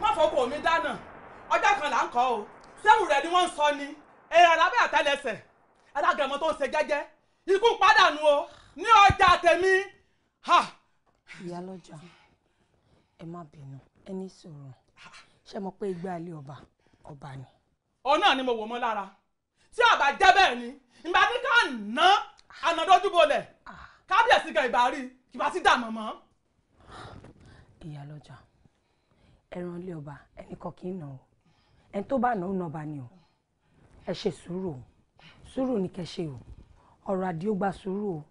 má fọkọ mi dáná ọjà kan là ń kọ́ o sẹ́wù rẹ̀ ni wọ́n ń sọ ni èèyàn lábẹ́ àtẹlẹsẹ̀ alágẹ̀mọ́ tó ń ṣe jẹ́jẹ́ ikú pàdánù o ní ọjà tèmi. ìyálọ́jà ẹ má bínú ẹ ní sọ̀rọ̀ ṣé mo pé igbá ilé ọba ọba ni. ọ náà ni mo wò mọ́ lára tí ó bá jẹ́ bẹ́ẹ̀ ni ìgbà tí ká ná ànádọ́júbolẹ̀ kábíyèsí gan ìbárí ìgbà tí dààmú mọ́. ìyálọ́jà ẹran ilé ọba ẹnì kan kì í nà ó ẹni tó bá nà ó nàba ni ó ẹ ṣe sùúrù sùúrù ni kẹ́ ṣe o ọ̀rọ̀ àdí ó gba sùúrù o.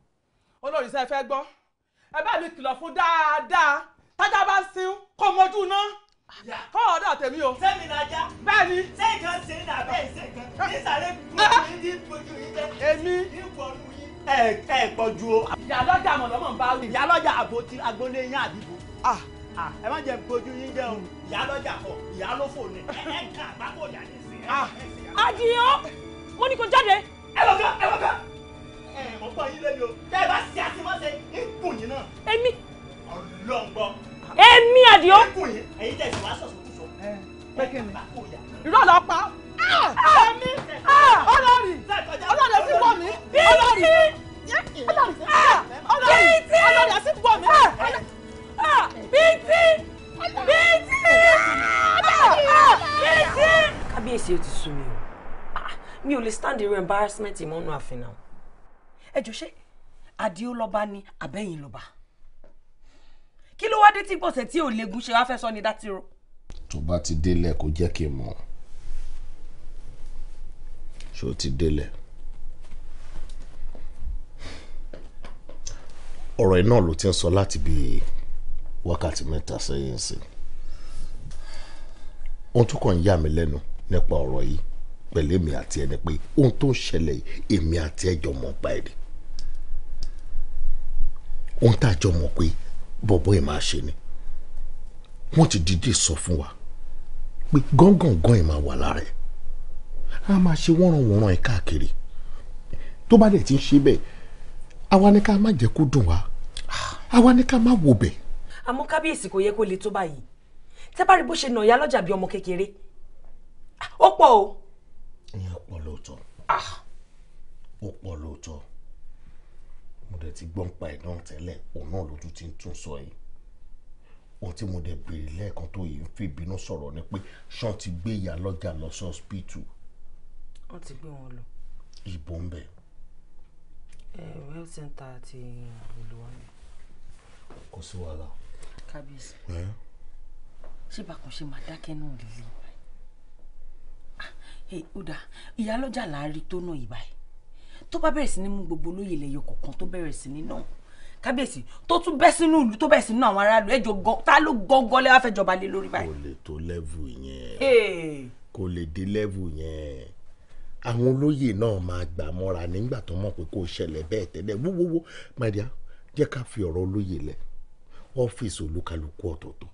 olórí sẹ́ fẹ́ gbọ́ ẹ bá mi kìlọ̀ fún dáadáa tájà bá sin kó mojú náà fọwọ́ ọ̀dọ̀ tèmi o. sẹ́mi n'ajá. bẹ́ẹ̀ni. sẹ́yìn kan ṣe ní abẹ́ ìṣe kan ní sàlẹ̀ gbogbo ní gbogbo yìí tẹ́. èmi. ní pọ̀lú yìí. ẹ ẹ pọ̀jù o. ìyálọ́jà mọ̀lọ́mọ̀ ń bá wí. ìyálọ́jà àbò ti agbóné yín àdìbò. Ah. ẹ má jẹ gbójú yín jẹ o. Hmm. ìyálọ́jà kọ ìyálófò ni ẹ ẹ kà àgbákò yà ní sí. Ah. àdìyàn mo ní kó jáde. ẹ lọ kán ẹ lọ kán. ẹ mọ̀ pọ̀ yín lẹ́nu o. tẹ́ ẹ bá ṣe àtìmọ́ṣe ń kùn yín náà. èmi. ọlọ́ngbọ́n èmi àdìó. irọ́ lọ pa èmi ọlọ́rì ọlọ́rì sí wọ̀ mí ọlọ́rì ọlọ́rì ah, ọlọ́rì sí wọ̀ mí bìtì bìtì ah, bìtì. kábíyèsí ó ti sú mi o ah, mi ò lè stand irú embarrassment ìmọ̀nù àfin náà. ẹ jọ ṣé àdìó lọ́ba ni àbẹ́yìn lọ́ba kí ló wá dé tí gbọ̀nsẹ̀ tí ò legun ṣe wá fẹ́ sọ ni dátìrò. tó bá ti délẹ̀ kó jẹ́ kí n mọ̀ ṣé o ti délẹ̀. ọ̀rọ̀ yìí náà ló ti ń sọ láti bí wákàtí mẹ́ta sẹ́yìn sí ohun tó kàn ń yà mí lẹ́nu nípa ọ̀rọ̀ yìí pẹ̀lú èmi àti ẹni pé ohun tó ń ṣẹlẹ̀ èmi àti ẹjọ́ mọ̀ pa ẹ̀ ohun tá a jọ mọ̀ pé bọ̀bọ̀ ẹ̀ máa ṣe ni wọ́n ti dìde sọ fún wa pé gángangan ẹ̀ máa wà lára ẹ̀ a máa ṣe wọ́nranwọ́nran ẹ̀ káàkiri tó bá dẹ̀ ti ń ṣe bẹ́ẹ̀ àwa ni ká má jẹ́ kó dùn wá àwa ni ká má wò bẹ̀. àmọ́ kábíyèsí kò yẹ kó le tó báyìí tẹ́ bá rí bó ṣe nà ìyá lọ́jà bíi ọmọ kékeré ó pọ̀ o. ìyẹn pọ̀ lóòótọ́ ah! ó pọ̀ lóòótọ́ mo dẹ̀ ti gbọ́n pa ẹ̀ náà tẹ́lẹ̀ òun náà ló tún ti ń tún sọ yìí ohun tí mo dẹ̀ béèrè lẹ́ẹ̀kan tó yìí ń fi ìbínú sọ̀rọ̀ ni pé ṣan ti gbé ìyá lọ́jà lọ sí ọ̀sìpìtù. wọ́n ti gbé wọn lọ. ibo ń bẹ̀. ẹ health center ti olùwà mi. kò sí wàhálà. kábíyèsí. ṣé bákan ṣe máa dákẹ́ náà lè lè báyìí. Ah, eh, ó dáa ìyá lọ́jà là á rí tó náà yìí tó bá bẹ̀rẹ̀ sí ní mú gbogbo olóyè lẹ́yọ kọ̀ọ̀kan tó bẹ̀rẹ̀ sí ní náà kábíyèsí tó tún bẹ́ sínú ìlú tó bẹ́ sínú àwọn aráàlú ẹjọ ta ló gọ́gọ́ lẹ́wọ́ fẹ́ jọba lé lórí báyìí. kò lè tó lẹ́vù yẹn kò lè dé lẹ́vù yẹn àwọn olóyè náà máa gbà mọ́ra nígbà tó mọ̀ pé kò ṣẹlẹ̀ bẹ́ẹ̀ tẹ́lẹ̀ wúwúwú maria jẹ́ ká fi ọ̀rọ̀ olóyè lẹ̀ ọ́fíìsì olúkálukú ọ̀tọ̀ọ̀tọ̀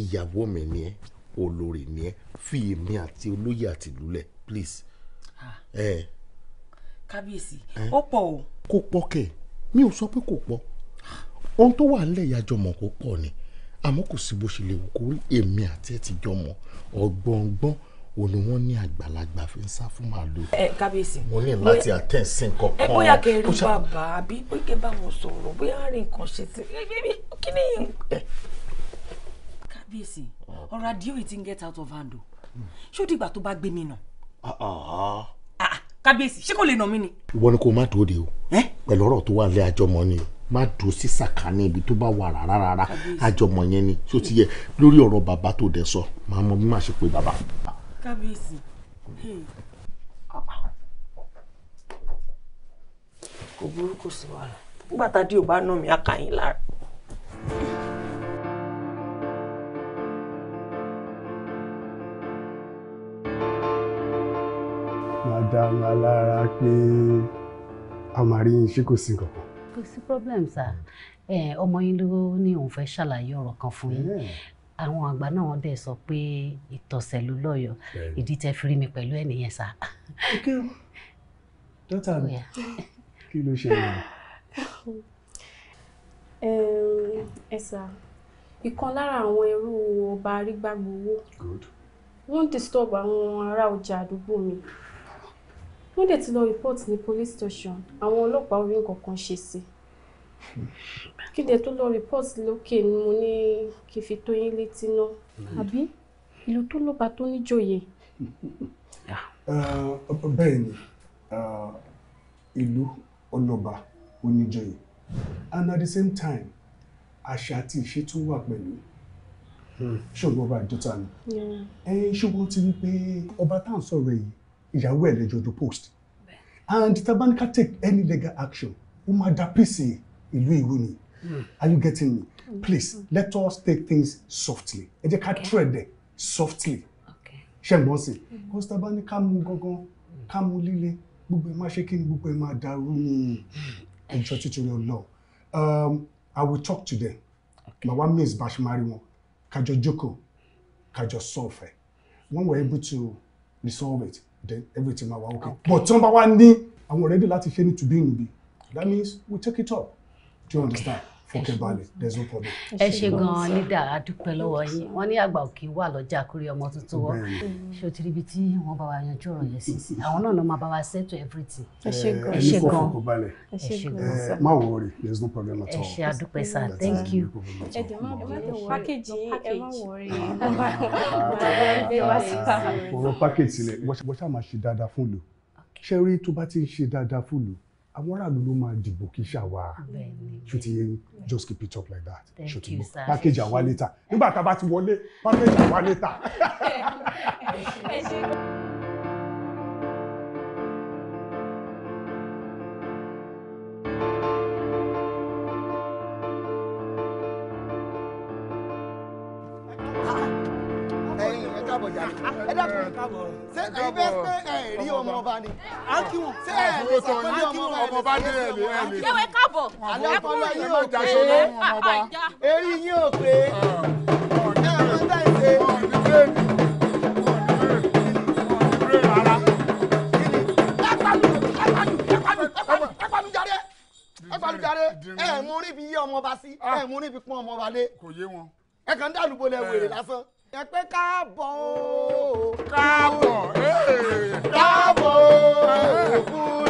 ìyàwó mi ni ẹ́ olórí ni ẹ́ fi èmi àti olóyè àtìlú lẹ̀ please. Ah. Eh kábíyèsí ó pọ̀ o. kò pọ̀ kẹ̀ mi ò sọ pé kò pọ̀ ohun tó wà nílẹ̀ ìyájọ́ mọ̀ kó pọ̀ ni àmọ́ kò sí bó ṣe lè wù kó rí èmi àti ẹ̀ ti jọ mọ̀ ọ̀gbọ̀ngbọ̀n o ni wọn ní àgbàlagbà fi ń sá fún màálù. ẹ kábíyèsí. mo ní láti àtẹ̀sí nǹkan ẹ bóyá kẹ irú bàbá àbí bóyá bá wọn sọ̀rọ̀ bóyá rìn nǹkan ṣe sí i kí ni. kábíyèsí ah. ọ̀rọ̀ adìyẹ yìí ti ń get out of hand o hmm. ṣó dìgbà tó bá gbé mi nà kábíyèsí ṣé kò lè nà mí ni. ìwọ ni kò má dòde o pẹ̀lú ọ̀rọ̀ tó wà lé àjọmọ ni o má dùn sí sàkání ibi tó bá wà rárá rárá àjọmọ yẹn ni tó ti yẹ lórí ọ̀rọ̀ bàbá tó dẹ̀ sọ máa mọ bí má ṣe pé bàbá. kábíyèsí. kò burúkú sí wàhálà nígbà tá a di ò bá nà mí àkàyìn lára. dá wa lára pé a máa rí yín ṣé kò sí nǹkan kan. kò sí problem sir ọmọ yín ló ní òun fẹ́ ṣàlàyé ọ̀rọ̀ kan fún yín àwọn àgbà náà wọ́n dẹ̀ sọ pé ìtọ̀sẹ̀ ló lọ́yọ̀ ìdí tẹ́ fi rí mi pẹ̀lú ẹ̀ nìyẹn sir. dọ́tà mi kí ló ṣe yẹn. ẹ sà ìkan lára àwọn ẹrú ọba arígbàgbowó wọ́n disturb àwọn ará ọjà àdúgbò mi wọ́n dẹ̀ ti lọ report ní police station àwọn ọlọ́pàá orí nǹkan kan ṣe sí kí dẹ̀ tó lọ report lókè ni mo ní kí n fi tó yín létí náà àbí ìlú tó lọ́ba tó níjòyè. Ah, bẹ́ẹ̀ ni ah, ìlú ọlọ́ba oníjòyè and at the same time àṣà àti ìṣe tún wà pẹ̀lú hmm. ṣùgbọ́n ọba àjọta ni ṣùgbọ́n ti rí pé ọba tá à ń sọ̀rọ̀ yìí ìyàwó ẹ̀ lẹ́jọ́ do post and tabanika take any legal action ó máa da pèsè ìlú ìwú ni hmm. are you getting me hmm. please let us take things softly ẹ jẹ́ ká tread there softly ṣe ń bọ́ sí hmm. because tabanika mú gangan ká mú líle gbogbo ẹ má ṣe kí ni gbogbo ẹ má dàrú ní ẹjọ́ títorí ọlọ́ọ̀ um, I will talk to them My one miss bá ṣe máa rí wọn kájọ jókòó kájọ sọ̀fẹ̀ when we are able to resolve it then everything ma wa okay. okay. but number one, bá wá ní àwọn ready láti ṣe to be in be that means we take it up do you understand fọkàn balẹ̀ there's no problem. ẹ ṣe gan-an leader adúpẹ́ lọ́wọ́ yín wọ́n ní àgbà òkè wà lọ́jà kúrẹ́ ọmọ tuntun wọ́n ṣé o ti ríbi tí wọ́n bá wa yanjú ọ̀rọ̀ yẹn sí sí àwọn náà máa bá wa to everything. ẹ ṣe eh, gan-an ẹ ṣe gan-an ẹ ṣe gan-an eh, má worry there's no problem at all. ẹ ṣe adúpẹ́ sir thank you. ẹ jẹ má bọ pákéjì ah, ẹ má ah, worry ọ̀rọ̀ pákéjì sílẹ̀ wọ́n ṣáà máa ṣe dáadáa fún lò ṣé rí tó bá ti ń ṣe dáadáa fún lò àwọn aráàlú ló máa dìbò kí ṣàwà ṣùtì just keep it up like that ṣùtì gbọ́ package àwa later nígbà tá a bá ti wọlé package àwa later. ṣé ẹ̀yin bẹ́ẹ̀ pé ẹ̀ rí ọmọ ọba ni. a kí wọn. ṣé ẹ̀ lè sọ pé ní ọmọ ọba ọba ni ẹ̀ lè ẹ̀ lè. ṣéwé káàbọ̀. àlọ́ ọpọlọ yín ò pé eré yín ò pé ẹ̀ máa ń dá ìṣe. ẹgbàlújáde ẹ mú níbi yí ọmọ ọba sí ẹ mú níbi pọn ọmọ ọba lé ẹ kàn ń dàlúbọ lẹ wèrè lásán ẹ pé káàbọ̀ o. káàbọ̀ eh, káàbọ̀ òkú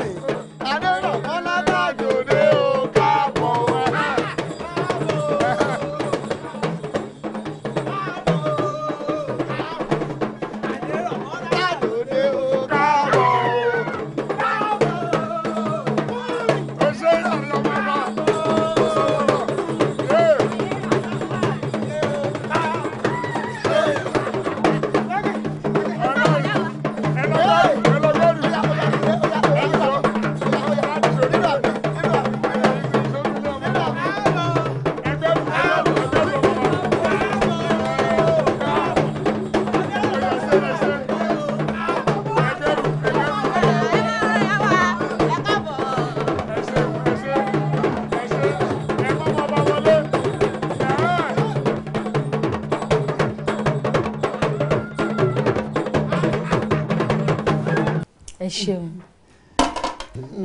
ṣeun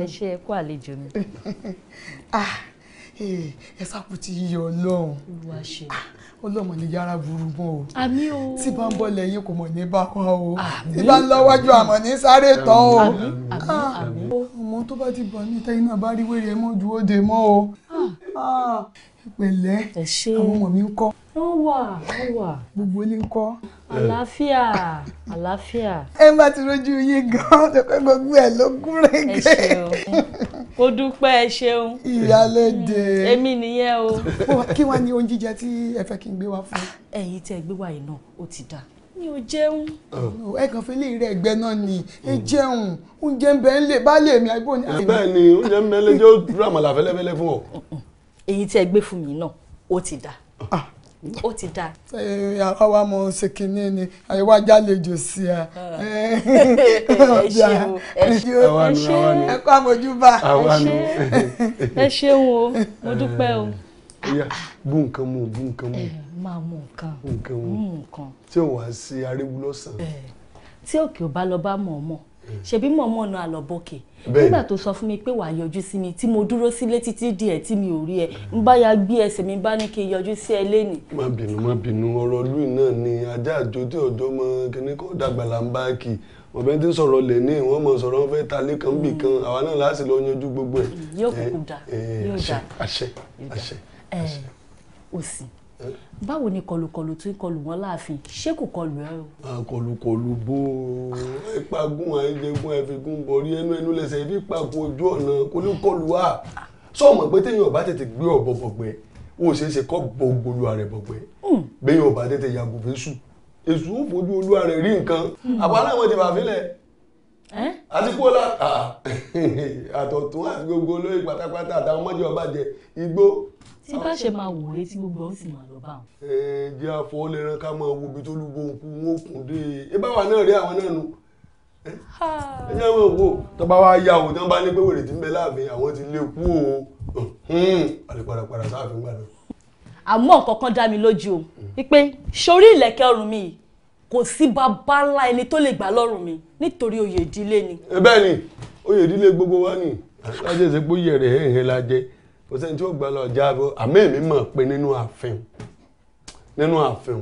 ẹ ṣe ẹ kú àlejò mi. Ah, eh, ẹ sápùtì yíyọ ọlọ́run ah, ọlọ́mọ ní yàrá burú mọ́ o àmín o tí bá ń bọ̀ lẹ́yìn kò mọ̀ ní bá wọn o tí bá ń lọ́wọ́jú àmọ́ ní sáré tán o ah, ọmọ tó bá ti bọ̀ níta iná bá rí wèrè ẹ mọ́ ju ó de mọ́ o pẹ̀lẹ́ àwọn ọmọ mi ń kọ́. wọ́n wà wọ́n wà. gbogbo ilé ń kọ́. àlàáfíà àlàáfíà. ẹ má ti rojú yín gan-an tọ́pẹ́ gbogbo ẹ̀ ló gún régé. ẹ ṣeun kó dúpẹ́ ẹ ṣeun. ìyálẹ́dẹ. èmi nìyẹn o. kí wàá ní oúnjẹ jíjẹ tí ẹ fẹ́ kí n gbé wá fún. ẹ̀yin tí ẹ gbé wá yìí náà ó ti dáa mi ò jẹun. Oh, ẹ kàn fi lè rẹ ẹgbẹ náà ni ẹ jẹun oúnjẹ ń bẹ ń lè bá lè mi àìbò ní. bẹ́ẹ̀ ni oúnjẹ ń bẹ ń lè jẹ ó dúró èyí tí ẹ gbé fún mi náà ó ti dà ah. ó ti dà. àwa wa mọ ṣe kínní ni àyẹ̀wò ajálejò sí a. Ah. ẹ ṣeun ẹ ṣeun ẹ kọ́ àmójúbà. ẹ ṣeun o mo dúpẹ́ o. bú nǹkan mu bú nǹkan mu. máa mú nǹkan mú nǹkan tí ò wá sí aréwu lọ́sàn-án. tí òkè ò bá lọ bá mọ̀ ọ́ mọ̀ ṣebí mọ̀mọ́ ọ̀nà àlọ́bọ̀kẹ̀ nígbà tó sọ fún mi pé wàá yọjú sí mi tí mo dúró sílé títí díẹ̀ tí mi ò rí ẹ ń bá ya gbé ẹsẹ̀ mi bá ní kí n yọjú sí ẹ lẹ́nìí. má bínú má bínú ọ̀rọ̀ lùí náà ni ajá àjò tí ọjọ́ mọ kíní kó dàgbàlà ń bá kì í ọ̀bẹ tí ń sọ̀rọ̀ lè ní wọ́n mọ̀ sọ̀rọ̀ wọn fẹ́ ta lẹ́kàn bì kan àwa náà láti lọ yanjú gbogbo ẹ̀. yóò kúkú báwo ni kọlùkọlù tún kọlù wọn láàfin ṣé kò kọlù ẹ o. àkọlùkọlù bó o ẹ pagún àìjẹgún àìfigún bọrí ẹnu ẹnu lẹsẹ ibi pàkó ojú ọ̀nà kò ní kọlù wa sọmọ pé téèyàn bá tètè gbé ọ̀bọ bọ̀gbẹ́ ó ṣeé ṣe kọ́ bọ gbolu ààrẹ bọ̀gbẹ́ hmm. béèyàn bá tètè yàgò fésù èṣù ó fojú olú ààrẹ rí nǹkan àbá láwọn ti bàfílẹ̀ àti kó la àtọ̀tún àti gbogbo olóyè pátápátá àtàwọn mọ́jọ́ ọba jẹ igbó tí bá ṣe máa wò lé tí gbogbo ọ̀sìn máa lọ bá wọn. ẹ jẹ́ àfọwọ́lẹ́rán ká máa wo ibi tó lúgbó òkú wọn ò kùn dé e bá wà náà rí àwọn náà nu ẹ jẹ́ àwọn òwò tó bá wá yá tí wọ́n bá ní pé wèrè tí ń bẹ láàfin àwọn ti lé kú o àlè padàpadà sáàfin gbà àmọ́ nǹkan dá mi lójú o mm. wípé sórí ìlẹ̀kẹ̀ ọrùn mi kò sí bàbá ńlá ẹni tó lè gbà lọ́rùn mi nítorí oyè ìdílé ni. bẹ́ẹ̀ ni oyè ìdílé gbogbo wa ni láti ṣe pé yẹ̀rẹ̀ hẹ́hẹ́ la jẹ́ kò sẹ́ni tí ó gbọ́ lọ jábọ̀ àmọ́ èmi mọ̀ pé nínú ààfin nínú ààfin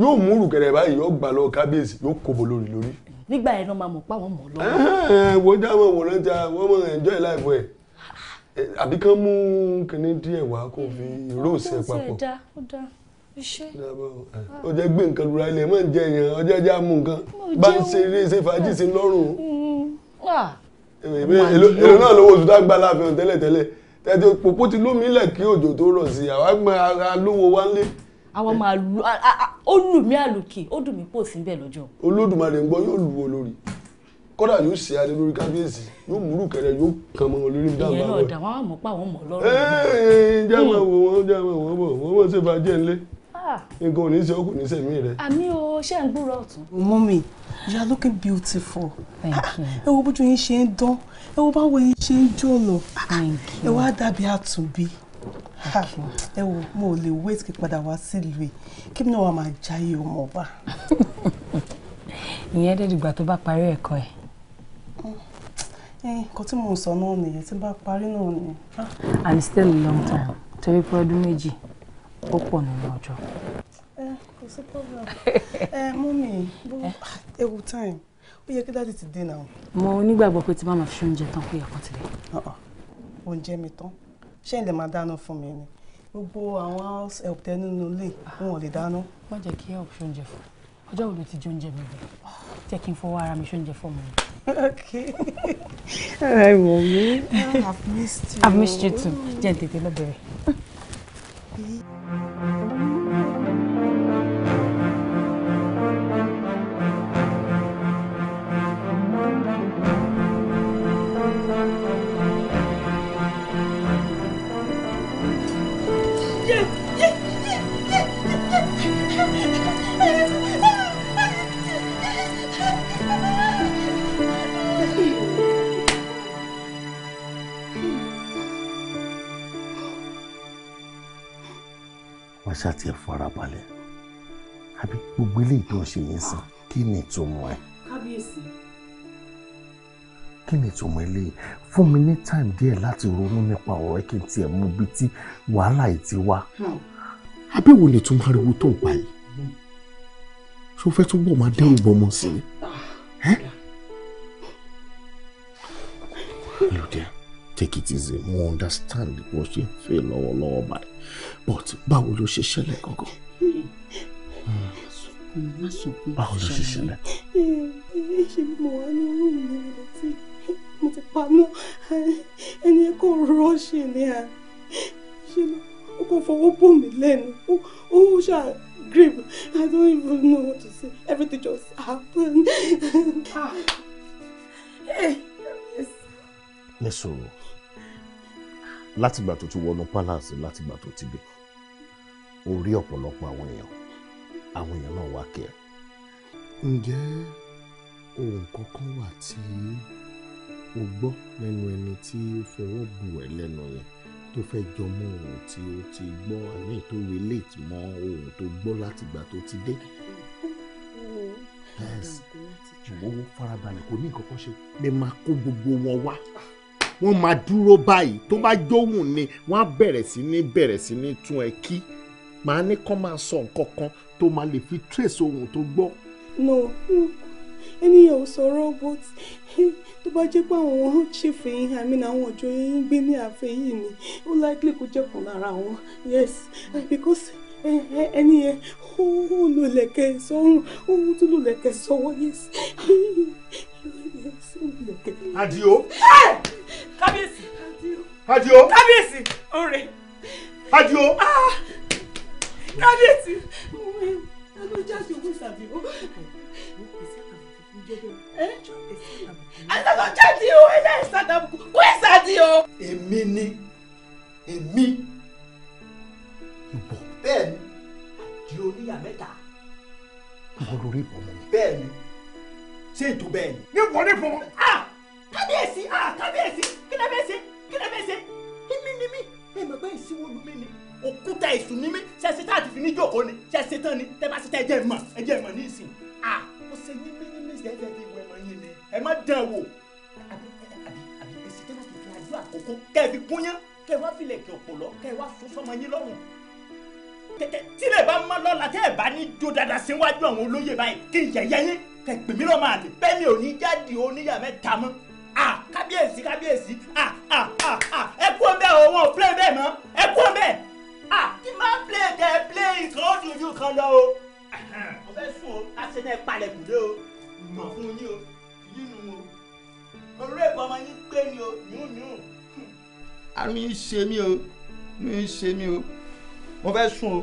yóò mú rùkẹ̀rẹ̀ báyìí yóò gbà lọ kábíyèsí yóò kóbo lórí lórí. nígbà yẹn náà máa mọ̀ pa àwọn mọ̀ lọ́wọ́. wo jáwọ́ wò ló ń ta wọ́n mọ̀ enjoy life ẹ̀ àbí kán mú kinní díẹ̀ wá kó fi rose ẹ̀ papọ̀. ó jẹ́ gbé nǹkan lura ilẹ̀ mọ̀ ń jẹ yẹn ọjọ́ ajá mú nǹkan bá ń ṣe eré ṣe fàájì sí lọ́rùn. Mm, ah èlò náà lówó oṣù dágbà láàfihàn tẹ́lẹ̀tẹ́lẹ̀ tẹ́tí òpópó ti lómi ilẹ̀ kí òjò tó rọ̀ sí àwa gbọ́n ara lówó wá lé. àwa máa lu ó lù mí àlùkì ó dùn mí pò síbẹ̀ lọ́jọ́. olódùmarè ń gbọ́ yóò lù wọ́n lórí kódà yóò ṣe adé lórí kábíyèsí yóò múrù kẹrẹ yóò kàn mọ́ lórí dáhùn àwọn. ìyẹn náà dà wọ́n á mọ̀ pa àwọn mọ̀ lọ́rùn. ẹ ẹ jẹ́ àwọn wò wọ́n jẹ́ àwọn wò wọ́n bọ̀ wọ́n mọ̀ ṣe fàájẹ́ ńlẹ̀ nǹkan ò ní ṣe ó kù ní sẹ̀mí rẹ. àmì o ṣe ń gbúrò ọ̀tún. mọ́mì you are looking beautiful. Ah, ẹ wo bójú yín ṣe ń dán ẹ wo báwo yín ṣe ń jó lọ ah, ẹ wá dàbí àtúnbí ah, ẹ wo mo ò lè wait kí padà wá sílùú ẹ kí mi náà wà máa jáyé ọmọ ọba. ìyẹn dẹ́dìgbà tó bá parí ẹ̀kọ́ ẹ̀ mm. eh, nǹkan tí mo sọ náà nìyẹn tí bá parí náà nìyẹn. and still a long time torí pé ọdún meji ó pọ̀ nínú ọjọ́. ẹ kò sí problem ẹ mú mi ewu time ó yẹ kí dáàdì ti dín náà. mo nígbàgbọ́ pé tí màmá fi oúnjẹ tán pé ẹ̀kọ́ tilẹ̀. oúnjẹ mi tán ṣé ilẹ̀ máa dáná fún mi ni gbogbo àwọn house help tẹ nínú ilé wọn ò lè dáná. má jẹ́ kí help ṣoúnjẹ fún ọjọ́ òru ti jóúnjẹ mi bẹ̀ jẹ́ kí n fọwọ́ ara mi ṣoúnjẹ fún mi. okay ẹ missed you. I've missed you too. jẹ́ n tètè wàá ṣàtì ẹ̀ farabalẹ̀ àbí gbogbo eléyìí tó ń ṣe yín sìn kí ni ìtumọ̀ ẹ̀. kábíyèsí. kí ni ìtumọ̀ eléyìí fún mi ní time díẹ̀ láti ronú nípa ọ̀rọ̀ ẹ̀ kí n tiẹ̀ mú bí tí wàhálà yìí ti wá. abẹ́wò hmm. lè tún ariwo tó ń yìí ṣó fẹ́ túbọ̀ máa dẹ́rù bọmọ sí i. Ah take it easy mo understand bó ṣe ń fẹ́ lọ́wọ́lọ́wọ́ báyìí but báwo ló ṣe ṣẹlẹ̀ gangan. báwo ló ṣe ṣẹlẹ̀. ṣe mo wà ní orí mi létí mo ti paná ẹni kò rọ́ọ̀ṣì ni à ṣe ó kò fọwọ́ bò mí lẹ́nu ó ṣáà. Grim. I don't even know what to say. Everything just happened. ah. Hey, yes. Nesoro látìgbà tó ti wọnú palace látìgbà tó ti dé o rí ọ̀pọ̀lọpọ̀ àwọn èèyàn àwọn èèyàn náà wá kẹ́ ẹ. ǹjẹ́ ohun kankan wà tí o gbọ́ lẹ́nu ẹni tí ó fọwọ́ bù ẹ́ lẹ́nu yẹn tó fẹ́ jọ mọ́ ohun tí o ti gbọ́ àmì tó relate mọ́ ohun tó gbọ́ látìgbà tó ti dé. yes ìwọ́wọ́ farabalẹ̀ kò ní nǹkan kan ṣe lè máa kó gbogbo wọn wá wọ́n máa dúró báyìí tó bá jóhùn ni wọ́n á bẹ̀rẹ̀ sí ní bẹ̀rẹ̀ sí ní tún ẹ kí màá ní kán máa sọ nǹkan kan tó máa lè fi trace ohun tó gbọ́. no ènìyàn ò sọ̀rọ̀ but tó bá jẹ́ pé àwọn ṣèfẹ̀yìn àmì àwọn ọjọ́ yẹn ń gbé ní àfẹ́yìn ni ó likely kó jẹ́kùn lára wọn yes because ẹni yẹn ó lò lẹ̀kẹ̀ sọ́run ó tún lò lẹ̀kẹ̀ sọ́wọ́ yes. Adio. Kábíyèsí. Adio. Kábíyèsí. Ọ̀rẹ́. Adio. Ah! Kábíyèsí. Àtàkùn jáde o, ẹ̀yà ìsàdàbùkù, kó ìsàdì o. Èmi ni, èmi, ìbò. Bẹ́ẹ̀ni, di oníyà mẹ́ta. Ìwọ lórí ìbọn mi. Bẹ́ẹ̀ni ṣé ètò bẹ́ẹ̀ ni. ní wọlé fún wọn. a kábíyèsí a kábíyèsí kí lè bẹ́ẹ̀ ṣe kí lè bẹ́ẹ̀ ṣe kí ni ni mí ẹ mọ̀ pé ìsíwọ́ lu mi ni òkúta èṣù ni mí ṣẹṣẹ tá a ti fi ní jòkó ni ṣẹṣẹ tán ni tẹ bá ṣe tẹ ẹ jẹ mọ ẹ jẹ mọ ní ìsìn a ó ṣe yín mí yín mí ṣe ẹ fẹ́ fi wọ ẹ mọ yín mi ẹ má dán wò àbí àbí èsì tẹ́ bá ti fi àdúrà kókó kẹ́ fi kún yán kẹ́ kẹ̀pẹ̀ mi lọ́ máa lè bẹ́ẹ̀ mi ò ní jáde oníyà mẹ́ta mọ́ ah kábíyèsí kábíyèsí ah ah ah ah ẹ ọbẹ̀ o wọn ò play bẹ́ẹ̀ mọ́ ẹ ọbẹ̀ ah kí n máa play kẹ́ ẹ ìkan ó kan lọ o mo sùn o láti náà palẹ̀ kùdé o mọ̀ fún yín o yínú o orí ẹ̀kọ́ ọmọ yín pé ni o yún yún. àrùn yìí ṣe mí o mi ń ṣe mí o mo fẹ́ sùn o.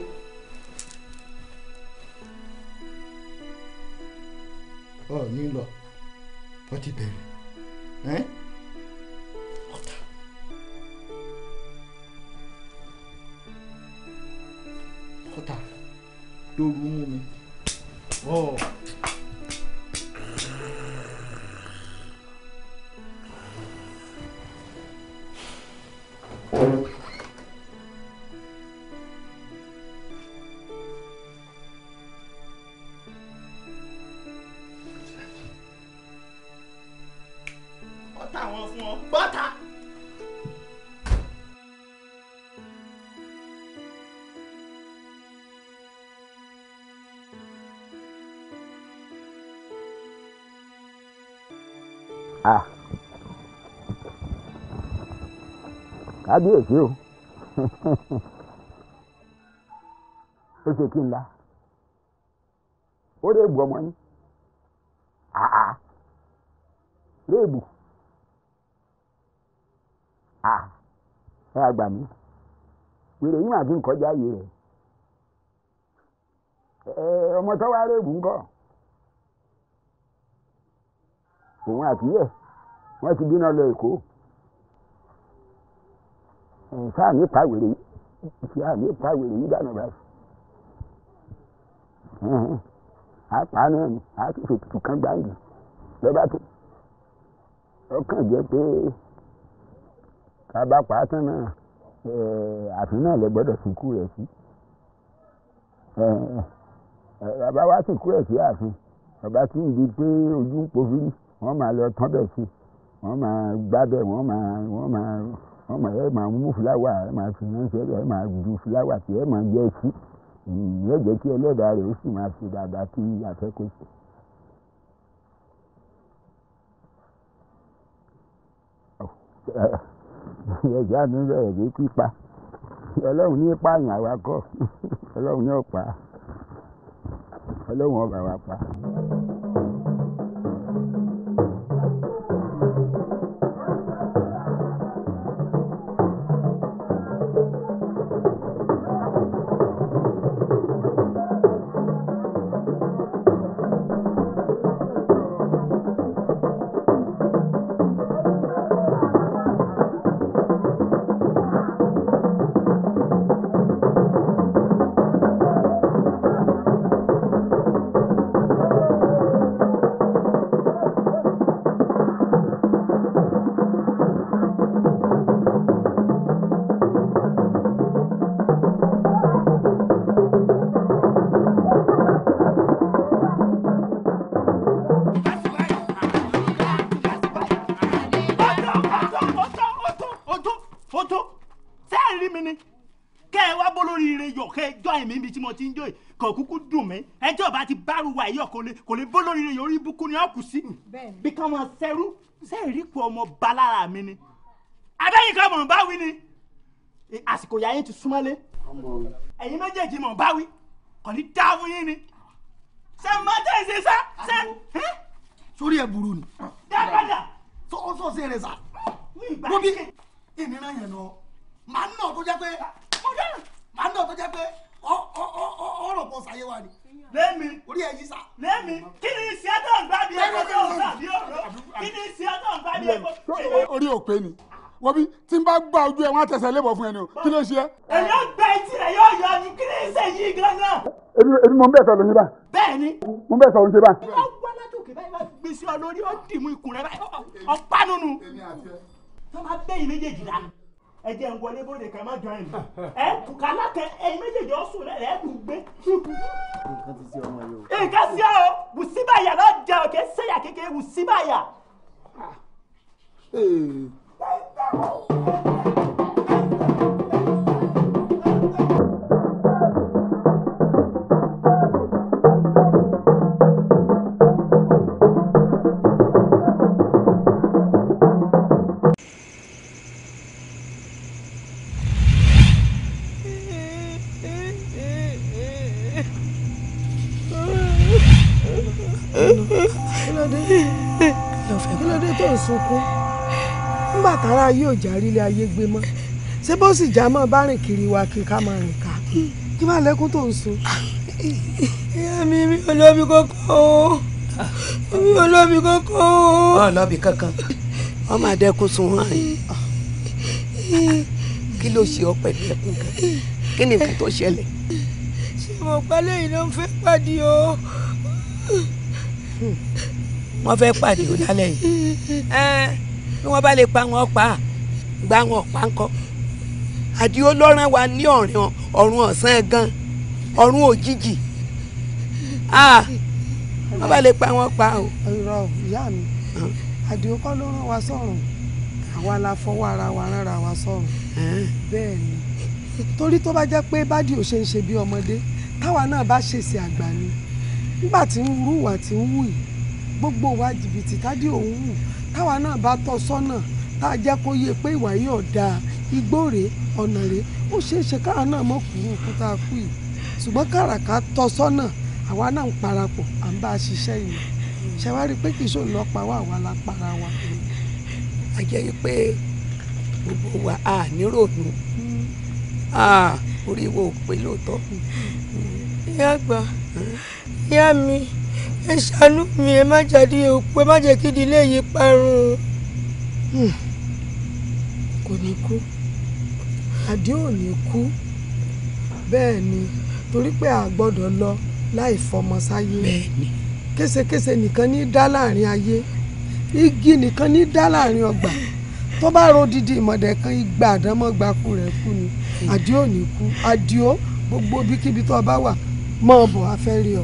ó nilo, pode ter, bẹ̀rẹ̀ ẹ́ ọ̀tá. ọ̀tá lóru mú kábíyèsí ah, ah. ah, o ó a kí n la ó réèbù ọmọ yín àá réèbù àá ẹ àgbà mi wèrè yín àfi nkọjá yìí rẹ ọmọ tó wá réèbù ńkọ́ òun àtúnyẹ wọ́n ti nfa a nípa wèrè yìí nfa a nípa wèrè yìí dànù báyìí apá náà ni a ti fi tutù kan gbáǹgì lọ́ba tó ọkàn jẹ́ pé kaba pàtàn náà àfi náà lè gbọ́dọ̀ sìnkú rẹ̀ sí eh, eh, bàbá wa sìnkú rẹ̀ sí ààfin bàbá tí ń di pé ojú ń pòfin wọ́n máa lọ tán bẹ̀ sí wọ́n máa gbábẹ̀ wọ́n máa wọ́n máa wọ́n mọ̀ ẹ́ máa mú fúláwà ẹ́ máa fi ránṣẹ́ ẹ́ máa ju fúláwà tí ẹ́ máa jẹ́ sí ìyẹn jẹ́ kí ẹlẹ́dàá rẹ̀ ó sì máa ṣe dáadáa kí afẹ́kọ̀ọ́ ṣe. ẹ̀jẹ̀ àti ń bẹ̀rẹ̀ dé pípa ọlọ́run ní pààyàn àwa kọ́ ọlọ́run ní ọ̀pá ọlọ́run ọba wa pa. kò lè bọ́ rẹ̀ orí ibùkún ni a kù sí bí ká máa sẹ́rú sẹ́ẹ̀rí kù ọmọ balára mi ni adéyìn kan mọ̀ ń báwí ni àsìkò ìyá yín ti súnmọ́lé ẹ̀yin méjèèjì mọ̀ ń báwí kò ní dá fún yín ni ṣe máa tẹ̀ ṣe sá ṣe. sórí ẹ burú ni. dábàdà. sọ́kọ́sọ́ ṣe rẹ̀ sá. wọ́n bí ìnira yẹn lọ màá nà tó jẹ́ pé màá nà tó jẹ́ pé ọ̀rọ̀ pọ̀ ṣàyẹ̀wò àná lẹ́mi orí ẹ̀yí sá. lẹ́mi kí ni ìsì ẹ̀dọ̀ ń gbádìí ẹ̀kọ́ tó ń gbàdí ọ̀rọ̀ kí ni ìsì ẹ̀dọ̀ ń gbádìí ẹ̀kọ́ tó ń gbàdí. orí òpè ni wọ́n bí tí n bá gba ojú ẹ̀ wọ́n á tẹ̀sẹ̀ lébọ̀ fún ẹni o kí ló ṣe é. ẹ̀yọ́ gba etí rẹ̀ yóò yọ ọdún kí ni ìṣe yìí gan-an. èmi èmi mo ń bẹ̀ sọ lóyún bá. bẹ́ẹ̀ni. mo ń bẹ̀ sọ lóyún bá. ó gbọ́ látòkè báyìí wá gbèsè ọ lórí ó dìmú ikùn rẹ báyìí ọ̀pá nínú. tó máa bẹ́yìn méjèèjì dáa ẹ jẹ́ ń wọlé bóde ká má join mi ẹ tùkà lákẹ́ ẹyin méjèèjì ọ̀sùn rẹ̀ ẹ̀ dùn gbé. nǹkan ti ṣe ọmọ yìí o. nǹkan ṣe o wùsíbàyà lọ jẹ òkè sẹ́yà kékeré wùsíbàyà. Ah. sunkún nígbà tára yóò járí ilé ayé gbé mọ́ ṣé bó sì já mọ́ bá rìn kiri wa kí ká máa rìn ká kí wàá lẹ́kún tó ń sun. ìyá mi mi ò lómi kókó o mi ò lómi kókó o. ọ̀ lọ́bì kankan wọ́n máa dẹ́kun sun wọn yìí kí ló ṣe ọ pẹ̀lú ẹkún kan kí ni nǹkan tó ṣẹlẹ̀. ṣé mo pẹ́ lẹ́yìn ló ń fẹ́ pàdé o wọ́n fẹ́ pàdé ó dálẹ̀ yìí bí wọ́n bá lè pa wọn pa gba wọn pa ńkọ́ àdìo lọ́rán wa ní ọ̀rìn ọ̀run ọ̀sán gan ọ̀run òjijì wọ́n bá lè pa wọn pa o. irọ́ ìyá mi àdìo kọ́ ló rán wa sọ̀rọ̀ àwa la fọwọ́ ara wa rárá wa sọ̀rọ̀ bẹ́ẹ̀ ni torí tó bá jẹ́ pé bádìo ṣe ń ṣe bí ọmọdé táwa náà bá ṣèṣe àgbà ni nígbà tí ń rú ìwà tí ń wù yìí gbogbo wa jìbìtì tádé òun wù táwa náà bá tọ́ sọ́nà tá a jẹ́ kó yé pé ìwà yìí ọ̀dà igbó rèé ọ̀nà rèé ó ṣeé ṣe káwa náà mọ̀ kú òkúta kú yìí ṣùgbọ́n kàràkà tọ́ sọ́nà àwa náà ń parapọ̀ à ń bá a ṣiṣẹ́ yìí ṣe pé kì í ṣòun lọ pa wá àwa la para wa. a jẹ́ pé gbogbo wa a níròdùn orí wo ò pé lóòótọ́. ìyá àgbà ìyá mi. Mm ẹ ṣàánú mi ẹ má jáde òkú ẹ má jẹ́ kí ìdílé yìí parun hmm. kò ní kú àdé ò ní kú bẹ́ẹ̀ ni torí pé a gbọ́dọ̀ lọ láì fọmọ sáyé késekése nìkan ní dá láàrin ayé igi nìkan ní dá láàrin ọgbà tó bá ro didi ìmọ̀dẹ̀ kan igba àdánmọ́gbaku rẹ̀ kú ni àdé ò ní kú àdé ó gbogbo ibikíbi tó bá wà mọ́ ọ bọ̀ ọ.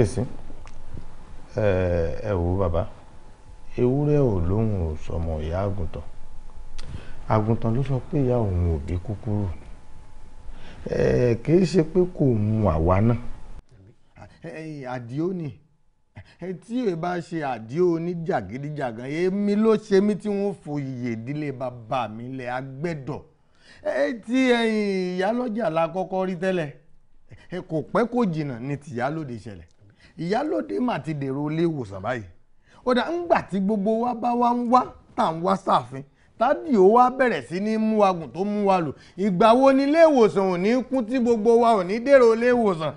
kábíyèsí ẹ wò bàbá ewúrẹ́ ò lóhùn ò sọmọ ìyá àgùntàn àgùntàn ló sọ pé ìyá òun ò bí kúkúrú kì í ṣe pé kò mu àwa náà. àdìó ni tí èyí bá ṣe àdìó ní jàgídíjàgan èmi ló ṣe mí tí wọ́n foyè ìdílé bàbá mi lẹ̀ agbẹ́dọ̀ tí ìyálọ́jà la kọ́kọ́ rí tẹ́lẹ̀ kò pẹ́ kò jìnnà ni tìyálòde ṣẹlẹ̀ ìyálòde mà ti dèrò ilé ìwòsàn báyìí ó dà ńgbà tí gbogbo wa bá wá ń wá ń wá sáàfin tádì ó wá bẹ̀rẹ̀ sí ní mú tó mú wa lò ìgbà wo ni ilé ìwòsàn ò gbogbo wa ò ní dèrò ilé ìwòsàn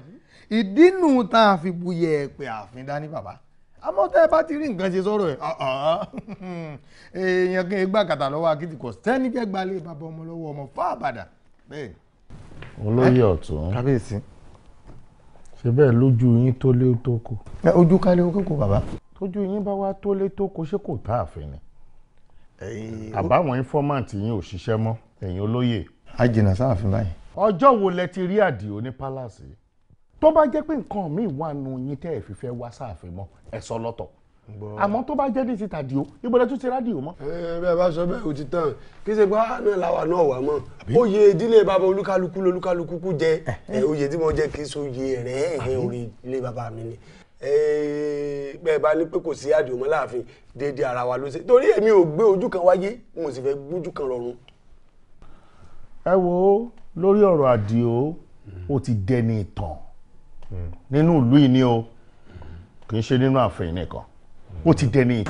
ìdínú tá a fi dání bàbá bá ti rí nǹkan ṣe ẹ̀ èèyàn gbà kàtà lọ́wọ́ ọmọ lọ́wọ́ ọmọ fáàbàdà bẹ́ẹ̀. ṣe bẹ́ẹ̀ lójú yín tó lé tó kù. ojú ká lé kókó bàbá. tójú yín bá wá tó lé tó kó ṣé kò tá àfin ni. àbáwọn ínfọ́màǹtì yín ò ṣiṣẹ́ mọ́ ẹ̀yin olóyè. a jìnnà sáàfin báyìí. ọjọ́ wo lẹ ti rí àdìo ní pálásì tó bá jẹ́ pé nǹkan míì wà nù yín tẹ́ ẹ̀ fífẹ́ wá sáàfin mọ́ ẹ sọ lọ́tọ̀ àmọ́ tó bá jẹ́ ní síta dìó ibo lẹ́tún ti rádìó mọ́. ẹ bẹ́ẹ̀ bá sọ bẹ́ẹ̀ o ti tán kí ṣe pé àánú làwà náà wà mọ́ oyè ìdílé bàbá olúkálukú lolúkálukú kú jẹ eh, eh. oyè tí mo jẹ kì í ṣe oyè rẹ̀ ẹ̀hìn eh, orí ilé bàbá mi ni bẹ́ẹ̀ bá ní pé kò sí àdìó mọ́ láàfin déédéé ara wa ló ṣe torí èmi ò gbé ojú kan wáyé mo sì fẹ́ gbójú kan rọrùn. ẹ wo lórí ọ̀rọ̀ àdìó hmm. ó ti dẹni ìtàn hmm. nínú ìlú yìí ni o kì í ṣe nínú ààfin nìkan ó ti dẹni.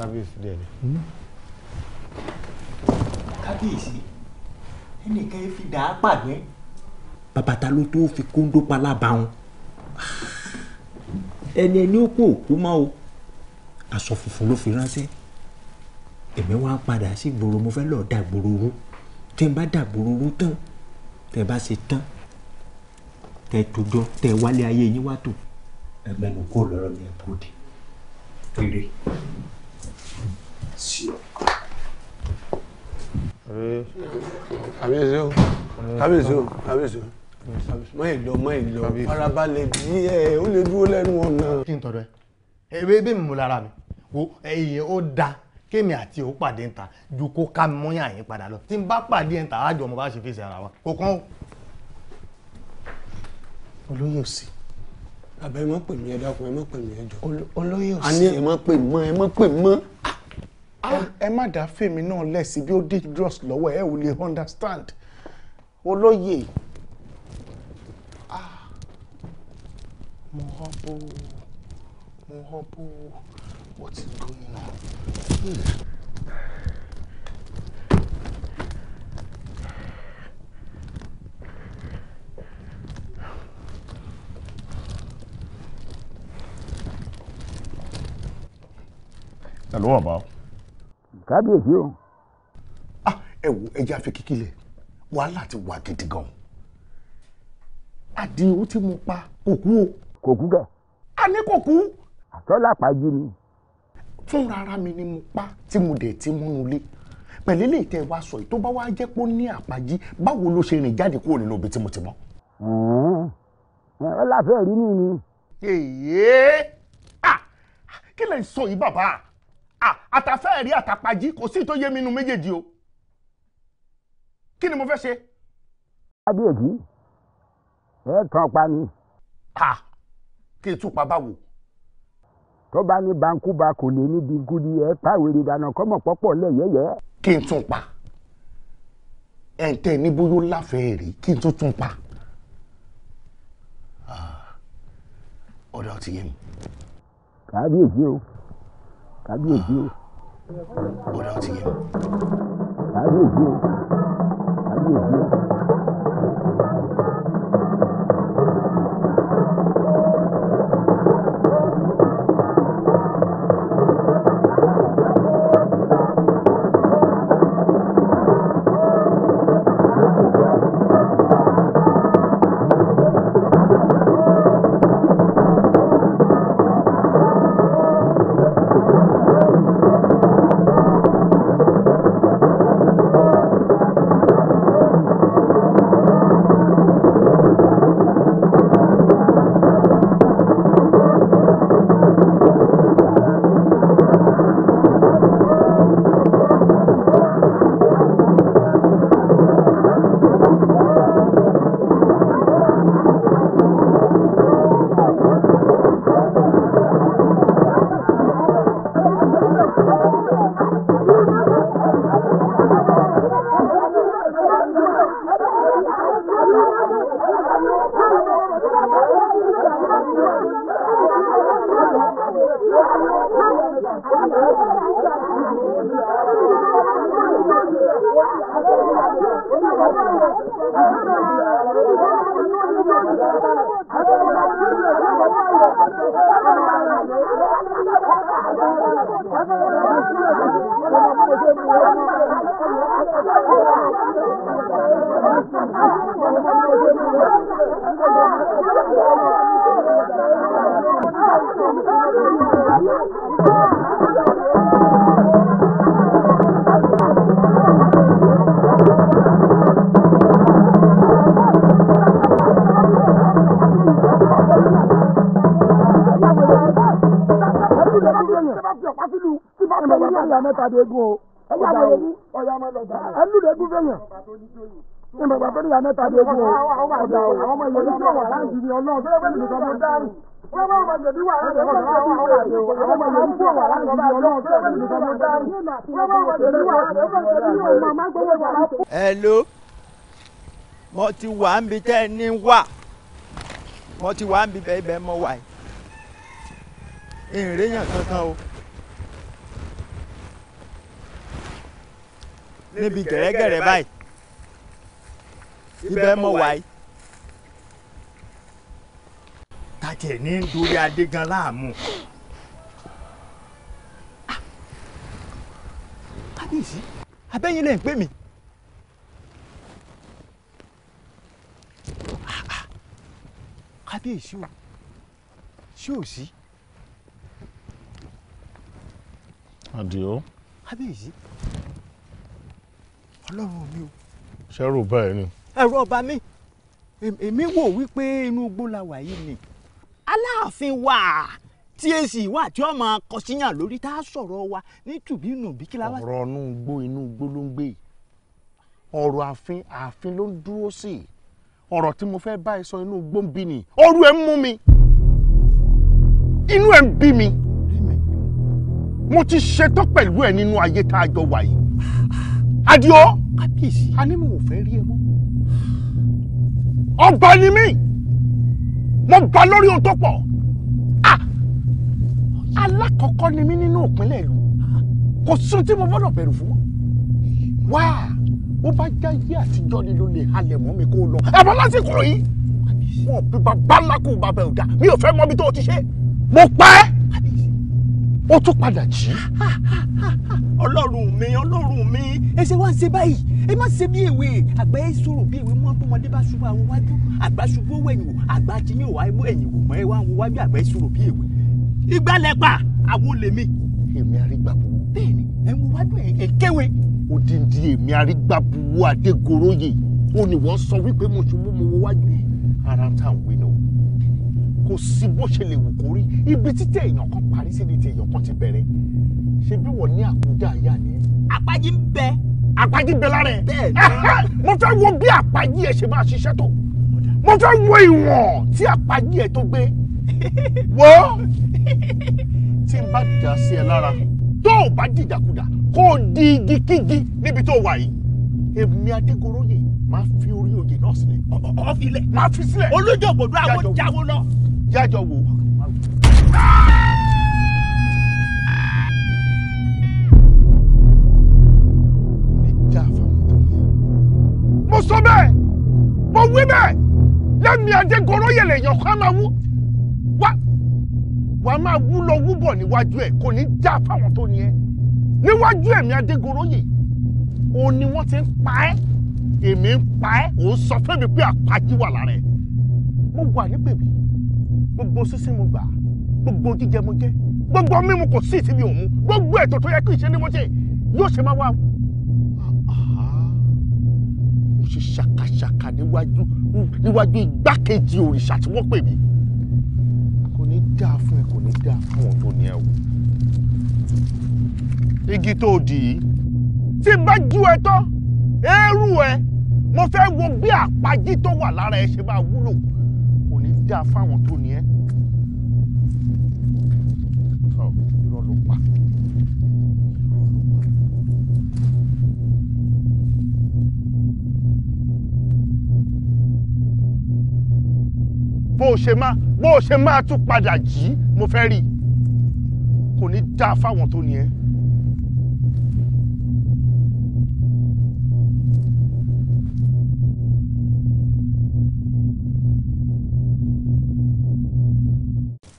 kábíyèsí díẹ̀ ni. kábíyèsí ẹnìkan fi dàá pàdé bàbàtà ló tó fi kóńdó palaba wọn ẹni ẹni ó kó òkú mọ́ o aṣọ funfun ló fi ránṣẹ́ èmi wá padà sí gbòòrò mo fẹ́ lọ́ọ́ dàgbòòrò rú tẹ́ ń bá dàgbòòrò rú tán tẹ́ bá ṣe tán tẹ́ tójọ́ tẹ́ wálé ayé yín wá tò ẹgbẹ́ mi kó lọ́rọ̀ mi ẹ̀ kó di kéré sí ọ. kábíyèsí o kábíyèsí o kábíyèsí o mọ ìlọ mọ ìlọ farabalẹ̀ díẹ̀ ó lè dúró lẹ́nu ọ̀nà. kí n tọrọ ẹ ebe ebe mi mú lára mi wo ẹyẹ ó da kémi àti ò pàdé ń ta ju kó ká mi mọ́yà yín padà lọ tí n bá pàdé ń ta àjọ mo bá ṣe fèsì ara wa kò kán o. olóyè òsì. bàbá ẹ má pè mí ẹ dákun ẹ má pè mí ẹ jọ. olóyè òsì. a ẹ má pè mọ ẹ má pè mọ. Ah, ẹ má dá fèmí náà lẹ́sìn bí ó dangerous lọ́wọ́ ẹ ò lè understand olóyè. Ah. mo hàn bó mo hàn bó. What is going on? Hello, Baba. Kábíyèsí o. Ah, ẹ wo ẹja fi kíkílẹ̀, wàhálà ti wà gidi gan. Àdìo tí mo pa kò o. Kò kú gẹ̀. A ní kò kú fúnra ara mi ni mo pa tí mo dẹ̀ ti múnú lé pẹ̀lú ilé ìtẹ́ wa sọ yìí tó bá wá jẹ́ pé ó ní àpájí báwo ló ṣe rìn jáde kúrò nínú ibi tí mo ti mọ́. ọ láfẹ́ rí mi ni. èyí kí lè sọ yìí bàbá àtàfẹ́ rí àtàpájí kò sí tó yé mi nínú méjèèjì o kí ni mo fẹ́ ṣe. kábíyèsí ẹ kàn pa mi. kí n tún pa báwo tọ́ba ní bankuba kò lè ní digudi ẹ̀ pàwéré dáná kọ́mọ̀ pọ́pọ̀ lẹ́yẹyẹ. kí n tún pa ẹ̀ ń tẹ́ ní bóyá láfẹ̀ẹ́ rí kí n tún tún pa ah, ọ̀dọ̀ ti yé mi. kábíyèsí o kábíyèsí o. ọ̀dọ̀ ti yé mi. kábíyèsí o kábíyèsí o. ní bàbá tó níyà mẹ́ta ló kú o ọ̀dà o òní tí òwò aláǹtì ni ọlọ́run Hello mo ti wà ń bi tẹ́ ẹ ní wà mo ti wà ń bi bẹ́ẹ̀ bẹ́ẹ̀ mo wà yìí ìrìnyàn kankan o. níbi gẹ̀rẹ́gẹ̀rẹ́ báyìí ibẹ̀ mọ̀ wáyé tàtí ẹ̀ ní dorí adé gan láàmú. kábíyèsí abẹ́yìn lè ń pè mí. kábíyèsí o ṣé ò sí. àdìo. kábíyèsí ọlọ́run mi o. ṣẹ́rù bẹ́ẹ̀ ni. ẹ̀rù ọba mi èmi wò wípé inú igbó la wà yìí ni aláàfin wà tí èsì wà tí ọmọ kọsíyàn lórí tá a sọ̀rọ̀ wa ní tùbínú bí kí la wá. ọ̀rọ̀ inú igbó inú igbó ló ń gbé ọ̀rọ̀ àfin àfin ló ń dúró sí ọ̀rọ̀ tí mo fẹ́ bá ẹ sọ inú igbó ń bí ni ọrú ẹ ń mú mi inú ẹ ń bí mi mo ti ṣetán pẹ̀lú ẹ nínú ayé tá a jọ wà yìí Adio kábíyèsí a ní mo ò fẹ́ rí ẹ mọ́ ọba ni mí mo gba lórí ohun tó pọ̀ ah! alákọ̀ọ́kọ́ ni mí nínú ìpínlẹ̀ ìlú kò sún tí mo gbọ́dọ̀ bẹ̀rù fún wá ó bá jáyé àtijọ́ ni ló lè halẹ̀ mọ́ mi kó lọ àmọ́ lásìkò yìí wọn ò bí bàbá ńlá kò bàbá ẹ̀ ò dá mi ò fẹ́ mọ́ bí tó o ti ṣe mo pa ẹ́ ó tún padà jí. ọlọ́run mi ọlọ́run mi ẹ ṣe wá ń ṣe báyìí ẹ má ṣe bí èwe àgbà ẹ sọ̀rọ̀ bí èwe mú ọmọdé bá ṣubú àwọn wájú àgbà ṣubú owó ẹ̀yìn wò àgbà ti ní ìwà ẹ̀mú ẹ̀yìn wò mọ́ ẹ wá ń wo wájú àgbà ẹ sọ̀rọ̀ bí èwe. ìgbàlẹ́pà àwọn olè mi. èmi arígbàbù. bẹ́ẹ̀ni ẹ wo wájú ẹ kéwe. odindi èmi arígbàbù adégoróyè ó ní wọ́n sọ wípé mo ṣubú mo wo wájú kò sí bó ṣe lè wù kó rí ibi tí téèyàn kan parí sí ni téèyàn kan ti bẹ̀rẹ̀ ṣe bí wọ́n ní àkúdà àyà ni. àpájí ń bẹ. àpájí bẹ lára ẹ. bẹ́ẹ̀ ni. mo fẹ́ wo bí àpájí ẹ ṣe máa ṣiṣẹ́ tó mo fẹ́ wo ìwọ̀n tí àpájí ẹ tó gbé wo tí n bá dà sí ẹ lára tó o bá dìdàkudà kó o di igi kígi níbi tó wà yìí èmi adégoróyè máa fi orí oyè náà sílẹ̀. ọ̀ọ́ fi lẹ̀. máa fi sílẹ̀. olójó gbòdó àwọn jáwó lọ jájọ wò. mo sọ bẹ́ẹ̀ mo wí bẹ́ẹ̀ lẹ́mi adégoro yẹlẹ̀ yàn kó a máa wú wá wàá máa wú lọ wú bọ̀ níwájú ẹ̀ kò ní já fáwọn tó ní ẹ níwájú ẹ̀mí adégoróyè òun ni wọ́n ti ń pa ẹ́ èmi ń pa ẹ́ òun sọ fún mi pé àpájí wà lára ẹ̀ mo wà ní bèbí gbogbo sísìn mo gbà gbogbo jíjẹ mo jẹ gbogbo mímu kò sí ìsinmi òmu gbogbo ètò tó yẹ kí ìṣe ni mo ṣe yóò ṣe máa wá mo ṣe ṣàkàṣàkà níwájú níwájú igbákejì òrìṣà tí wọ́n pè mí kò ní dáa fún ẹ kò ní dáa fún ọ tó ní ẹ o igi tó dì í tí n bá ju ẹ tán eérú ẹ mo fẹ́ wo bí àpájí tó wà lára ẹ ṣe máa wúlò dáa fáwọn tó ní ẹ. irọ́ ló pa. irọ́ ló pa. bó o ṣe máa bó o ṣe máa tún padà jí mo fẹ́ rí kò ní dáa fáwọn tó ní ẹ.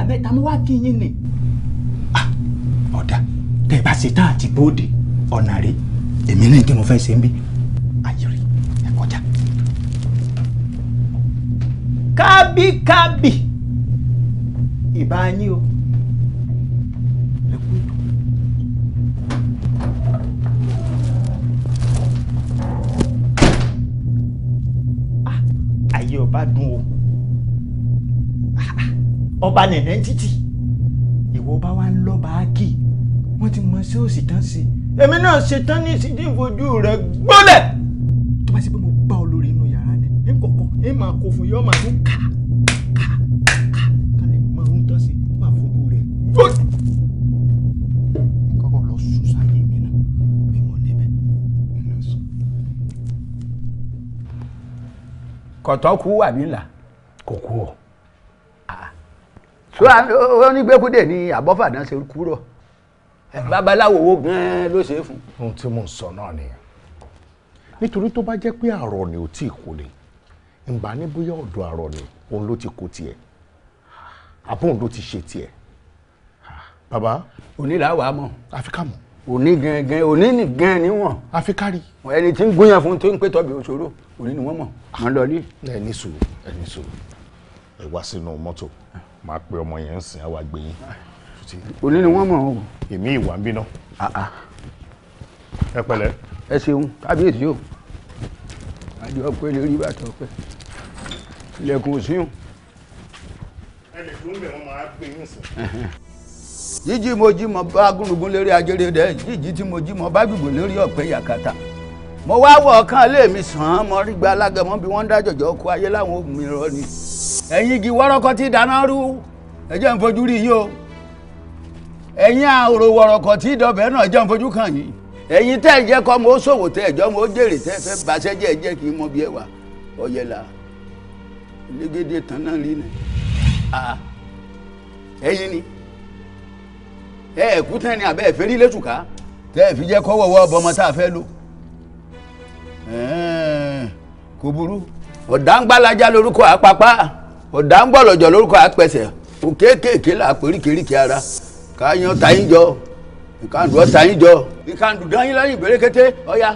àbẹ́ta mo wá kí yín ni. Ah, ọ̀dà tẹ́ ẹ bá ṣe tá àti bóde ọ̀nà rẹ̀ èmi ní kí mo fẹ́ ṣe ń bí àyèrè ẹ kọjá. kábíkábì ìbá yín o. ọba nìyẹn ń títì ìwọ bá wá ń lọ báàkì wọ́n ti mọ sí òsì tán sí èmi náà ṣe tán ní ìsìndí ìfojú rẹ gbọ́lẹ̀ tó bá ṣe pé mo bá ọ lórí inú yàrá ni ń kọ̀kọ̀ ń máa kó fún yọ́ọ́ máa tún kà kà kà ká lè mọ ohun tán sí máa fojú rẹ gbọ́dọ̀. kọ̀tọ́ kú wà nílà. kò kú o so ó ní gbẹ́kúdè ni àbọ́fàdán ṣe kúrò babaláwo owó gan-an ló ṣe é fún. ohun tí mò ń sọ náà nìyẹn nítorí tó bá jẹ́ pé àrọ̀ ni ò tí ì kó lè ǹbá ní bóyá ọ̀dọ̀ àrọ̀ ni òun ló ti kó tiẹ̀ àbóun ló ti ṣe tiẹ̀ baba. òní là wà á mọ̀. àfi ká mọ̀. òní gangan òní ni gan ni wọn. àfi ká rí. ẹni tí ń gbóyàn fún tó ń pé tọ́bi òṣòro òní ni wọ́n mọ̀. wọ́n lọ rí. ẹ ní sùúrù ẹ wá sínú mọ́tò máa pe ọmọ yẹn ń sìn àwa gbé yín. òní ni wọ́n mọ̀ ọ́. èmi ìwà ń bínú. ẹ pẹ̀lẹ́. ẹ ṣeun kábíyèsí o àjọ pé lórí bàtà ọpẹ́ ilẹ̀kùn òsín o. ẹ lè dún bẹ̀ wọ́n máa gbé yín sìn jíjí mo jí mo bá gúnrúgún lórí ajérèdè jíjí tí mo jí mo bá gbùgbùn lórí ọ̀pẹ yàkàtà mo wá wọ ọ̀kan lé mi sàn án mo rí gba alágẹmọ bí wọ́n ń dájọjọ kó ayé láwọn òmìnirọ ni ẹ̀yin igi wọ́rọ́kọ́ tí dáná rú ẹjẹ́ ń fojú rí yìí o ẹ̀yin àrò wọ̀rọ̀kọ̀ tí ìdọ̀bẹ̀ náà ẹjẹ́ ń fojú kàn yìí ẹ̀yin tẹ́ ẹ̀jẹ̀ kọ́ mo ṣòwò tẹ́ ẹ̀jọ́ mo jèrè tẹ́ fẹ́ bàṣẹ́ jẹ́ ẹ̀jẹ̀ kì í mọ bí ẹ wà ọ̀yẹ̀là elégédé tán náà rí nà ẹ̀yin ni ẹ̀ ẹ̀kú tẹ́ ni àbẹ́ ẹ̀fẹ́ rí lẹ́tùká tẹ́ ẹ̀ fi jẹ́ kọ́wọ́wọ́ ọbọ̀mọ tá a fẹ́ lò kò burú ọ̀dàǹgbàlájà lórúkọ àpapá ọ̀dàǹgbọ̀lọ̀jọ̀ lórúkọ àpẹsẹ̀ òkèkèké là péríkèríkè ara káyán tayín jọ ìkàndù ọ̀tayín jọ ìkàndù dáyín lẹ́yìn ìbérékété ọ̀ya.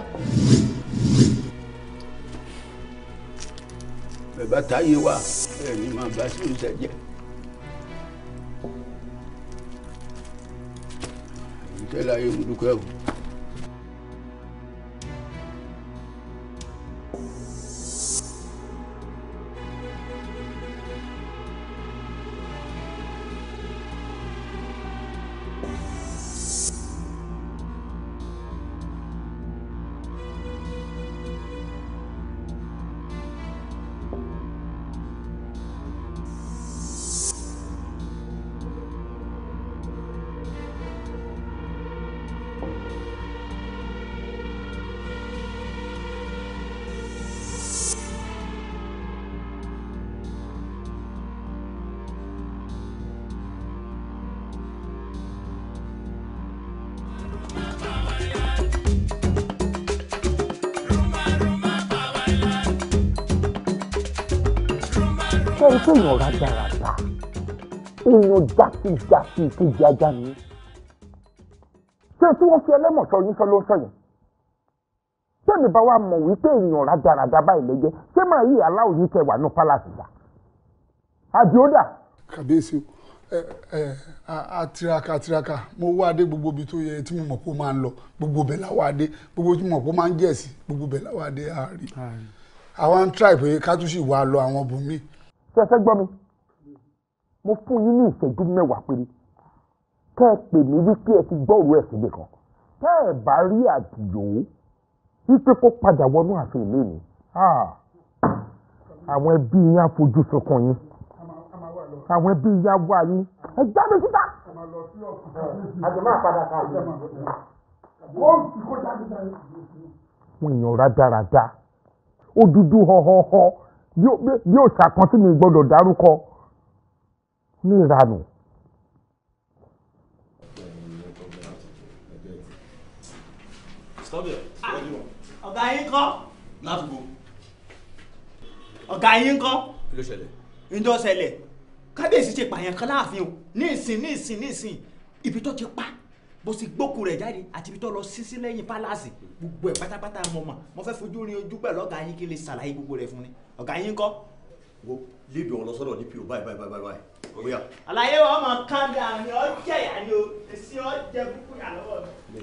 bàbá táyé wa ẹ̀rín máa bá sí oúnjẹ jẹ. ìtẹ́lẹ̀ ayé mo dúpẹ́ o. èèyàn jàtìjàtì ìkejì ajá ni ṣé tí wọ́n fi ẹlẹ́mọ̀ṣọ́ yín sọ ló ń sọ yẹn tẹ́mi bá wa mọ̀ wípé èèyàn rádaràda báyìí lẹ́jẹ́ ṣé máa yí aláwọ̀ yìí tẹ ní pálásì dà àdìódà. kàbíyèsí ẹ ẹ àtiraka àtiraka mo wá dé gbogbo ibi tó yẹ tí mo mọ̀ pé ó máa ń lọ gbogbo bẹ̀ la wá dé gbogbo tí mo mọ̀ pé ó máa ń jẹ̀sí gbogbo bẹ̀ la wá dé àárí àwọn tribe ká tún sì wá lọ àwọn bùnmí. ṣe fẹ́ gbọ́ mi mo fún yín ní ìṣẹ́jú mẹ́wàá péré kẹ́ ẹ pè mí wípé ẹ ti gbọ́ òru ẹ̀ síbi kan tẹ́ ẹ bá rí àdìyó wípé kó padà wọnú ààfin ìlú mi ah, àwọn ẹbí yín á fojú sunkún yín àwọn ẹbí yín á wá yín ẹ jáde síta. àjọmọ́ àpadà ká àjọ wọn èèyàn rádaràda ó dúdú họhọhọ bí ó ṣàkọsí mi gbọ́dọ̀ dárúkọ nìranù. Ah, ọ̀gá yín kọ́. láàbùkù. ọ̀gá yín kọ́. kí ló ṣẹlẹ̀. ń tó ṣẹlẹ̀ kábíyèsí ṣe pààyàn kan láàfin o ní ìsìn ní ìsìn ní ìsìn ibi tó ti pa bó sì gbókù rẹ̀ jáde àti ibi tó lọ sí sí lẹ́yìn pálásì gbogbo ẹ̀ pátápátá mo mọ̀ mo fẹ́ fojú rin ojú pẹ̀lú ọ̀gá yín kí n lè ṣàlàyé gbogbo rẹ̀ fún ni ọ̀gá yín kọ́. wo lébi wọn lọ sọ́dọ̀ ní pio báyìí báyìí báyìí báyìí àlàyé wa ọmọ kan dà ní ọjẹ yà o èsì ọjẹ kúkú yà lọ́wọ́ mi.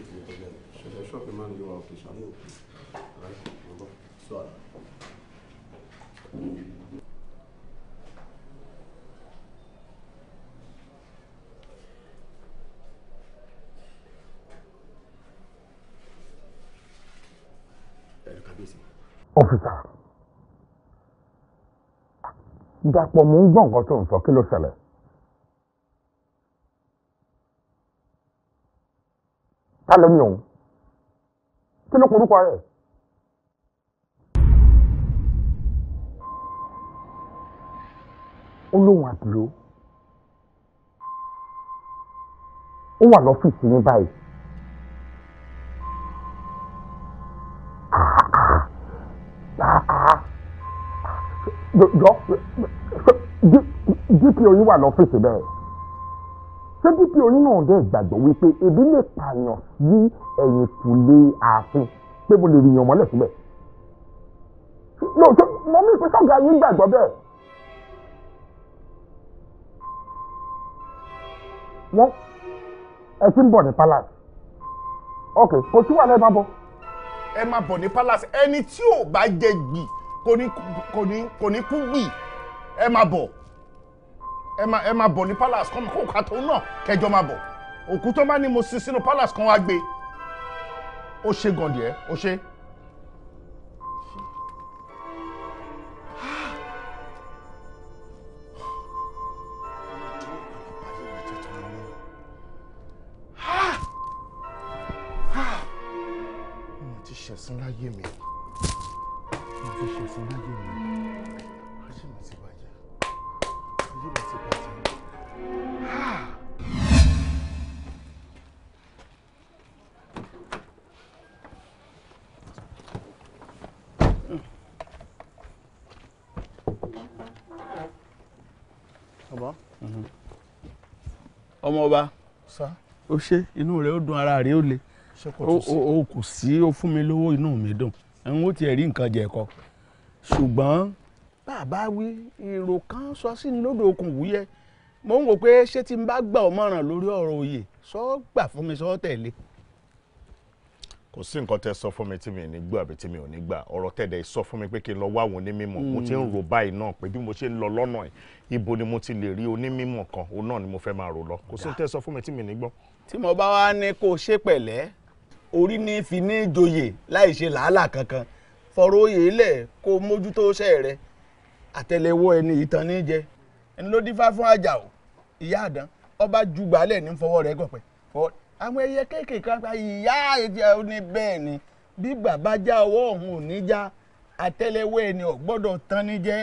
ṣẹlẹ̀ Officer, Dàpọ̀ mò ń gbọ́ nǹkan tó ń sọ kí ló ṣẹlẹ̀. ta lẹ́ni ọ̀hún kí ló porúkọ rẹ̀. ó lóun àdúró ó wà lọ́fíìsì ní báyìí. jọ jọ dípò yín wà lọ́fíìsì bẹ́ẹ̀ ṣé DPO nínú ọ̀dẹ́ ìgbàgbọ́ wípé ebi lè pààyàn yí ẹ̀yìn kùlé ààfin pé mo lè rí yan mọ́lẹ̀ síbẹ̀. lóòótọ́ mo ní ìpín sọ́gà yín gbàgbọ́ bẹ́ẹ̀. wọ́n ẹ ti ń bọ̀ ní palace ok kò sí wàhálà ẹ máa bọ̀. ẹ máa bọ̀ ní palace ẹni tí ò bá jẹ gbì kò ní kú gbì ẹ máa bọ̀ ẹ máa ẹ máa bọ̀ ní palace kan kó òkú àtọ̀ náà kẹjọ máa bọ̀ òkú tó bá ní mo sin sínú palace kan wá gbé ó ṣe gàndì ẹ ó ṣe. ṣẹ̀sán láyé mi mo ti ṣẹ̀sán láyé mi. ọmọọba o ṣe inú rẹ o dùn ara rẹ o le o kò sí o fún mi lówó inú mi dùn ẹ̀hún o tiẹ̀ rí nǹkan jẹ kọ ṣùgbọ́n bàbá wí èrò kan sọ sí ni lódò okùn wúyẹ mo ń wò pé ṣé tí n bá gbà ọ́ mọ̀ràn lórí ọ̀rọ̀ òye sọ gbà fún mi sọ tẹ̀lé. So, kò sí nǹkan tẹ́ sọ fún mi tí mi ò ní gbọ́ àbí tí mi ò ní gbà ọ̀rọ̀ tẹ̀dẹ̀ sọ fún mi pé kí n lọ wá àwọn onímọ̀ mo ti ń rò báyìí náà pé bí mo ṣe ń lọ lọ́nà ẹ̀ ibo ni mo ti lè rí onímọ̀ kan òun náà ni mo fẹ́ máa rò lọ kò sí nǹkan tẹ́ sọ fún mi tí mi ò ní gbọ́. tí mo bá wá ní kó o ṣe pẹ̀lẹ́ orí ní fi ní joyè láì ṣe làálàá kankan fọ̀rọ̀ oyè ilẹ̀ kó o mójútó iṣẹ́ rẹ àtẹ́lẹwọ́ ẹni ìtàn àwọn ẹyẹ kéékèèké ìyá ẹja ó ní bẹ́ẹ̀ ni bí bàbá já ọwọ́ òun ò ní já àtẹ́lẹwọ́ ẹni ò gbọ́dọ̀ tán ní jẹ́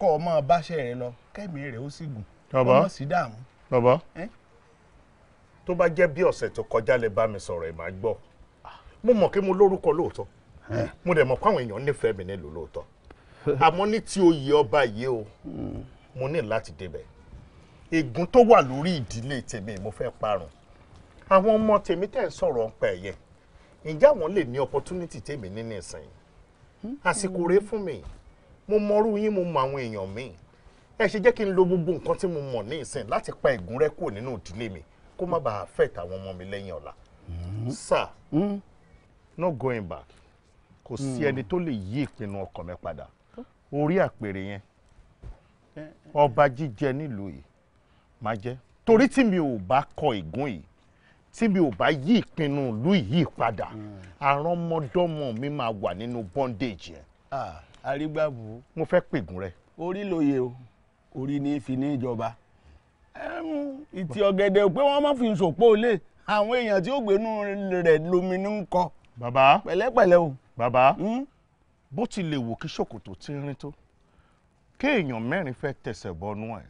kọ́ ọmọ báṣẹ rẹ lọ kẹ́mi rẹ ó sì gùn ọmọ sì dààmú. bàbá tó bá jẹ́ bí ọ̀sẹ̀ tó kọjá lè bá mi sọ̀rọ̀ ẹ̀ máa gbọ́ mo mọ̀ pé mo lórúkọ lóòótọ́ mo dẹ̀ mọ̀ pé àwọn èèyàn nífẹ̀ẹ́ mi nílùú lóòótọ́ àmọ́ ní ti oyè ọba yìí o hmm. mo ní láti débẹ̀ ègún tó wà lórí ìdílé tèmi mo fẹ́ parun àwọn ọmọ tèmi tẹ̀ sọ̀rọ̀ ọ̀pẹ ẹ̀yẹ ǹjẹ́ àwọn lè ní opportunity tèmi nínú ìsìn àsìkò rèé fún mi mo mọrú yín mo mọ àwọn èèyàn mi ẹ ṣe jẹ́ kí n lo gbogbo nǹkan tí mo mọ̀ ní ìsìn láti pa ìgúnrẹ́ kúrò nínú ìdílé mi kó má bàa affect àwọn ọmọ mi lẹ́yìn ọ̀la sir no going back kò sí hmm. ẹni tó lè yí ìpinnu ọkàn mi padà hmm. orí àpèrè yẹn eh, eh. ọba jíjẹ nílùú yìí má jẹ́ torí tí mi ò bá kọ ìgún yìí tí mi ò bá yí ìpinnu ìlú yìí padà àrùn ọmọdọ́mọ mi máa wà nínú bondage yẹn. àrígbàbù. mo fẹ́ pègùn rẹ. orí lóye o orí ní fi ní ìjọba ìtì ọ̀gẹ̀dẹ̀ pé wọ́n máa fi sòpó lé àwọn èèyàn tí ó gbénú rẹ̀ lómi ní ń kọ. bàbá pẹ̀lẹ́pẹ̀lẹ́ o. bàbá hmm? bó ti lè wò kí ṣòkòtò ti rin tó kéèyàn mẹ́rin fẹ́ tẹ̀sẹ̀ bọ́nú ẹ̀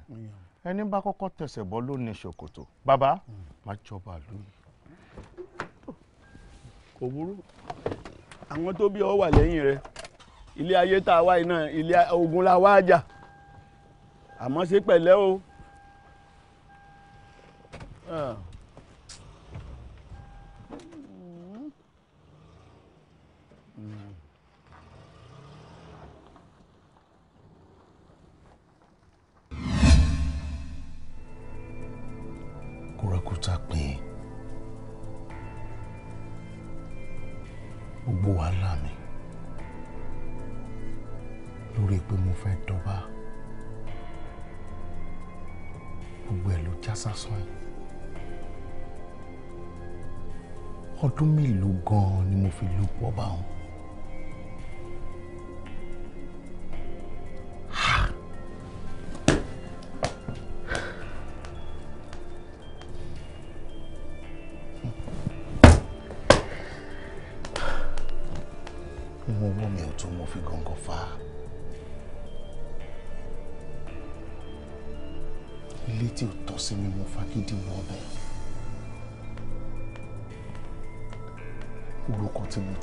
ẹni bá kọ́kọ́ tẹ̀sẹ̀ bọ́ ló ní ṣòkòtò bàbá. Mm má jọba lónìí. kò burú àwọn tó bí ọ wà lẹ́yìn rẹ ilé ayé tá a wá iná ilé ogun la wá jà àmọ́ ṣe pẹ̀lẹ́ o. Uh. àkútà pín gbogbo wàhálà mi lórí pé mo fẹ́ dọ́ba gbogbo ẹ̀ ló já sásán yìí ọdún mélòó gan-an ni mo fi lò pọ̀ bá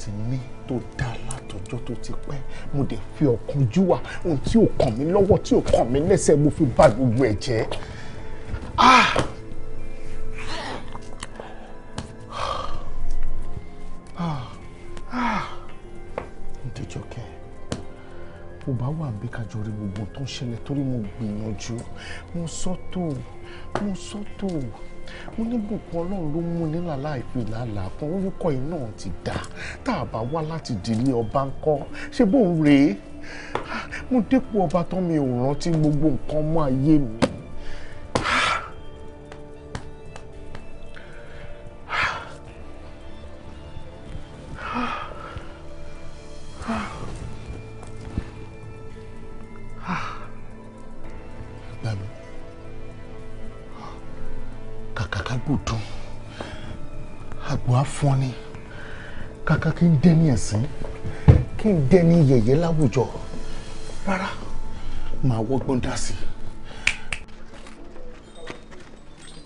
ti ní tó dáa látọjọ́ tó ti pẹ́ mo dẹ̀ fi ọkàn jú ohun tí ò kàn mí lọ́wọ́ tí ò kàn mí lẹ́sẹ̀ mo fi bà gbogbo ẹ̀ jẹ́. Ah! Ah! Ah! mo bá wà bí kájọ rí gbogbo tó ń ṣẹlẹ̀ torí mo gbìyànjú mo sọ́tò mo sọ́tò mo ní bùkún ọlọ́run ló mú nílà láìfi làálàá kan orúkọ yìí náà ti dà tá a bá wá láti dìlé ọba ńkọ́ ṣé bóun rèé ah, mo dépò ọba tán mi ò rántí gbogbo nǹkan mọ́ ayé mi. sí kí n dẹni yẹ̀yẹ́ láwùjọ rárá màá wọ́gbọ́n dá sí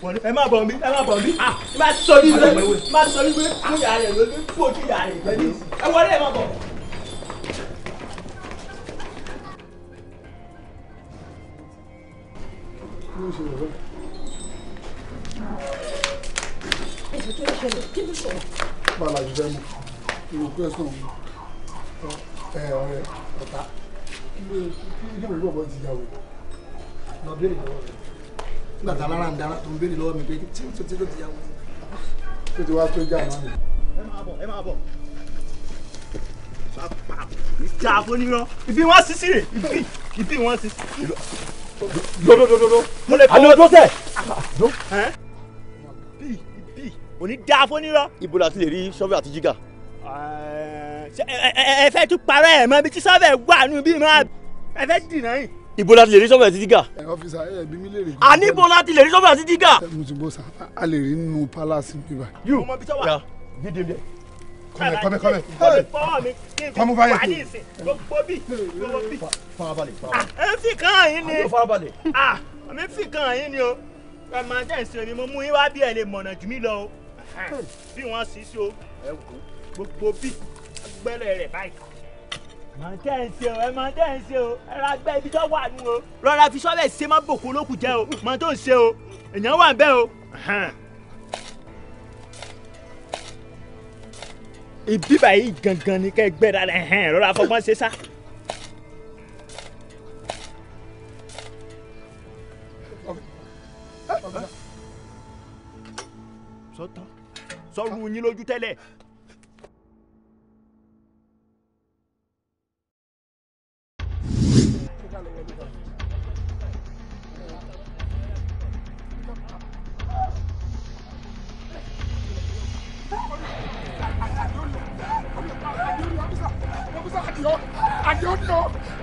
i ẹ má bọ̀ mí ẹ má bọ̀ mí. Ah, má sọ ní wé má sọ ní wé fún ìyá rẹ̀ lóde fún ojú ìyá rẹ̀ lẹ́ni. ẹ wọlé ẹ má bọ̀. Bala jẹ́ mi ìwò question ẹ ọ̀rẹ́ ọ̀tá kí ló kí ló bọ̀ ti yàwó lọ béèrè lọ́wọ́ rẹ̀ nígbà tá lára ń dára tó ń béèrè lọ́wọ́ mi pé tí ó ti ti yàwó tó ti wá tó jà náà ni. ẹ máa bọ̀ ẹ máa bọ̀ ìjà àfonírọ́ ibi wọ́n sì sí rè ibi ibi wọ́n sì sí. dododododo àlọ́ ọdún tẹ̀ bí bí onídàáfónírọ́. ibo la ti lè rí sọ́fẹ̀ àti jígà ẹ fẹ́ tún parẹ́ ẹ̀ mọ́ ibi tí sọ́fẹ̀ wà nù bí mọ́ ẹ fẹ́ dìnnà yìí. ibo la lè rí sọ́fẹ̀ títí gà. ẹ ọ́fíìsà ẹ bí mi lè rí. àní ibo la ti lè rí sọ́fẹ̀ títí gà. ẹ mo ti bọ́ sa a lè rí nínú palace bíbá. yóò ọmọ bí sọ́wọ́ gidi mi. kọ́mẹ kọ́mẹ kọ́mẹ kọ́mẹ kọ́mẹ bá yẹ kí. gbogbo bí gbogbo bí. farabalẹ̀ farabalẹ̀. Ah, ẹ fi kan yín ni. farabalẹ̀. ah mi fi kan yín ni o. ẹ máa jẹ́ ìsinmi mo mú yín wá bí ẹ lè mọ̀nà jù mí lọ o. bí wọ́n sì so. ẹ wò ó gbogbo bí agbẹ́rẹ́ rẹ̀ báyìí. mà á tẹ́ ẹ̀ ń ṣe o ẹ mà á tẹ́ ẹ̀ ń ṣe o ẹ ra gbẹ́ ibi tó wà nù o. rọra fi sọ́ọ̀bẹ̀ ṣe má bòkó olókùn jẹ́ o mà á tó ń ṣe o èèyàn wà ń o. ibi báyìí gangan ni kẹ́ ẹ gbẹ́ dára ẹ̀hẹ́n rọra fọgbọ́n ṣe sá. sọ́tàn sọ́run yín lójú tẹ́lẹ̀ I don't know.